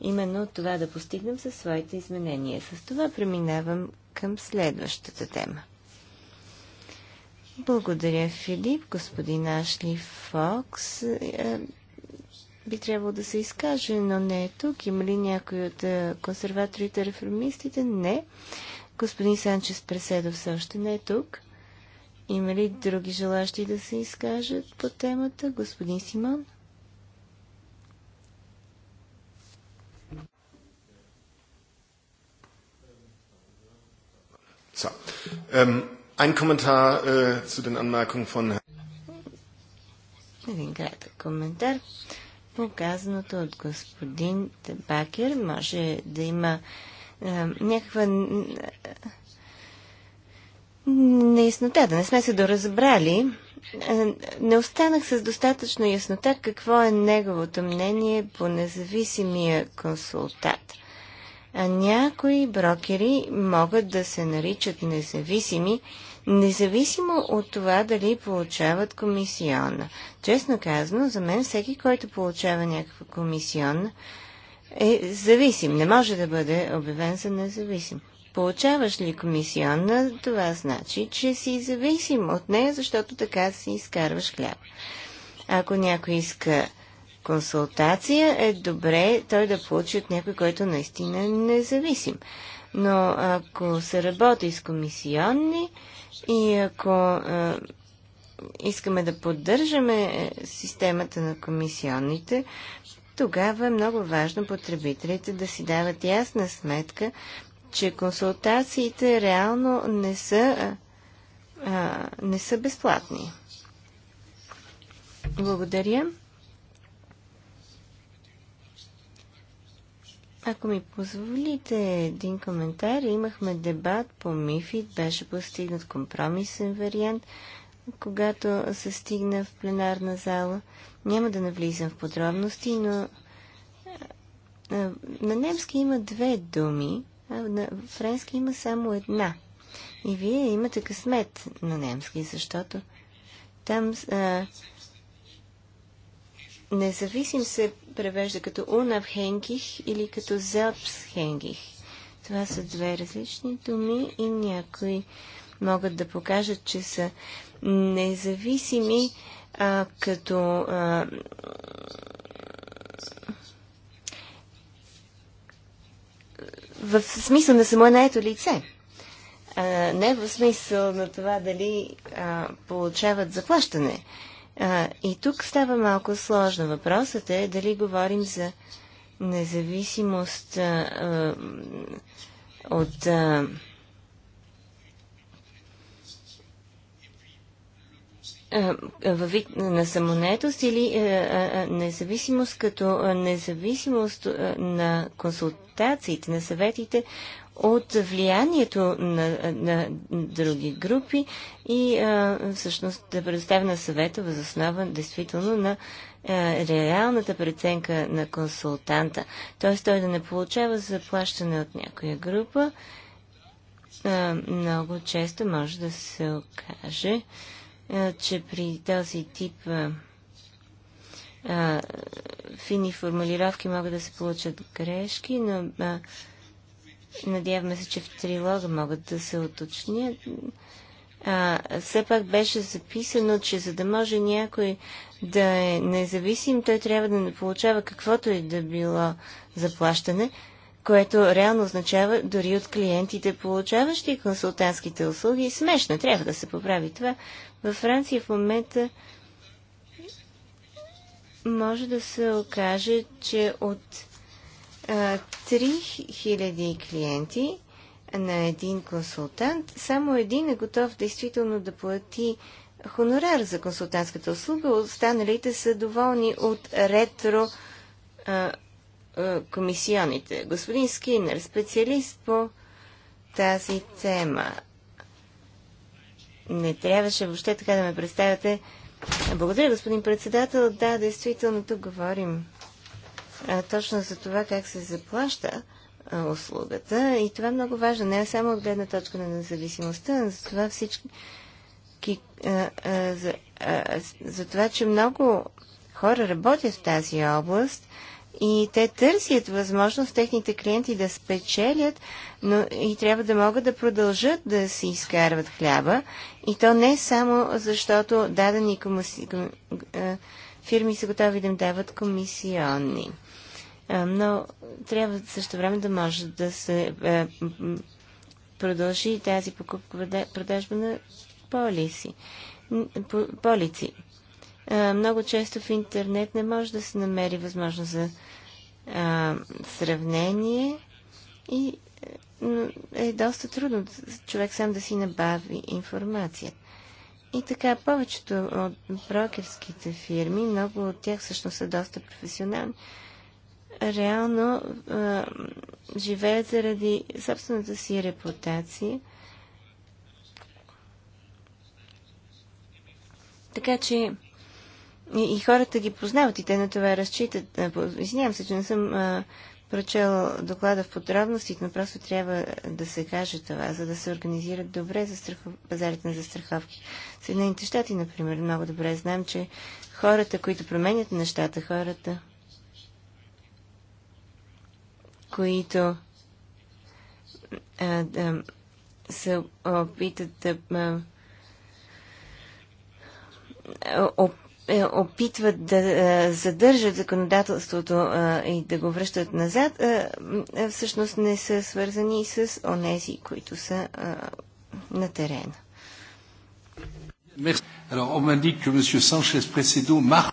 именно това да постигнем със своите изменения. С това преминавам към следващата тема. Благодаря, Филип. Господин Ашли Фокс е, би трябвало да се изкаже, но не е тук. Има ли някой от е, консерваторите, реформистите? Не. Господин Санчес Преседов също не е тук. Има ли други желащи да се изкажат по темата? Господин Симон? So. Ein Kommentar äh, zu den Anmerkungen von Един кратък коментар. Показаното от господин Бакер може да има е, някаква неяснота, да не сме се доразбрали. Е, не останах с достатъчно яснота какво е неговото мнение по независимия консултат. А някои брокери могат да се наричат независими, независимо от това дали получават комисионна. Честно казано, за мен всеки, който получава някаква комисионна, е зависим. Не може да бъде обявен за независим. Получаваш ли комисионна, това значи, че си зависим от нея, защото така си изкарваш хляб. Ако някой иска консултация, е добре той да получи от някой, който наистина е независим. Но ако се работи с комисионни, и ако искаме да поддържаме е, системата на комисионните, тогава е много важно потребителите да си дават ясна сметка, че консултациите реално не са, а, не са безплатни. Благодаря. Ако ми позволите един коментар, имахме дебат по МИФИД, беше постигнат компромисен вариант, когато се стигна в пленарна зала. Няма да навлизам в подробности, но на немски има две думи, а на френски има само една. И вие имате късмет на немски, защото там а, независим се превежда като унабхенгих или като зелпсхенгих. Това са две различни думи и някои могат да покажат, че са независими а, като а, в смисъл на само ето лице. А, не в смисъл на това дали а, получават заплащане. А, и тук става малко сложно. Въпросът е дали говорим за независимост а, а, от. А, във вид на самонетост или а, а, независимост като независимост на консултациите, на съветите от влиянието на, на други групи и а, всъщност да предоставя на съвета възоснова действително на а, реалната преценка на консултанта. Т.е. той да не получава заплащане от някоя група. А, много често може да се окаже, а, че при този тип а, а, фини формулировки могат да се получат грешки, но а, Надяваме се, че в трилога могат да се уточнят. А, все пак беше записано, че за да може някой да е независим, той трябва да не получава каквото и да било заплащане, което реално означава дори от клиентите, получаващи консултантските услуги. Смешно, трябва да се поправи това. Във Франция в момента може да се окаже, че от 3000 клиенти на един консултант, само един е готов действително да плати хонорар за консултантската услуга, останалите са доволни от ретро а, а, комисионите. Господин Скинер, специалист по тази тема. Не трябваше въобще така да ме представяте. Благодаря, господин председател. Да, действително тук говорим а, точно за това как се заплаща а, услугата. И това е много важно, не е само от гледна точка на независимостта, но за това всички. А, а, за, а, за това, че много хора работят в тази област и те търсят възможност техните клиенти да спечелят, но и трябва да могат да продължат да си изкарват хляба. И то не само защото дадени комуси... фирми са готови да им дават комисионни. Е, но трябва също време да може да се е, продължи тази покупка продажба на полиси. полици. Е, много често в интернет не може да се намери възможност за сравнение и е доста трудно човек сам да си набави информация. И така, повечето от брокерските фирми, много от тях всъщност са доста професионални, реално а, живеят заради собствената си репутация. Така че и, и хората ги познават и те на това разчитат. Извинявам се, че не съм а, прочел доклада в подробности, но просто трябва да се каже това, за да се организират добре за страхов... пазарите на застраховки. Съединените щати, например, много добре Знам, че хората, които променят нещата, хората, които а, да, се опитат да а, е, опитват да а, задържат законодателството а, и да го връщат назад, а, а, всъщност не са свързани с онези, които са а, на терена. Alors, on m'indique que M. Sanchez Presedo marque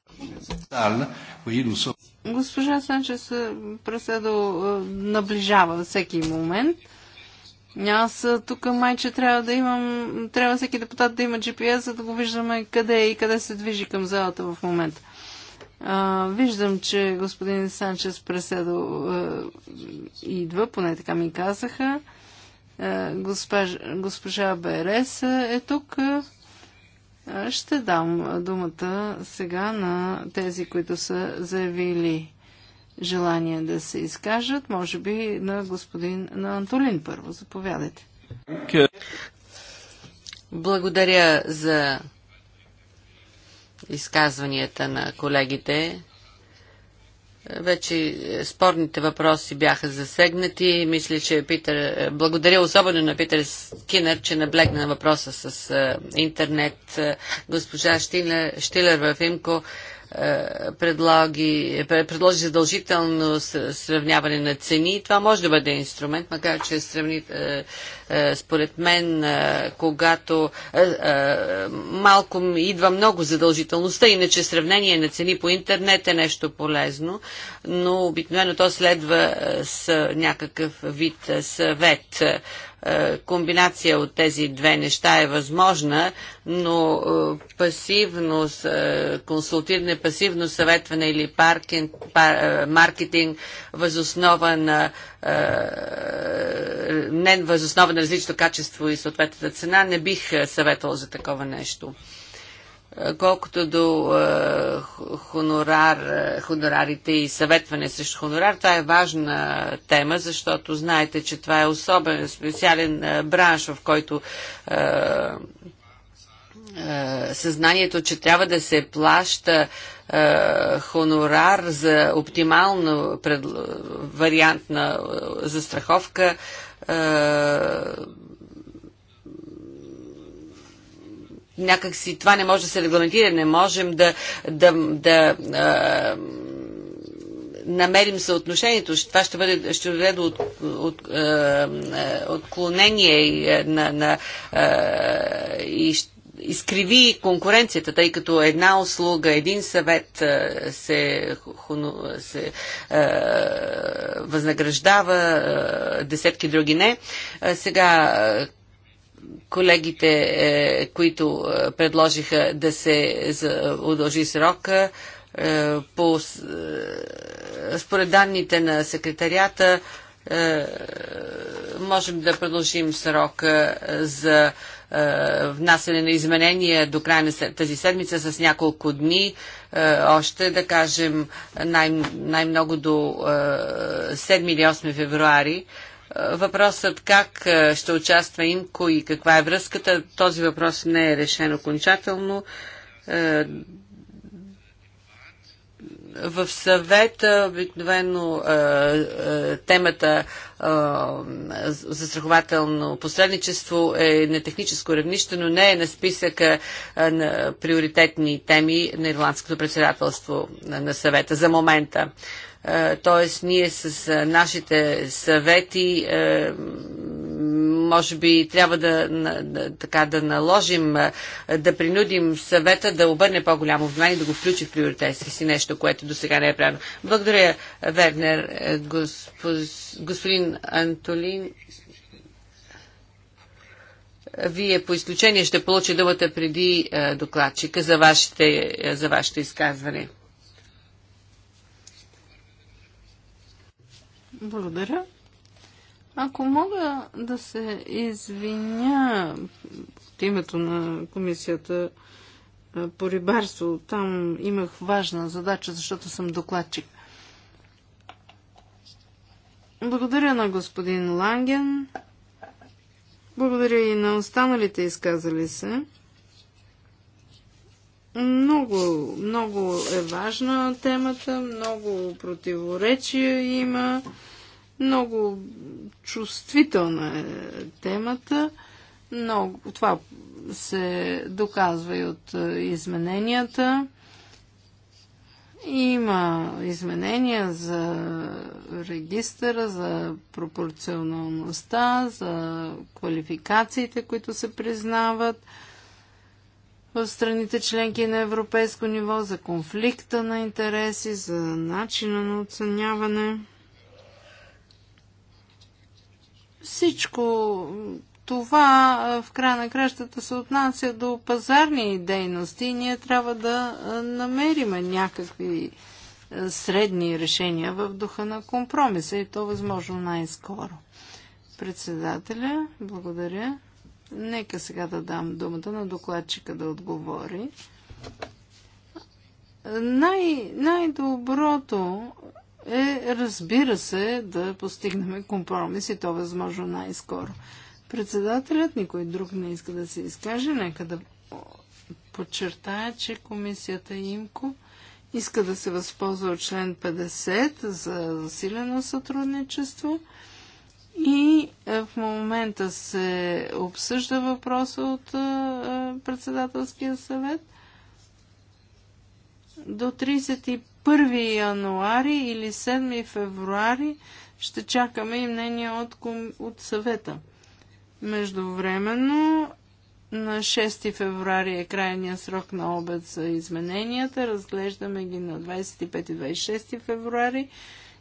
Госпожа Санчес е, преседо е, наближава всеки момент. Аз е, тук майче трябва да имам, трябва всеки депутат да има GPS, за да го виждаме къде е и къде се движи към залата в момента. виждам, че господин Санчес преседо идва, поне така ми казаха. госпожа, госпожа е тук. Ще дам думата сега на тези, които са заявили желание да се изкажат. Може би на господин на Антолин първо. Заповядайте. Благодаря за изказванията на колегите. Вече е, спорните въпроси бяха засегнати. Мисля, че Питър... Е, благодаря особено на Питър Скинер, че наблегна на въпроса с е, интернет. Госпожа Штилер, Штилер в Имко предложи задължително сравняване на цени. Това може да бъде инструмент, макар че сравните. Е, според мен, е, когато е, малко ми идва много задължителността, иначе сравнение на цени по интернет е нещо полезно, но обикновено то следва с някакъв вид съвет комбинация от тези две неща е възможна, но пасивно, консултиране, пасивно съветване или паркинг, пар, маркетинг възоснова на не възоснова на различно качество и съответната цена, не бих е, съветвал за такова нещо. Е, колкото до е, хонорар, хонорарите и съветване срещу хонорар, това е важна тема, защото знаете, че това е особен, специален бранш, в който съзнанието, че трябва да се плаща хонорар за оптимално вариант на застраховка е, някакси това не може да се регламентира, не можем да, да, да а, е, намерим съотношението. Това ще, бъде, ще доведе до от, от, е, отклонение на, на, а, и ще изкриви конкуренцията, тъй като една услуга, един съвет е, се, се е, възнаграждава, е, десетки други не. Е, сега е, колегите, е, които предложиха да се удължи срока, по, според данните на секретарията, можем да продължим срока за е, внасене на изменения до края на тази седмица с няколко дни, е, още да кажем най- най-много до 7 е, или 8 февруари. Въпросът как ще участва Инко и каква е връзката, този въпрос не е решен окончателно в съвета обикновено е, е, темата е, застрахователно посредничество е на техническо равнище, но не е на списъка на приоритетни теми на ирландското председателство на съвета за момента Тоест, ние с нашите съвети може би трябва да, така, да наложим, да принудим съвета да обърне по-голямо внимание, да го включи в приоритетите си нещо, което до сега не е правено. Благодаря, Вернер, е, госпоз, господин Антолин. Вие по изключение ще получи думата преди е, докладчика за вашите, е, за вашите изказване. Благодаря. Ако мога да се извиня от името на комисията по рибарство, там имах важна задача, защото съм докладчик. Благодаря на господин Ланген. Благодаря и на останалите изказали се. Много, много е важна темата, много противоречия има. Много чувствителна е темата. Много, това се доказва и от е, измененията. Има изменения за регистъра, за пропорционалността, за квалификациите, които се признават в страните членки на европейско ниво, за конфликта на интереси, за начина на оценяване. Всичко това в края на кращата се отнася до пазарни дейности и ние трябва да намерим някакви средни решения в духа на компромиса и то възможно най-скоро. Председателя, благодаря. Нека сега да дам думата на докладчика да отговори. Най- най-доброто е, разбира се, да постигнем компромис и то възможно най-скоро. Председателят, никой друг не иска да се изкаже, нека да подчертая, че комисията ИМКО иска да се възползва от член 50 за засилено сътрудничество и е, в момента се обсъжда въпроса от е, е, председателския съвет. До 31 1 януари или 7 февруари ще чакаме и мнение от, от съвета. Междувременно на 6 февруари е крайния срок на обед за измененията. Разглеждаме ги на 25 и 26 февруари.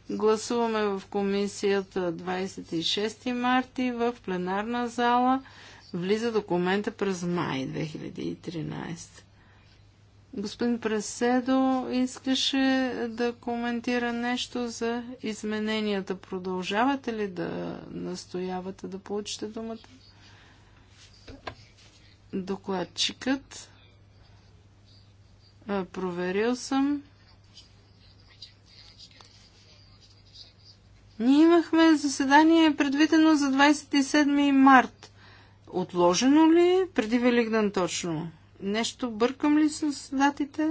Гласуваме в комисията 26 марти в пленарна зала. Влиза документа през май 2013. Господин Преседо искаше да коментира нещо за измененията. Продължавате ли да настоявате да получите думата? Докладчикът. Е, проверил съм. Ние имахме заседание предвидено за 27 март. Отложено ли е? преди Великден точно? Нещо бъркам ли с датите?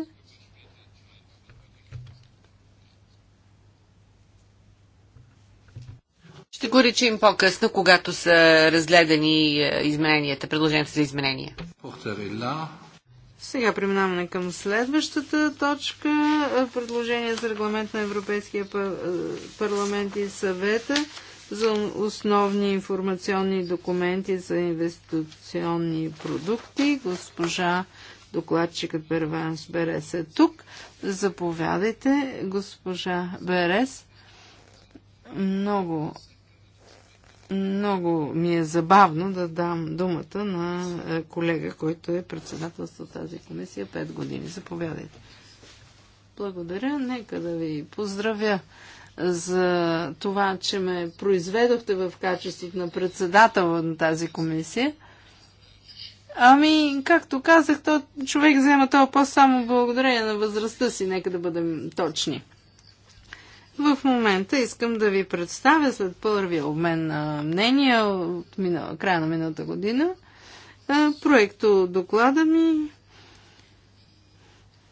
Ще го речим по-късно, когато са разгледани е, измененията, предложенията за изменения. Сега преминаваме към следващата точка. Предложение за регламент на Европейския е, парламент и съвета за основни информационни документи за инвестиционни продукти. Госпожа докладчикът Перванс Берес е тук. Заповядайте, госпожа Берес. Много, много ми е забавно да дам думата на е, колега, който е председателство тази комисия 5 години. Заповядайте. Благодаря. Нека да ви поздравя за това, че ме произведохте в качеството на председател на тази комисия. Ами, както казах, то човек взема този пост само благодарение на възрастта си, нека да бъдем точни. В момента искам да ви представя след първия обмен на мнения от минала, края на миналата година е, проекто доклада ми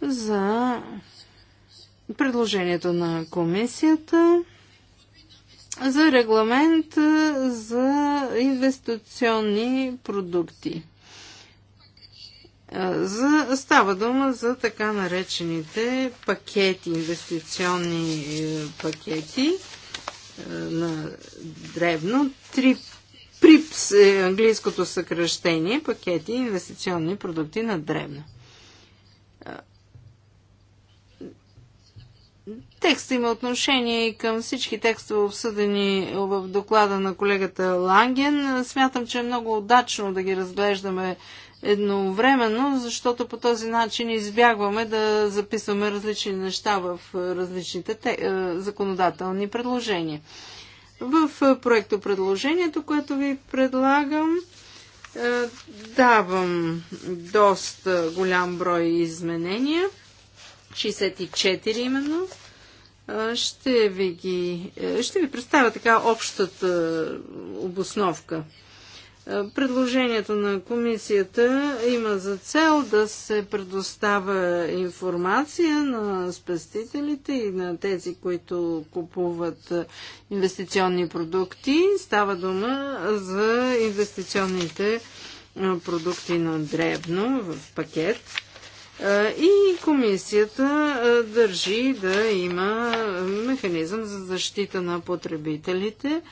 за предложението на комисията за регламент за инвестиционни продукти. За, става дума за така наречените пакети, инвестиционни е, пакети на дребно. Три, ПРИПС е английското съкръщение, пакети инвестиционни продукти на Древно. Текст има отношение и към всички текстове, обсъдени в доклада на колегата Ланген. Смятам, че е много удачно да ги разглеждаме едновременно, защото по този начин избягваме да записваме различни неща в е, различните те, е, законодателни предложения. В е, проекто предложението, което ви предлагам, давам доста голям брой изменения, 64 именно, ще ви, ги, е, ще ви представя така общата обосновка. Предложението на комисията има за цел да се предоставя информация на спестителите и на тези, които купуват инвестиционни продукти. Става дума за инвестиционните продукти на дребно в пакет и комисията държи да има механизъм за защита на потребителите,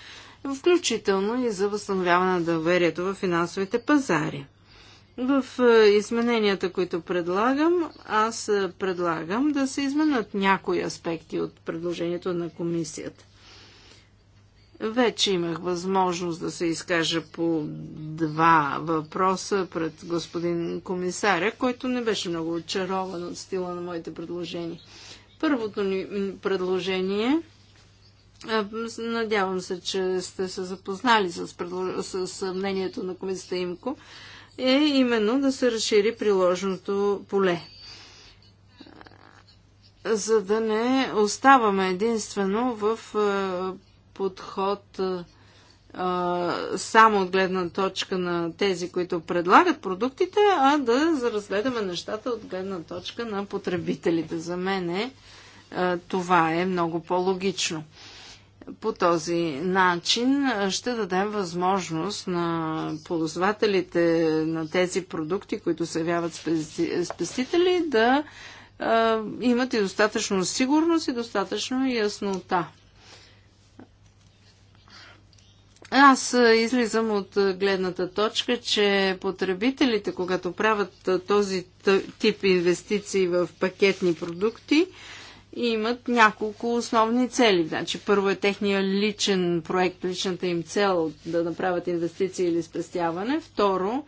включително и за възстановяване на доверието в финансовите пазари. В измененията, които предлагам, аз предлагам да се изменят някои аспекти от предложението на комисията. Вече имах възможност да се изкажа по два въпроса пред господин комисаря, който не беше много очарован от стила на моите предложения. Първото ни предложение Надявам се, че сте се запознали с, с мнението на комисията ИМКО, е именно да се разшири приложеното поле. За да не оставаме единствено в подход само от гледна точка на тези, които предлагат продуктите, а да разгледаме нещата от гледна точка на потребителите. За мен е, това е много по-логично. По този начин ще дадем възможност на ползвателите на тези продукти, които се явяват спестители, да имат и достатъчно сигурност и достатъчно яснота. Аз излизам от гледната точка, че потребителите, когато правят този тип инвестиции в пакетни продукти, имат няколко основни цели. Значи, първо е техния личен проект, личната им цел да направят инвестиции или спестяване. Второ,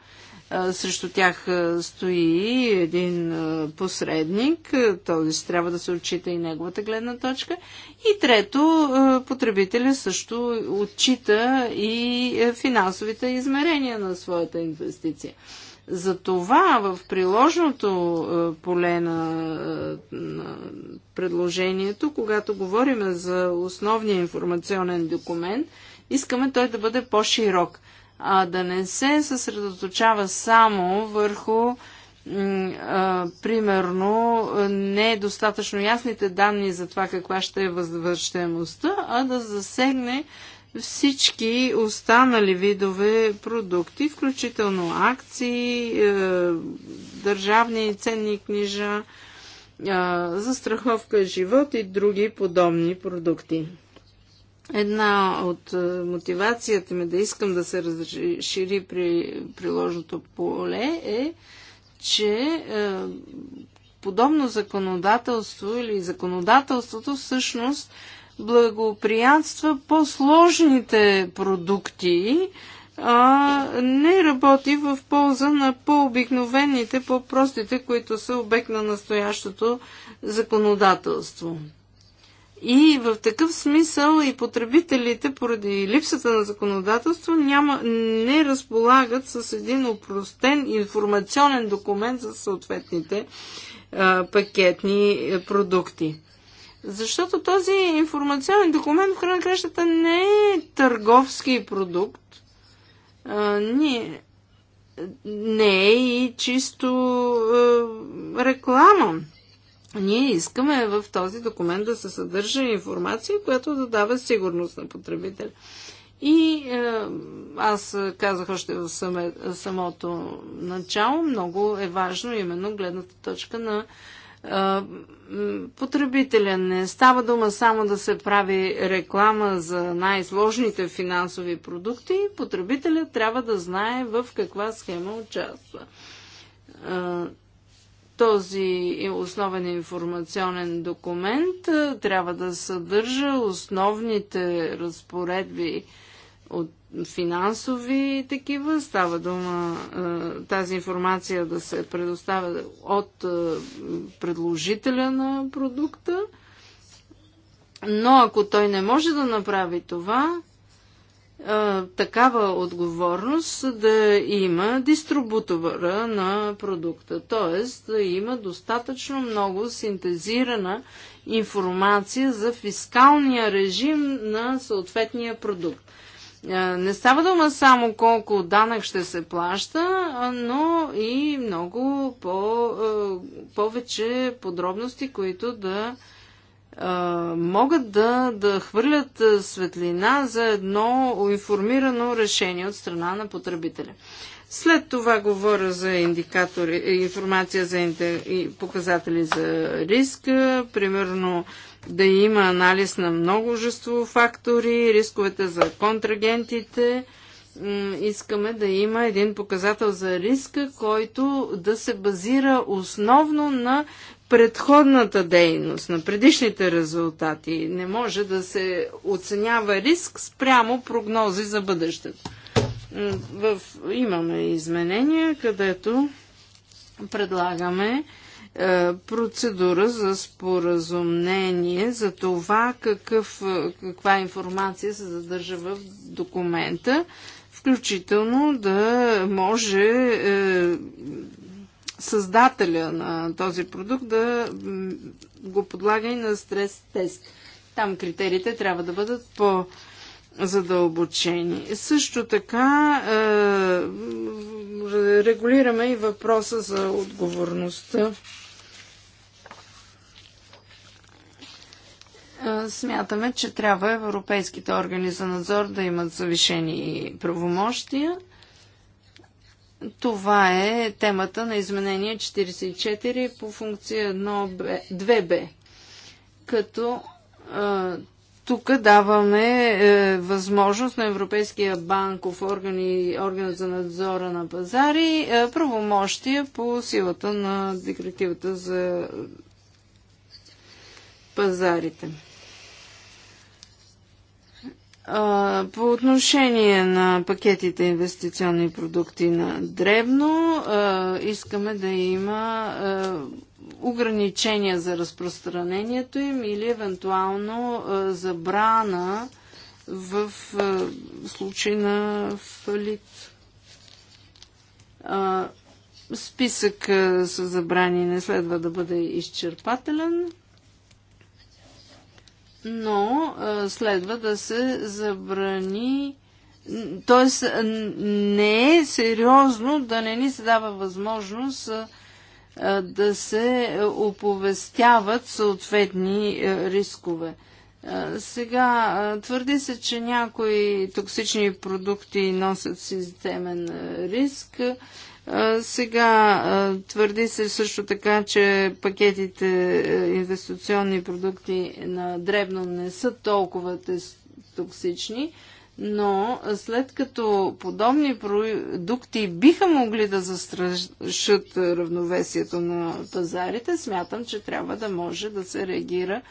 срещу тях стои един посредник, т.е. трябва да се отчита и неговата гледна точка. И трето, потребителя също отчита и финансовите измерения на своята инвестиция. Затова в приложното поле на, предложението, когато говорим за основния информационен документ, искаме той да бъде по-широк – а да не се съсредоточава само върху примерно недостатъчно ясните данни за това каква ще е възвръщаемостта, а да засегне всички останали видове продукти, включително акции, е, държавни ценни книжа, е, застраховка живот и други подобни продукти. Една от е, мотивацията ми да искам да се разшири при приложното поле е, че е, подобно законодателство или законодателството всъщност благоприятства по-сложните продукти, а не работи в полза на по-обикновените, по-простите, които са обект на настоящото законодателство. И в такъв смисъл и потребителите, поради липсата на законодателство, няма, не разполагат с един упростен информационен документ за съответните а, пакетни е, продукти. Защото този информационен документ в крайна крещата кращата не е търговски продукт. А, не, не е и чисто а, е, реклама. Ние искаме в този документ да се съдържа информация, която да дава сигурност на потребителя. И е, аз казах още в саме, самото начало, много е важно именно гледната точка на е, потребителя. Не става дума само да се прави реклама за най-сложните финансови продукти. Потребителя трябва да знае в каква схема участва. Е, този основен информационен документ трябва да съдържа основните разпоредби от финансови такива. Става дума тази информация да се предоставя от предложителя на продукта. Но ако той не може да направи това, такава отговорност да има дистрибутора на продукта, т.е. да има достатъчно много синтезирана информация за фискалния режим на съответния продукт. Не става дума само колко данък ще се плаща, но и много по, повече подробности, които да могат да, да хвърлят светлина за едно информирано решение от страна на потребителя. След това говоря за индикатори, е, информация за показатели за риск, примерно да има анализ на множество фактори, рисковете за контрагентите. Искаме да има един показател за риска, който да се базира основно на предходната дейност, на предишните резултати. Не може да се оценява риск спрямо прогнози за бъдещето. В, имаме изменения, където предлагаме е, процедура за споразумение за това какъв, е, каква информация се задържа в документа, включително да може е, създателя на този продукт да го подлага и на стрес тест. Там критериите трябва да бъдат по задълбочени. Също така е, регулираме и въпроса за отговорността. Е, смятаме, че трябва европейските органи за надзор да имат завишени правомощия това е темата на изменение 44 по функция 1 2b. Като тук даваме е, възможност на Европейския банков орган и органът за надзора на пазари е, правомощия по силата на директивата за пазарите. По отношение на пакетите инвестиционни продукти на дребно, искаме да има ограничения за разпространението им или евентуално забрана в случай на фалит. Списък с забрани не следва да бъде изчерпателен но а, следва да се забрани. Тоест, не е сериозно да не ни се дава възможност а, да се оповестяват съответни а, рискове. Сега твърди се, че някои токсични продукти носят системен риск. Сега твърди се също така, че пакетите е, инвестиционни продукти на дребно не са толкова токсични, но след като подобни продукти биха могли да застрашат равновесието на пазарите, смятам, че трябва да може да се реагира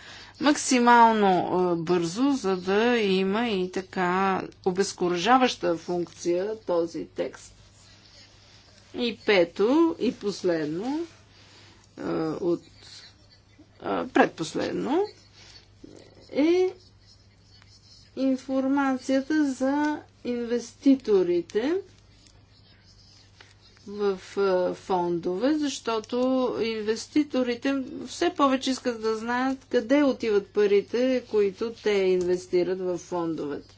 максимално е, бързо, за да има и така обезкуражаваща функция този текст. И пето, и последно, от предпоследно, е информацията за инвеститорите в фондове, защото инвеститорите все повече искат да знаят къде отиват парите, които те инвестират в фондовете.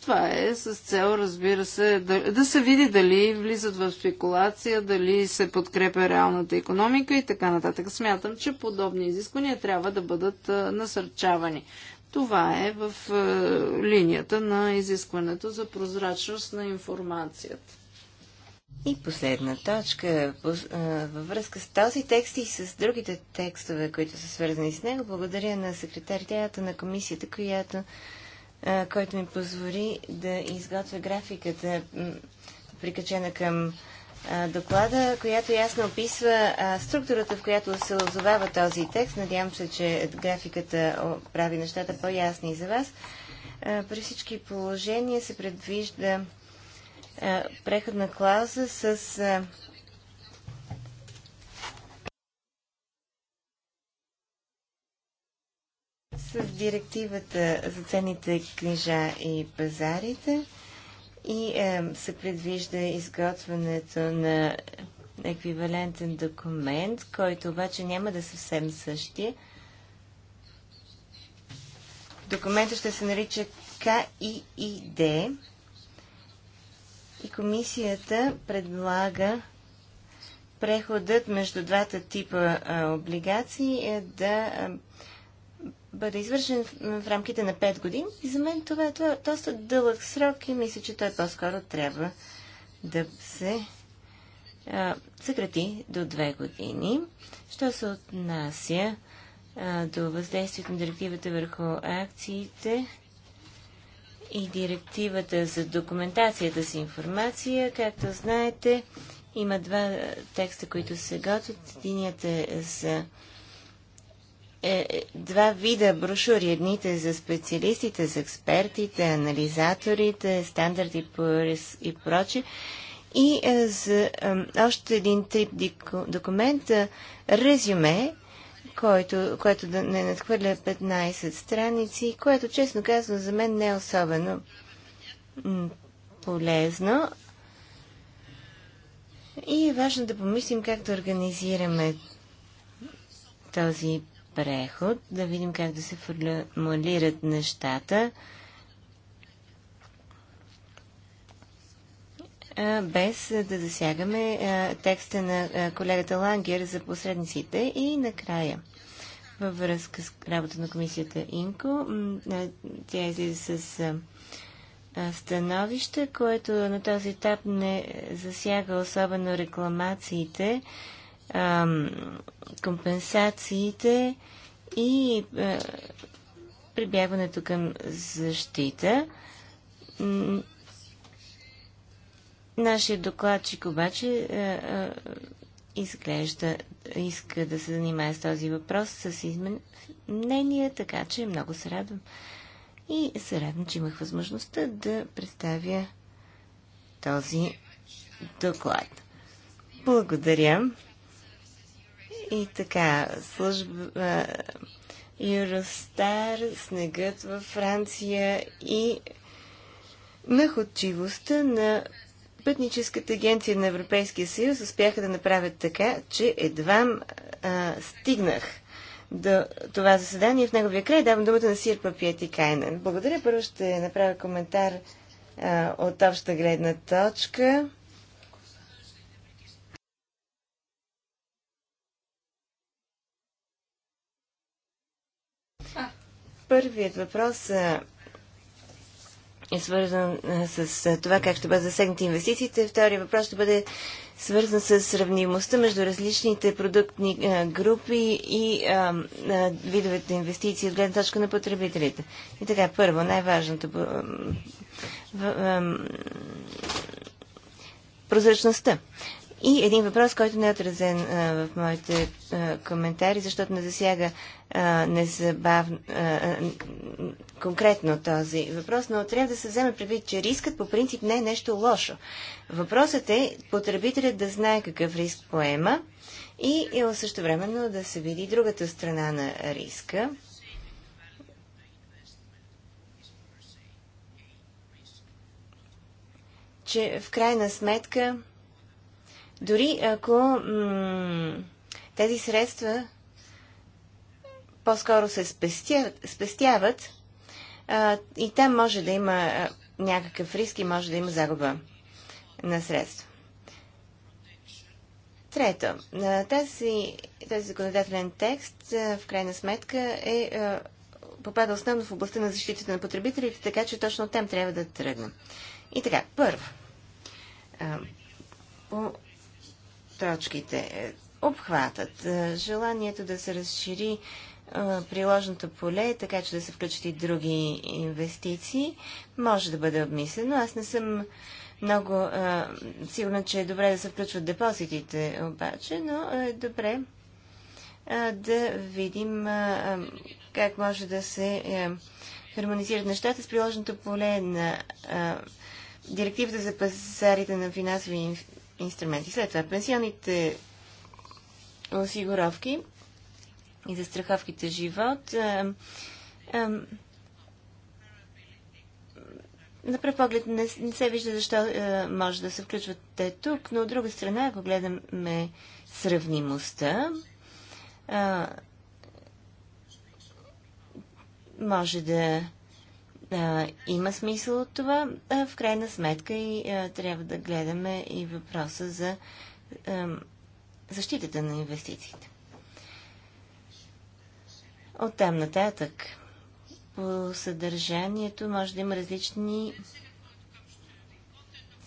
Това е с цел, разбира се, да, да се види дали влизат в спекулация, дали се подкрепя реалната економика и така нататък. Смятам, че подобни изисквания трябва да бъдат насърчавани. Това е в е, линията на изискването за прозрачност на информацията. И последна точка. Във връзка с този текст и с другите текстове, които са свързани с него, благодаря на секретарията на комисията, която който ми позволи да изготвя графиката, прикачена към доклада, която ясно описва структурата, в която се озовава този текст. Надявам се, че графиката прави нещата по-ясни за вас. При всички положения се предвижда преходна клауза с с директивата за ценните книжа и пазарите и е, се предвижда изготвянето на еквивалентен документ, който обаче няма да е съвсем същия. Документът ще се нарича КИИД и комисията предлага преходът между двата типа а, е, облигации е да а, е, бъде извършен в, рамките на 5 години. И за мен е, това е, доста дълъг срок и мисля, че той по-скоро трябва да се а, съкрати до 2 години. Що се отнася а, до въздействието на директивата върху акциите и директивата за документацията с информация, както знаете, има два текста, които се готвят. Единият е за е, два вида брошури. Едните за специалистите, за експертите, анализаторите, стандарти и прочи. И е, за е, още един тип документ, е, резюме, който, което да не надхвърля 15 страници, което честно казано за мен не е особено полезно. И е важно да помислим как да организираме този преход, да видим как да се формулират нещата, без да засягаме текста на колегата Лангер за посредниците и накрая. Във връзка с работа на комисията Инко, тя излиза с становище, което на този етап не засяга особено рекламациите ам, компенсациите и а, прибягването към защита. Нашия докладчик обаче а, а, изглежда, иска да се занимае с този въпрос с изменения, така че много се радвам. И се радвам, че имах възможността да представя този доклад. Благодаря. И така, служба Юростар, снегът във Франция и находчивостта на Пътническата агенция на Европейския съюз успяха да направят така, че едва а, стигнах до това заседание. В неговия край давам думата на Сирпа Пиети Кайнен. Благодаря. Първо ще направя коментар а, от обща гледна точка. Първият въпрос е свързан с това как ще бъдат засегнати инвестициите. Вторият въпрос ще бъде свързан с сравнимостта между различните продуктни групи и видовете инвестиции от гледна точка на потребителите. И така, първо, най-важното прозрачността. И един въпрос, който не е отразен а, в моите а, коментари, защото не засяга а, незабавно, а, конкретно този въпрос, но трябва да се вземе предвид, че рискът по принцип не е нещо лошо. Въпросът е потребителят да знае какъв риск поема и е също времено да се види другата страна на риска. че в крайна сметка дори ако тези средства по-скоро се спестяват, спестяват а, и там може да има а, някакъв риск и може да има загуба на средства. Трето, а, тази, този законодателен текст а, в крайна сметка е а, попада основно в областта на защитата на потребителите, така че точно там трябва да тръгнем. И така, първо, по точките. Обхватът, е, желанието да се разшири е, приложното поле, така че да се включат и други инвестиции, може да бъде обмислено. Аз не съм много е, сигурна, че е добре да се включват депозитите, обаче, но е добре да видим как може да се хармонизират нещата с приложното поле на директивата за пазарите на финансови инструменти. След това пенсионните осигуровки и застраховките живот. Е, е, на пръв поглед не, не се вижда защо е, може да се включват те тук, но от друга страна, ако гледаме сравнимостта, е, може да а, има смисъл от това. А в крайна сметка и а, трябва да гледаме и въпроса за а, защитата на инвестициите. От там нататък по съдържанието може да има различни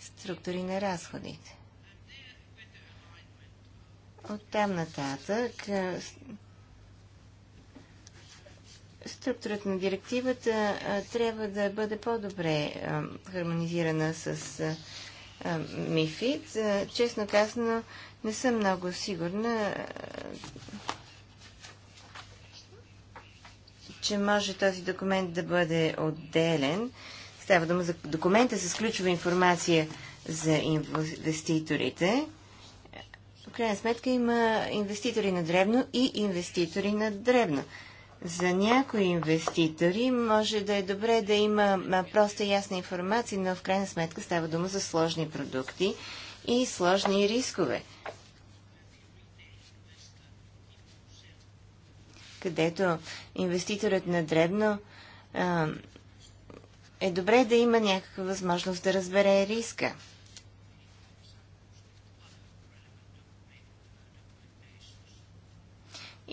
структури на разходите. От там нататък структурата на директивата трябва да бъде по-добре хармонизирана с МИФИД. Честно казано, не съм много сигурна, че може този документ да бъде отделен. Става дума за документа с ключова информация за инвеститорите. В крайна сметка има инвеститори на дребно и инвеститори на дребно. За някои инвеститори може да е добре да има проста ясна информация, но в крайна сметка става дума за сложни продукти и сложни рискове. Където инвеститорът на дребно е добре да има някаква възможност да разбере риска.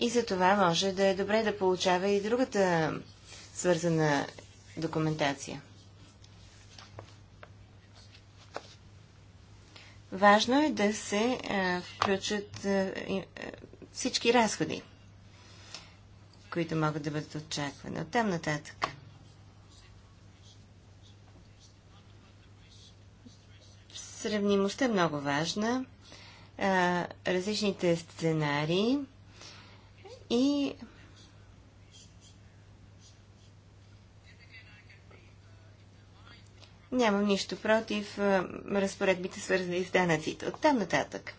и за това може да е добре да получава и другата свързана документация. Важно е да се а, е, включат а, е, е, всички разходи, които могат да бъдат очаквани от там нататък. Сравнимостта е много важна. А, различните сценарии и Нямам нищо против разпоредбите, свързани с данъците. От там нататък.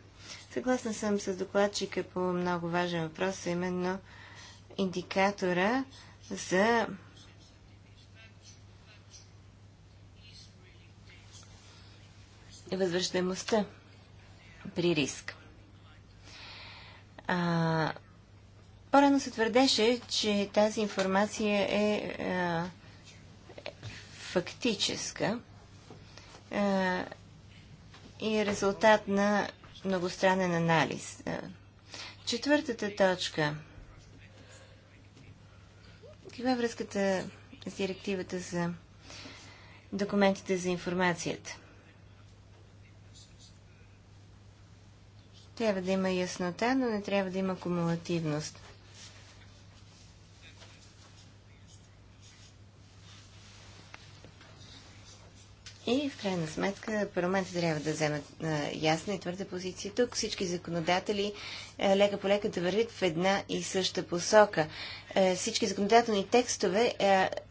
Съгласна съм с докладчика по много важен въпрос, а именно индикатора за възвръщаемостта при риск. А, по-рано се твърдеше, че тази информация е а, е, фактическа а, е, и е резултат на многостранен анализ. Е, четвъртата точка. Каква е връзката с директивата за документите за информацията? Трябва да има яснота, но не трябва да има кумулативност. И в крайна сметка парламентът трябва да вземе ясна и твърда позиция. Тук всички законодатели лека по лека да вървят в една и съща посока. Всички законодателни текстове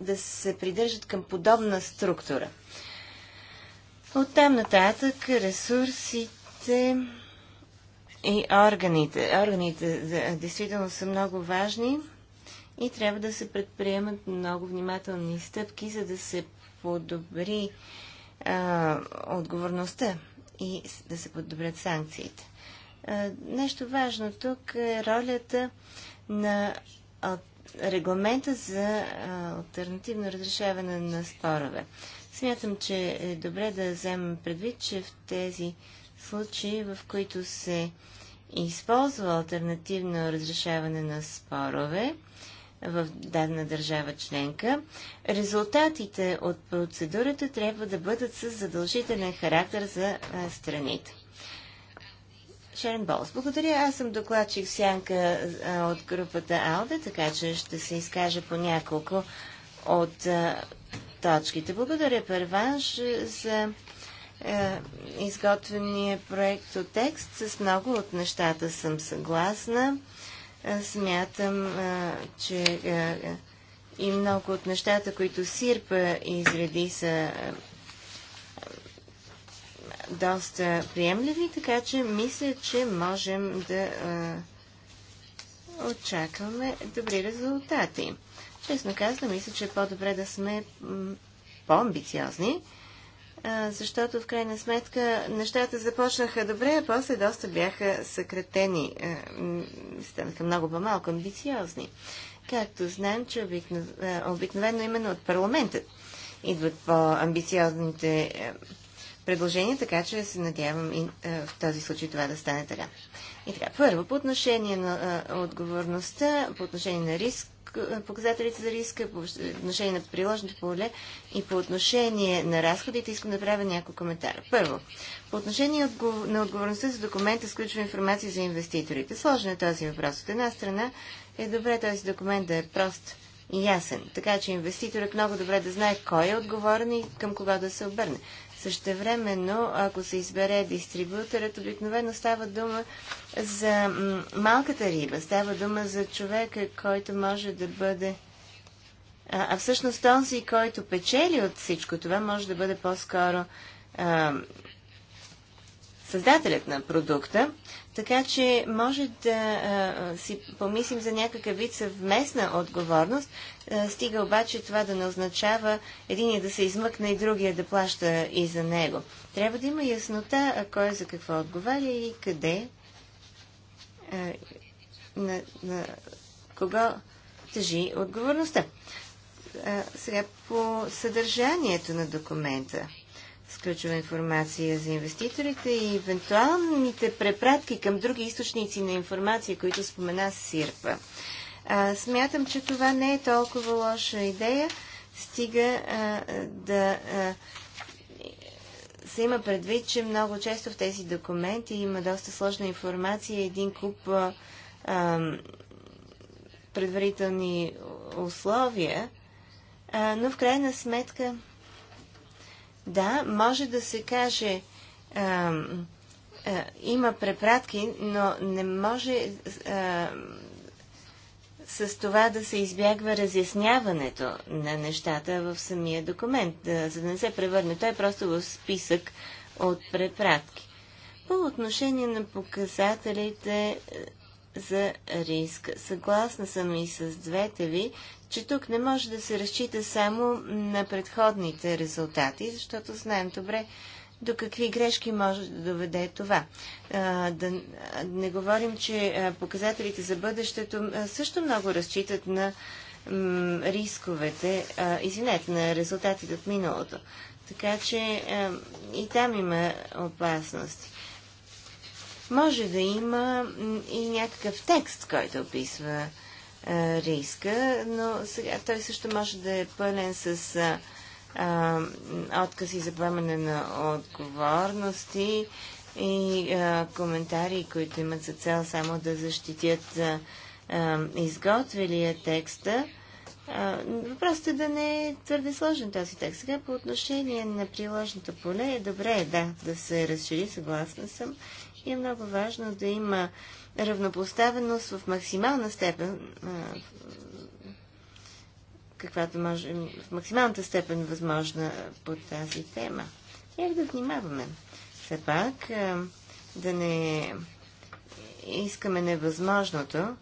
да се придържат към подобна структура. Оттам нататък ресурсите и органите. Органите действително са много важни и трябва да се предприемат много внимателни стъпки, за да се подобри а, отговорността и да се подобрят санкциите. А, нещо важно тук е ролята на регламента за альтернативно разрешаване на спорове. Смятам, че е добре да вземем предвид, че в тези случаи, в които се използва альтернативно разрешаване на спорове, в дадена държава членка, резултатите от процедурата трябва да бъдат с задължителен характер за страните. Шерен Болс, благодаря. Аз съм докладчик Сянка от групата АЛДЕ, така че ще се изкажа по няколко от точките. Благодаря, Първанш, за изготвения проект от текст. С много от нещата съм съгласна смятам, че и много от нещата, които Сирпа изреди са доста приемливи, така че мисля, че можем да очакваме добри резултати. Честно казано, мисля, че е по-добре да сме по-амбициозни, защото в крайна сметка нещата започнаха добре, а после доста бяха съкратени, станаха много по-малко амбициозни. Както знаем, че обикнов... обикновено именно от парламентът идват по-амбициозните предложения, така че се надявам и в този случай това да стане така. И така, първо, по отношение на а, отговорността, по отношение на риск, показателите за риска, по отношение на приложното поле и по отношение на разходите искам да правя няколко коментара. Първо, по отношение на отговорността за документа сключва информация за инвеститорите. Сложен е този въпрос. От една страна е добре този документ да е прост и ясен, така че инвеститорът много добре да знае кой е отговорен и към кога да се обърне. Същевременно, ако се избере дистрибуторът, обикновено става дума за малката риба, става дума за човека, който може да бъде. А, а всъщност този, който печели от всичко това, може да бъде по-скоро създателят на продукта, така че може да а, си помислим за някакъв вид съвместна отговорност, а, стига обаче това да не означава единия да се измъкне и другия да плаща и за него. Трябва да има яснота а, кой е за какво отговаря и къде, а, на, на кого тъжи отговорността. А, сега по съдържанието на документа сключва информация за инвеститорите и евентуалните препратки към други източници на информация, които спомена Сирпа. А, смятам, че това не е толкова лоша идея, стига а, да а, се има предвид, че много често в тези документи има доста сложна информация, един куп а, а, предварителни условия, а, но в крайна сметка да, може да се каже, а, а, има препратки, но не може а, с това да се избягва разясняването на нещата в самия документ, да, за да не се превърне той е просто в списък от препратки. По отношение на показателите за риск. Съгласна съм и с двете ви, че тук не може да се разчита само на предходните резултати, защото знаем добре до какви грешки може да доведе това. А, да не говорим, че показателите за бъдещето също много разчитат на рисковете, а, извинете, на резултатите от миналото. Така че а, и там има опасности може да има и някакъв текст, който описва а, риска, но сега той също може да е пълен с а, а, откази за поемане на отговорности и а, коментари, които имат за цел само да защитят а, а, изготвилия текста. Въпросът е да не е твърде сложен този текст. Сега по отношение на приложното поле е добре, да, да се разшири, съгласна съм и е много важно да има равнопоставеност в максимална степен, каквато може, в максималната степен възможна по тази тема. Трябва да внимаваме. Все пак да не искаме невъзможното,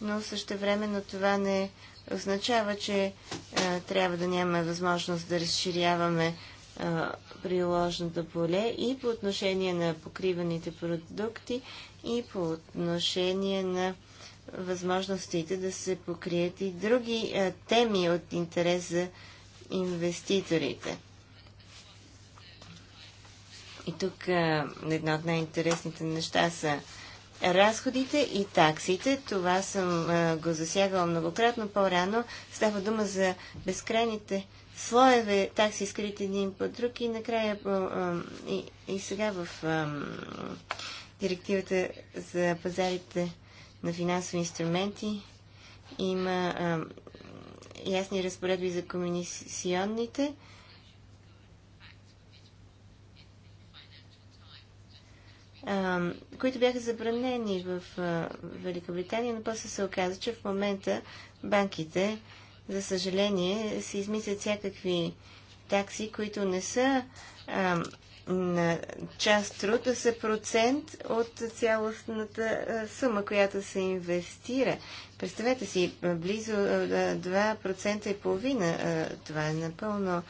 но времено това не означава, че а, трябва да нямаме възможност да разширяваме приложното поле и по отношение на покриваните продукти и по отношение на възможностите да се покрият и други а, теми от интерес за инвеститорите. И тук а, едно от най-интересните неща са разходите и таксите. Това съм а, го засягала многократно по-рано. Става дума за безкрайните слоеве такси скрит един по друг и накрая и, и сега в директивата за пазарите на финансови инструменти има ясни разпоредби за комисионните. които бяха забранени в Великобритания, но после се оказа, че в момента банките за съжаление, се измислят всякакви такси, които не са а, на част труд, а са процент от цялостната сума, която се инвестира. Представете си, близо 2% и половина. Това е напълно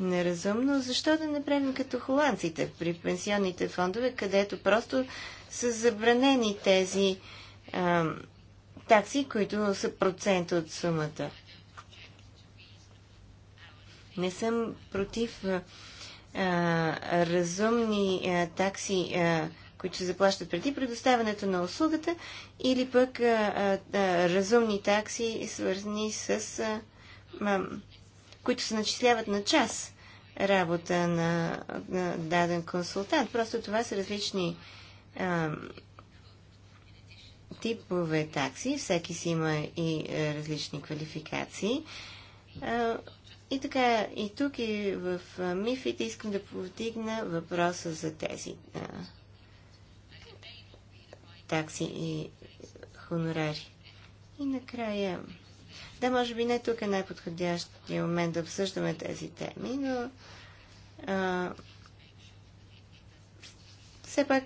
неразумно. Защо да направим като холандците при пенсионните фондове, където просто са забранени тези а, такси, които са процент от сумата? Не съм против а, разумни а, такси, а, които се заплащат преди предоставянето на услугата, или пък а, а, разумни такси, свързани с. А, а, които се начисляват на час работа на, на даден консултант. Просто това са различни а, типове такси. Всеки си има и различни квалификации. А, и така, и тук, и в мифите искам да повдигна въпроса за тези а, такси и хонорари. И накрая, да, може би не тук е най-подходящия момент да обсъждаме тези теми, но а, все пак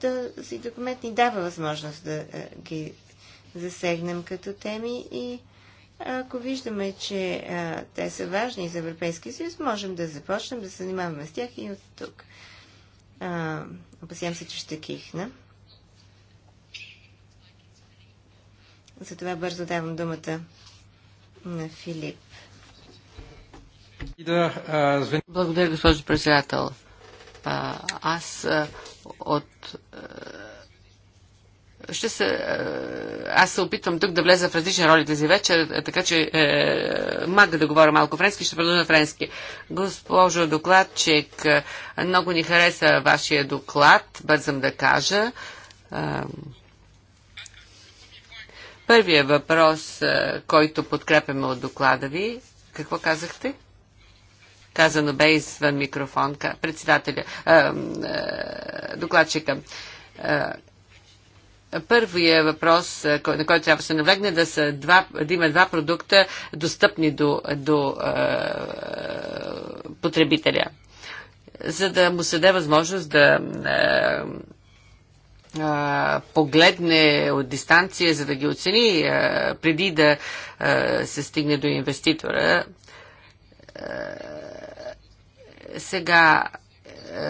този документ ни дава възможност да а, ги засегнем като теми и ако виждаме, че а, те са важни за Европейския съюз, можем да започнем да се занимаваме с тях и от тук. А, опасявам се, че ще кихна. Затова бързо давам думата на Филип. Благодаря, госпожо председател. А, аз от ще се... Е, аз се опитвам тук да влеза в различни роли тази вечер, така че е, мага да говоря малко френски, ще продължа френски. Госпожо докладчик, много ни хареса вашия доклад, бързам да кажа. Е, първият въпрос, е, който подкрепяме от доклада ви, какво казахте? Казано бе извън микрофон председателя, докладчика. Първият въпрос, е, на който трябва да се навлегне, да, са два, да има два продукта достъпни до, до е, потребителя, за да му се даде възможност да е, е погледне от дистанция, за да ги оцени, е, преди да се стигне до инвеститора. Сега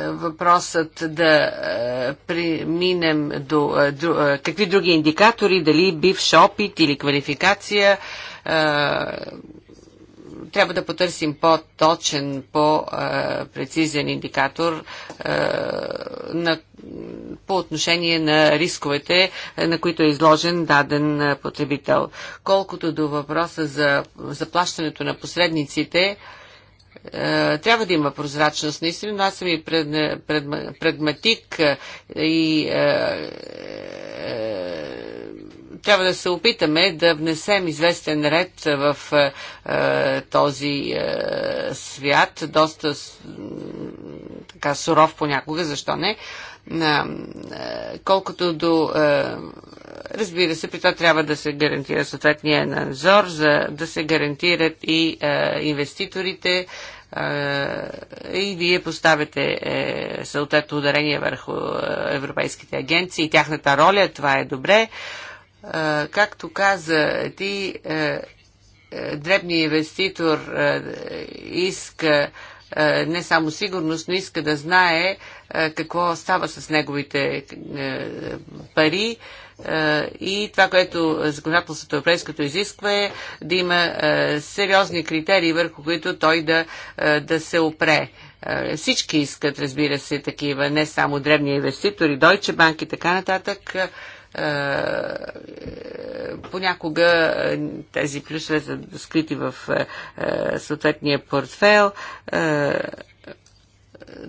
въпросът да е, преминем до, е, е, какви други индикатори, дали бивш опит или квалификация, трябва да потърсим по-точен, по-прецизен индикатор на, по отношение на рисковете, на които е изложен даден потребител. Колкото до въпроса за заплащането на посредниците, е, трябва да има прозрачност. Наистина, но аз съм и пред, пред, прагматик е, и е, е, трябва да се опитаме да внесем известен ред в е, този свят, доста така суров понякога, защо не. На е, Колкото до е, Разбира се, при това трябва да се гарантира съответния надзор, за да се гарантират и е, инвеститорите. Е, и вие поставяте съответно ударение върху европейските агенции и тяхната роля. Това е добре. както каза ти, дребния дребният инвеститор иска е, не само сигурност, но иска да знае е, какво става с неговите е, пари и това, което законодателството европейското изисква е да има сериозни критерии, върху които той да, да се опре. Всички искат, разбира се, такива, не само древни инвеститори, Deutsche Bank и така нататък. Е, понякога е, тези плюсове са скрити в е, съответния портфел.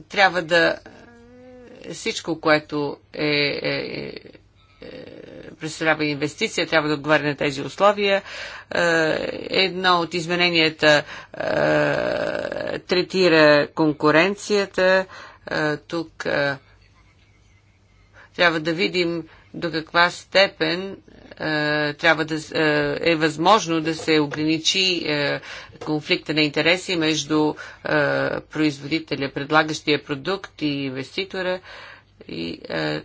Трябва да всичко, което е, е, представлява инвестиция, трябва да отговаря на тези условия. Едно от измененията е, третира конкуренцията. Тук е, трябва да видим до каква степен е, трябва да е, е възможно да се ограничи е, конфликта на интереси между е, производителя, предлагащия продукт и инвеститора. И, е,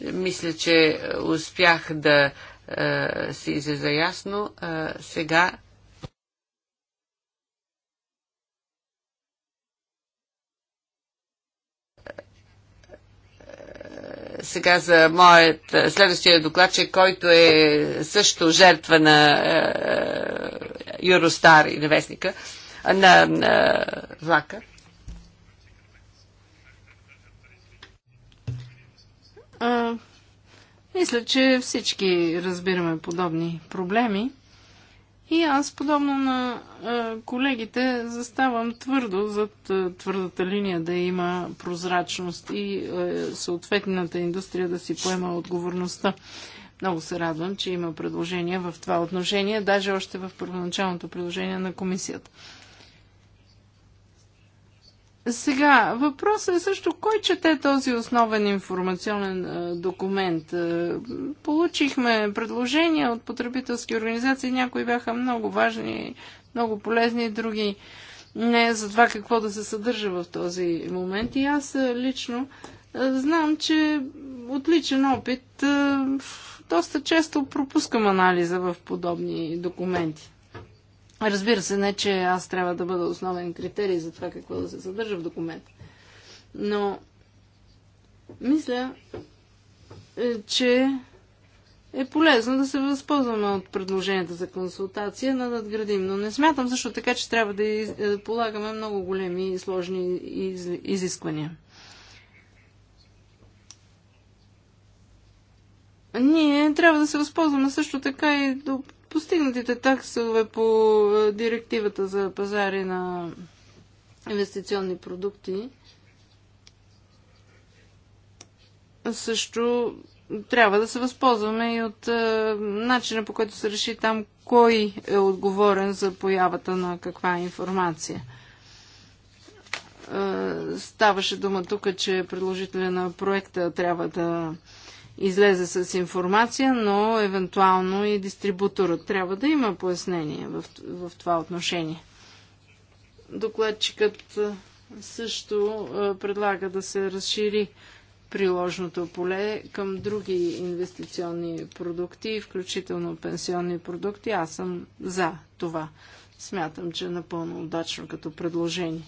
мисля, че успях да е, се изяза ясно. Е, сега сега за моят е, следващия докладчик, който е също жертва на е, е Юростар и навестника, на, на влака. А, мисля, че всички разбираме подобни проблеми. И аз, подобно на колегите, заставам твърдо зад твърдата линия да има прозрачност и съответната индустрия да си поема отговорността. Много се радвам, че има предложения в това отношение, даже още в първоначалното предложение на комисията. Сега, въпросът е също, кой чете този основен информационен а, е, документ? А, е, получихме предложения от потребителски организации, някои бяха много важни, много полезни, други не за това какво да се съдържа в този момент. И аз е, лично а, знам, че отличен опит, опит доста често пропускам анализа в подобни документи. Разбира се, не, че аз трябва да бъда основен критерий за това какво да се съдържа в документ. Но мисля, е, че е полезно да се възползваме от предложенията за консултация, да надградим. Но не смятам също така, че трябва да из... Е, полагаме много големи и сложни из... изисквания. Ние трябва да се възползваме също така и до постигнатите таксове по е, директивата за пазари на инвестиционни продукти също трябва да се възползваме и от е, начина по който се реши там кой е отговорен за появата на каква информация. Е, ставаше дума тук, че предложителя на проекта трябва да излезе с информация, но евентуално и дистрибуторът трябва да има пояснение в, в това отношение. Докладчикът също предлага да се разшири приложното поле към други инвестиционни продукти, включително пенсионни продукти. Аз съм за това. Смятам, че е напълно удачно като предложение.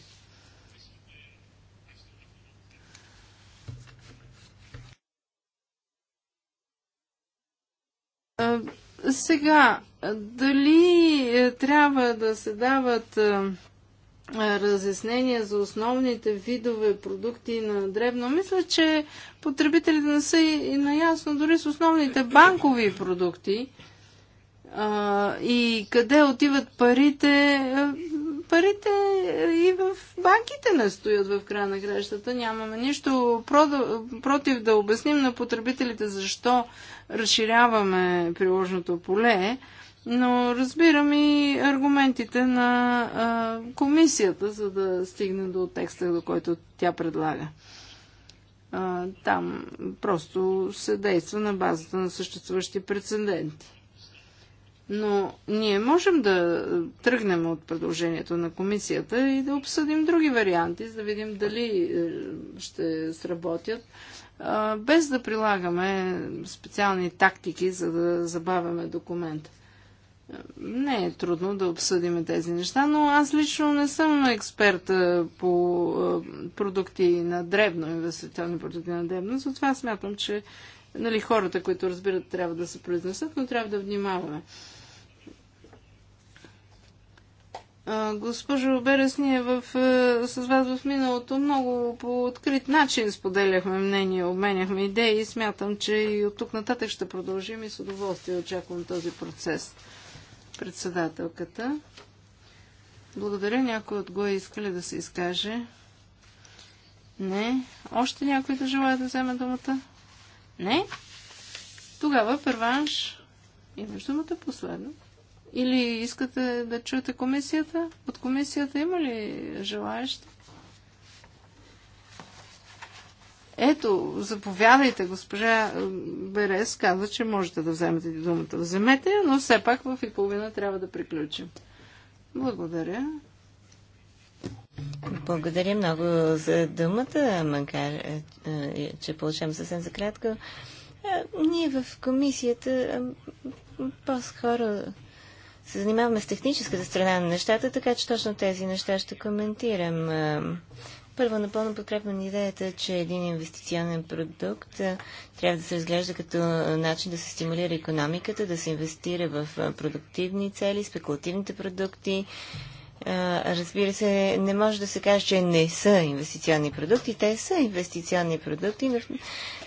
Сега, дали е, трябва да се дават е, разяснения за основните видове продукти на древно, Мисля, че потребителите не са и наясно дори с основните банкови продукти и къде отиват парите. Парите и в банките не стоят в края на грешата. Нямаме нищо против да обясним на потребителите защо разширяваме приложното поле, но разбирам и аргументите на а, комисията, за да стигне до текста, до който тя предлага. А, там просто се действа на базата на съществуващи прецеденти. Но ние можем да тръгнем от предложението на комисията и да обсъдим други варианти, за да видим дали е, ще сработят без да прилагаме специални тактики, за да забавяме документа. Не е трудно да обсъдим тези неща, но аз лично не съм експерт по продукти на дребно, инвестиционни продукти на дребно, затова смятам, че нали, хората, които разбират, трябва да се произнесат, но трябва да внимаваме. Госпожо Берес, ние в, с вас в миналото много по открит начин споделяхме мнение, обменяхме идеи и смятам, че и от тук нататък ще продължим и с удоволствие очаквам този процес. Председателката. Благодаря. Някой от го е искали да се изкаже? Не. Още някой да желая да вземе думата? Не. Тогава първанш имаш думата последно. Или искате да чуете комисията? От комисията има ли желаещи? Ето, заповядайте, госпожа Берес каза, че можете да вземете думата. Вземете, но все пак в и половина трябва да приключим. Благодаря. Благодаря много за думата, макар е, е, че получавам съвсем за кратко. Е, ние в комисията по-скоро се занимаваме с техническата страна на нещата, така че точно тези неща ще коментирам. Първо, напълно подкрепвам идеята, че един инвестиционен продукт трябва да се разглежда като начин да се стимулира економиката, да се инвестира в продуктивни цели, спекулативните продукти, разбира се, не може да се каже, че не са инвестиционни продукти. Те са инвестиционни продукти, но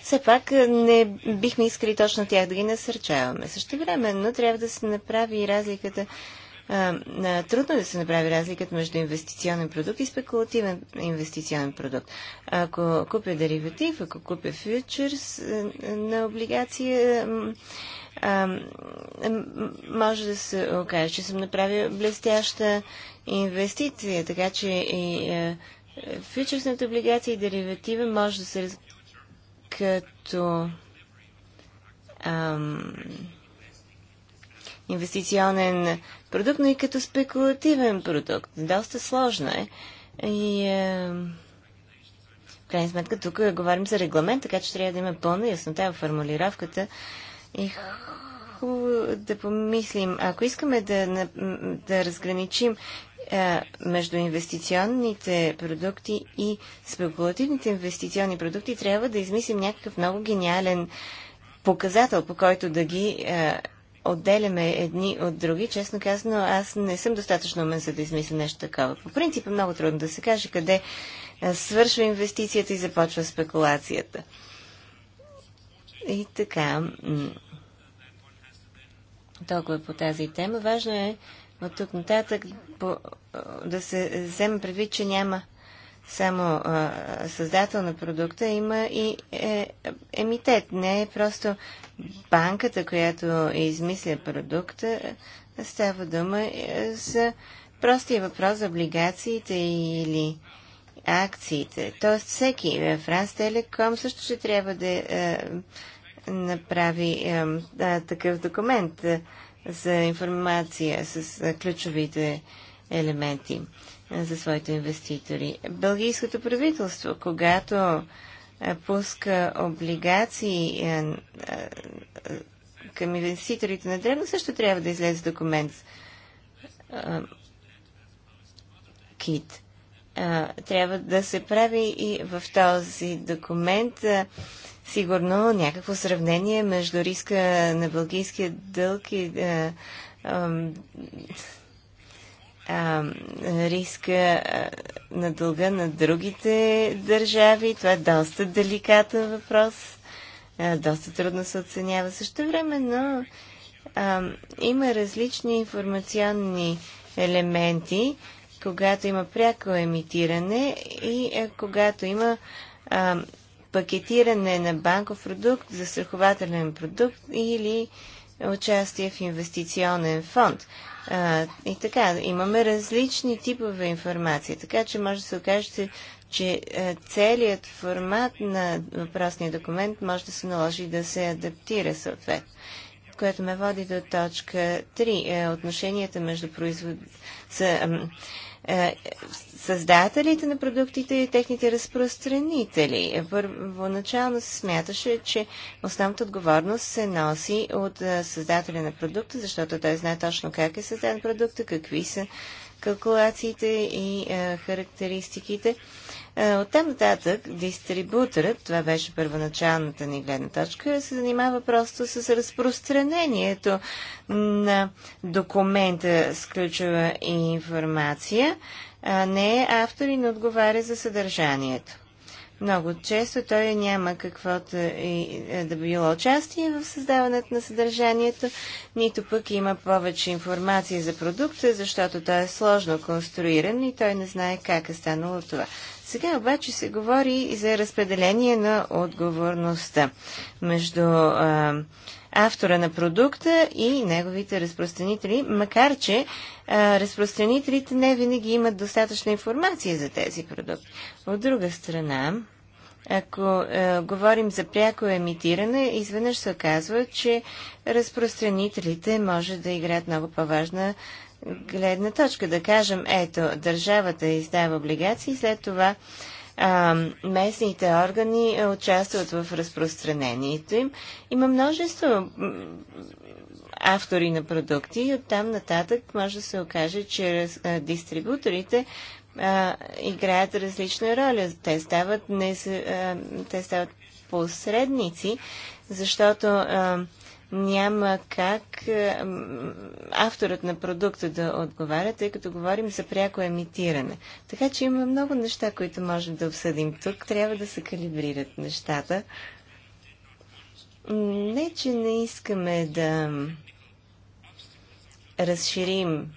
все пак не бихме искали точно тях да ги насърчаваме. Също време, но трябва да се направи разликата. А, трудно е да се направи разликата между инвестиционен продукт и спекулативен инвестиционен продукт. Ако купя дериватив, ако купя фьючерс на облигация, а, може да се окаже, че съм направил блестяща инвестиция, така че и а, е, фьючерсната облигация и дериватива може да се раз... като ам, инвестиционен продукт, но и като спекулативен продукт. Доста сложно е. И е, в крайна сметка тук говорим за регламент, така че трябва да има пълна яснота в формулировката е хубаво да помислим, ако искаме да, да разграничим между инвестиционните продукти и спекулативните инвестиционни продукти, трябва да измислим някакъв много гениален показател, по който да ги отделяме едни от други. Честно казано, аз не съм достатъчно умен, за да измисля нещо такова. По принцип е много трудно да се каже къде свършва инвестицията и започва спекулацията. И така, толкова по тази тема. Важно е от тук нататък по, да се вземе предвид, че няма само а, създател на продукта, има и е, емитет. Не е просто банката, която измисля продукта. Става дума е, за простия въпрос за облигациите или акциите. Тоест всеки в е, Франс Телеком също ще трябва да е, направи а, такъв документ а, е, за информация с а, е, ключовите елементи е, за своите инвеститори. Бългийското правителство, когато пуска облигации към инвеститорите на древно, също трябва да излезе документ КИТ. Трябва да се прави и в този документ сигурно някакво сравнение между риска на бългийския дълг и а, е, а, риска е, на дълга на другите държави. Това е доста деликатен въпрос. Е, доста трудно се оценява също време, но а, има различни информационни елементи, когато има пряко емитиране и а, когато има а, пакетиране на банков продукт, застрахователен продукт или участие в инвестиционен фонд. А, и така, имаме различни типове информация, така че може да се окажете, че целият формат на въпросния документ може да се наложи да се адаптира съответно което ме води до точка 3. Е, отношенията между производ... са, е, създателите на продуктите и техните разпространители. Първоначално се смяташе, че основната отговорност се носи от е, създателя на продукта, защото той знае точно как е създаден продукта, какви са калкулациите и е, характеристиките. Е, от там нататък дистрибуторът, това беше първоначалната ни гледна точка, се занимава просто с разпространението на документа с ключова информация, а не автор и не отговаря за съдържанието. Много често той няма каквото и е, да било участие в създаването на съдържанието, нито пък има повече информация за продукта, защото той е сложно конструиран и той не знае как е станало това. Сега обаче се говори и за разпределение на отговорността между а, автора на продукта и неговите разпространители, макар че а, разпространителите не винаги имат достатъчна информация за тези продукти. От друга страна, ако е, говорим за пряко емитиране, изведнъж се оказва, че разпространителите може да играят много по-важна гледна точка. Да кажем, ето, държавата издава облигации, след това а, местните органи участват в разпространението им. Има множество автори на продукти и оттам нататък може да се окаже, че раз, а, дистрибуторите а, играят различна роля. Те стават, не, а, те стават посредници, защото а, няма как е, авторът на продукта да отговаря, тъй като говорим за пряко емитиране. Така че има много неща, които можем да обсъдим тук. Трябва да се калибрират нещата. Не, че не искаме да разширим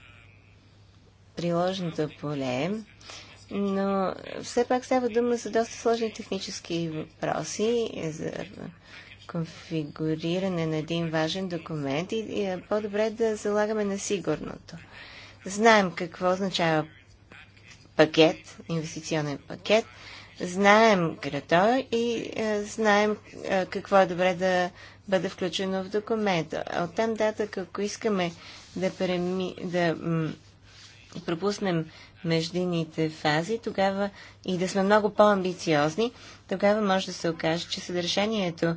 приложното поле, но все пак става дума за доста сложни технически въпроси, за конфигуриране на един важен документ и, и е по-добре да залагаме на сигурното. Знаем какво означава пакет, инвестиционен пакет, знаем града и е, знаем е, какво е добре да бъде включено в документа. от там дата, ако искаме да, преми, да пропуснем междинните фази, тогава и да сме много по-амбициозни, тогава може да се окаже, че съдържанието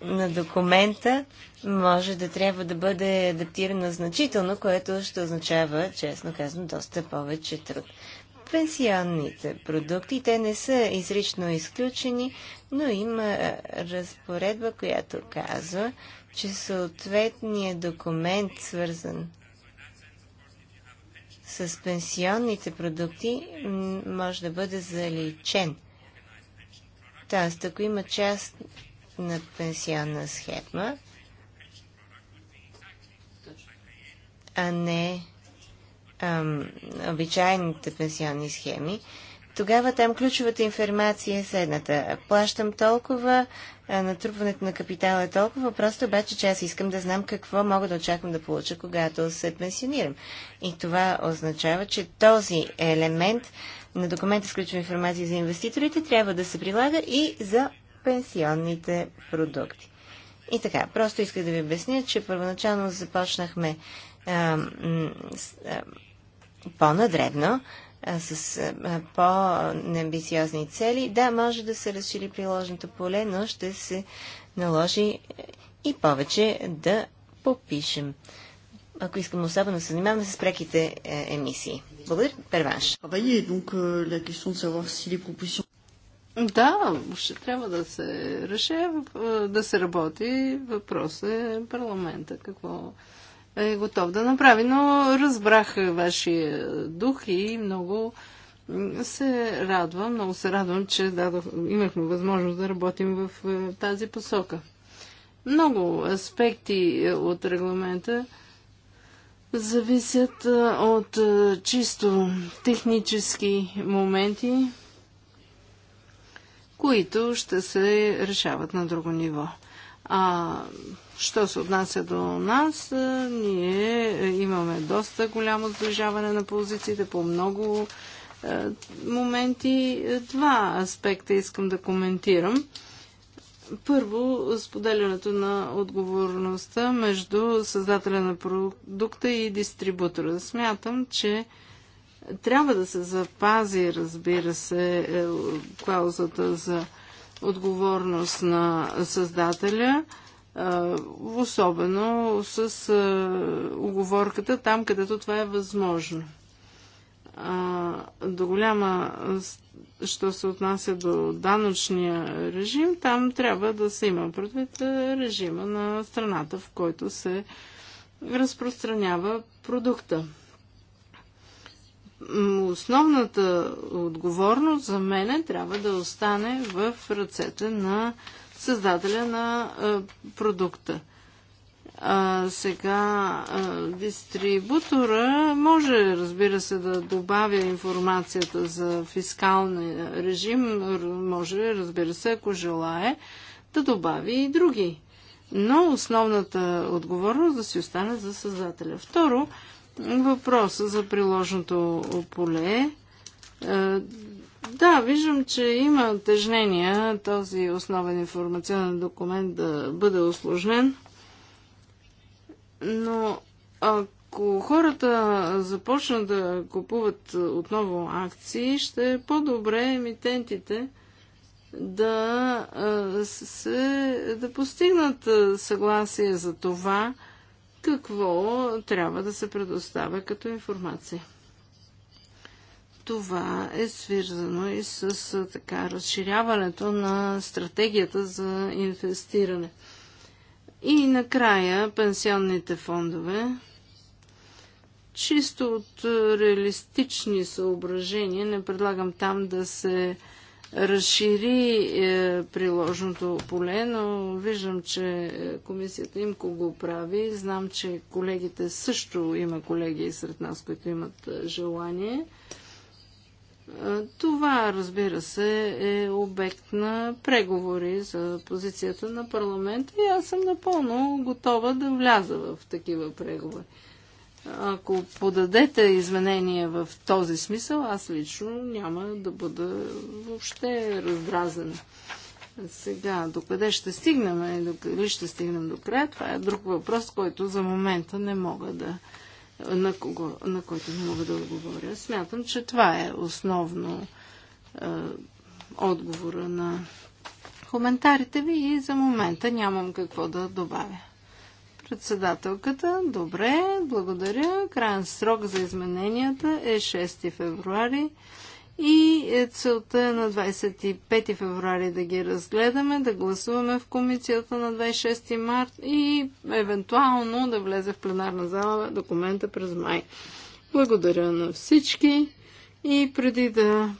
на документа може да трябва да бъде адаптирана значително, което ще означава, честно казвам, доста повече труд. Пенсионните продукти, те не са изрично изключени, но има разпоредба, която казва, че съответният документ, свързан с пенсионните продукти, може да бъде заличен. Тоест, ако има част на пенсионна схема, а не ам, обичайните пенсионни схеми, тогава там ключовата информация е следната. Плащам толкова, натрупването на капитала е толкова, просто обаче, че аз искам да знам какво мога да очаквам да получа, когато се пенсионирам. И това означава, че този елемент на документа с ключова информация за инвеститорите трябва да се прилага и за пенсионните продукти. И така, просто исках да ви обясня, че първоначално започнахме а, с, а, по-надребно, с по-неамбициозни цели. Да, може да се разшири приложното поле, но ще се наложи и повече да попишем. Ако искам особено се занимаваме с преките е, емисии. Благодаря, Перванш. Да, ще трябва да се реше, да се работи. въпрос е парламента. Какво е готов да направи. Но разбрах вашия дух и много се радвам, много се радвам, че дадох, имахме възможност да работим в е, тази посока. Много аспекти от регламента зависят е, от е, чисто технически моменти, които ще се решават на друго ниво. А, що се отнася до нас, ние имаме доста голямо сближаване на позициите по много моменти. Два аспекта искам да коментирам. Първо, споделянето на отговорността между създателя на продукта и дистрибутора. Смятам, че трябва да се запази, разбира се, е, клаузата за отговорност на създателя, е, особено с оговорката е, там, където това е възможно. До голяма, що се отнася до данъчния режим, там трябва да се има предвид режима на страната, в който се разпространява продукта основната отговорност за мене трябва да остане в ръцете на създателя на продукта. А, сега а, дистрибутора може, разбира се, да добавя информацията за фискалния режим, може, разбира се, ако желае, да добави и други. Но основната отговорност да си остане за създателя. Второ, Въпроса за приложното поле. Е, да, виждам, че има тежнения този основен информационен документ да бъде осложнен, но ако хората започнат да купуват отново акции, ще е по-добре емитентите да, е, се, да постигнат е, съгласие за това, какво трябва да се предоставя като информация. Това е свързано и с така, разширяването на стратегията за инвестиране. И накрая пенсионните фондове. Чисто от реалистични съображения не предлагам там да се разшири е, приложното поле, но виждам, че е, комисията им го прави. Знам, че колегите също има колеги сред нас, които имат е, желание. Това, разбира се, е обект на преговори за позицията на парламента и аз съм напълно готова да вляза в такива преговори. Ако подадете изменения в този смисъл, аз лично няма да бъда въобще раздразена. Сега, докъде ще стигнем, дали ще стигнем до края, това е друг въпрос, който за момента не мога да, на, кого, на който не мога да отговоря. Смятам, че това е основно е, отговора на коментарите ви и за момента нямам какво да добавя. Председателката, добре, благодаря. Крайен срок за измененията е 6 февруари и е целта е на 25 февруари да ги разгледаме, да гласуваме в комисията на 26 март и евентуално да влезе в пленарна зала документа през май. Благодаря на всички и преди да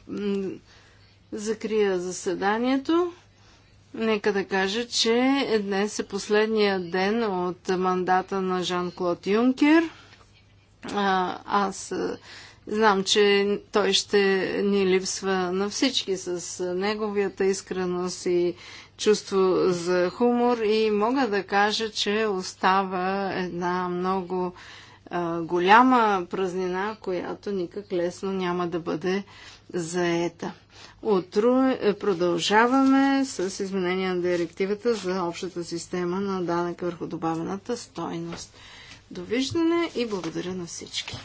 закрия заседанието, Нека да кажа, че днес е последния ден от мандата на Жан-Клод Юнкер. А, аз знам, че той ще ни липсва на всички с неговията искреност и чувство за хумор и мога да кажа, че остава една много а, голяма празнина, която никак лесно няма да бъде заета. Утро е, продължаваме с изменение на директивата за общата система на данък върху добавената стойност. Довиждане и благодаря на всички.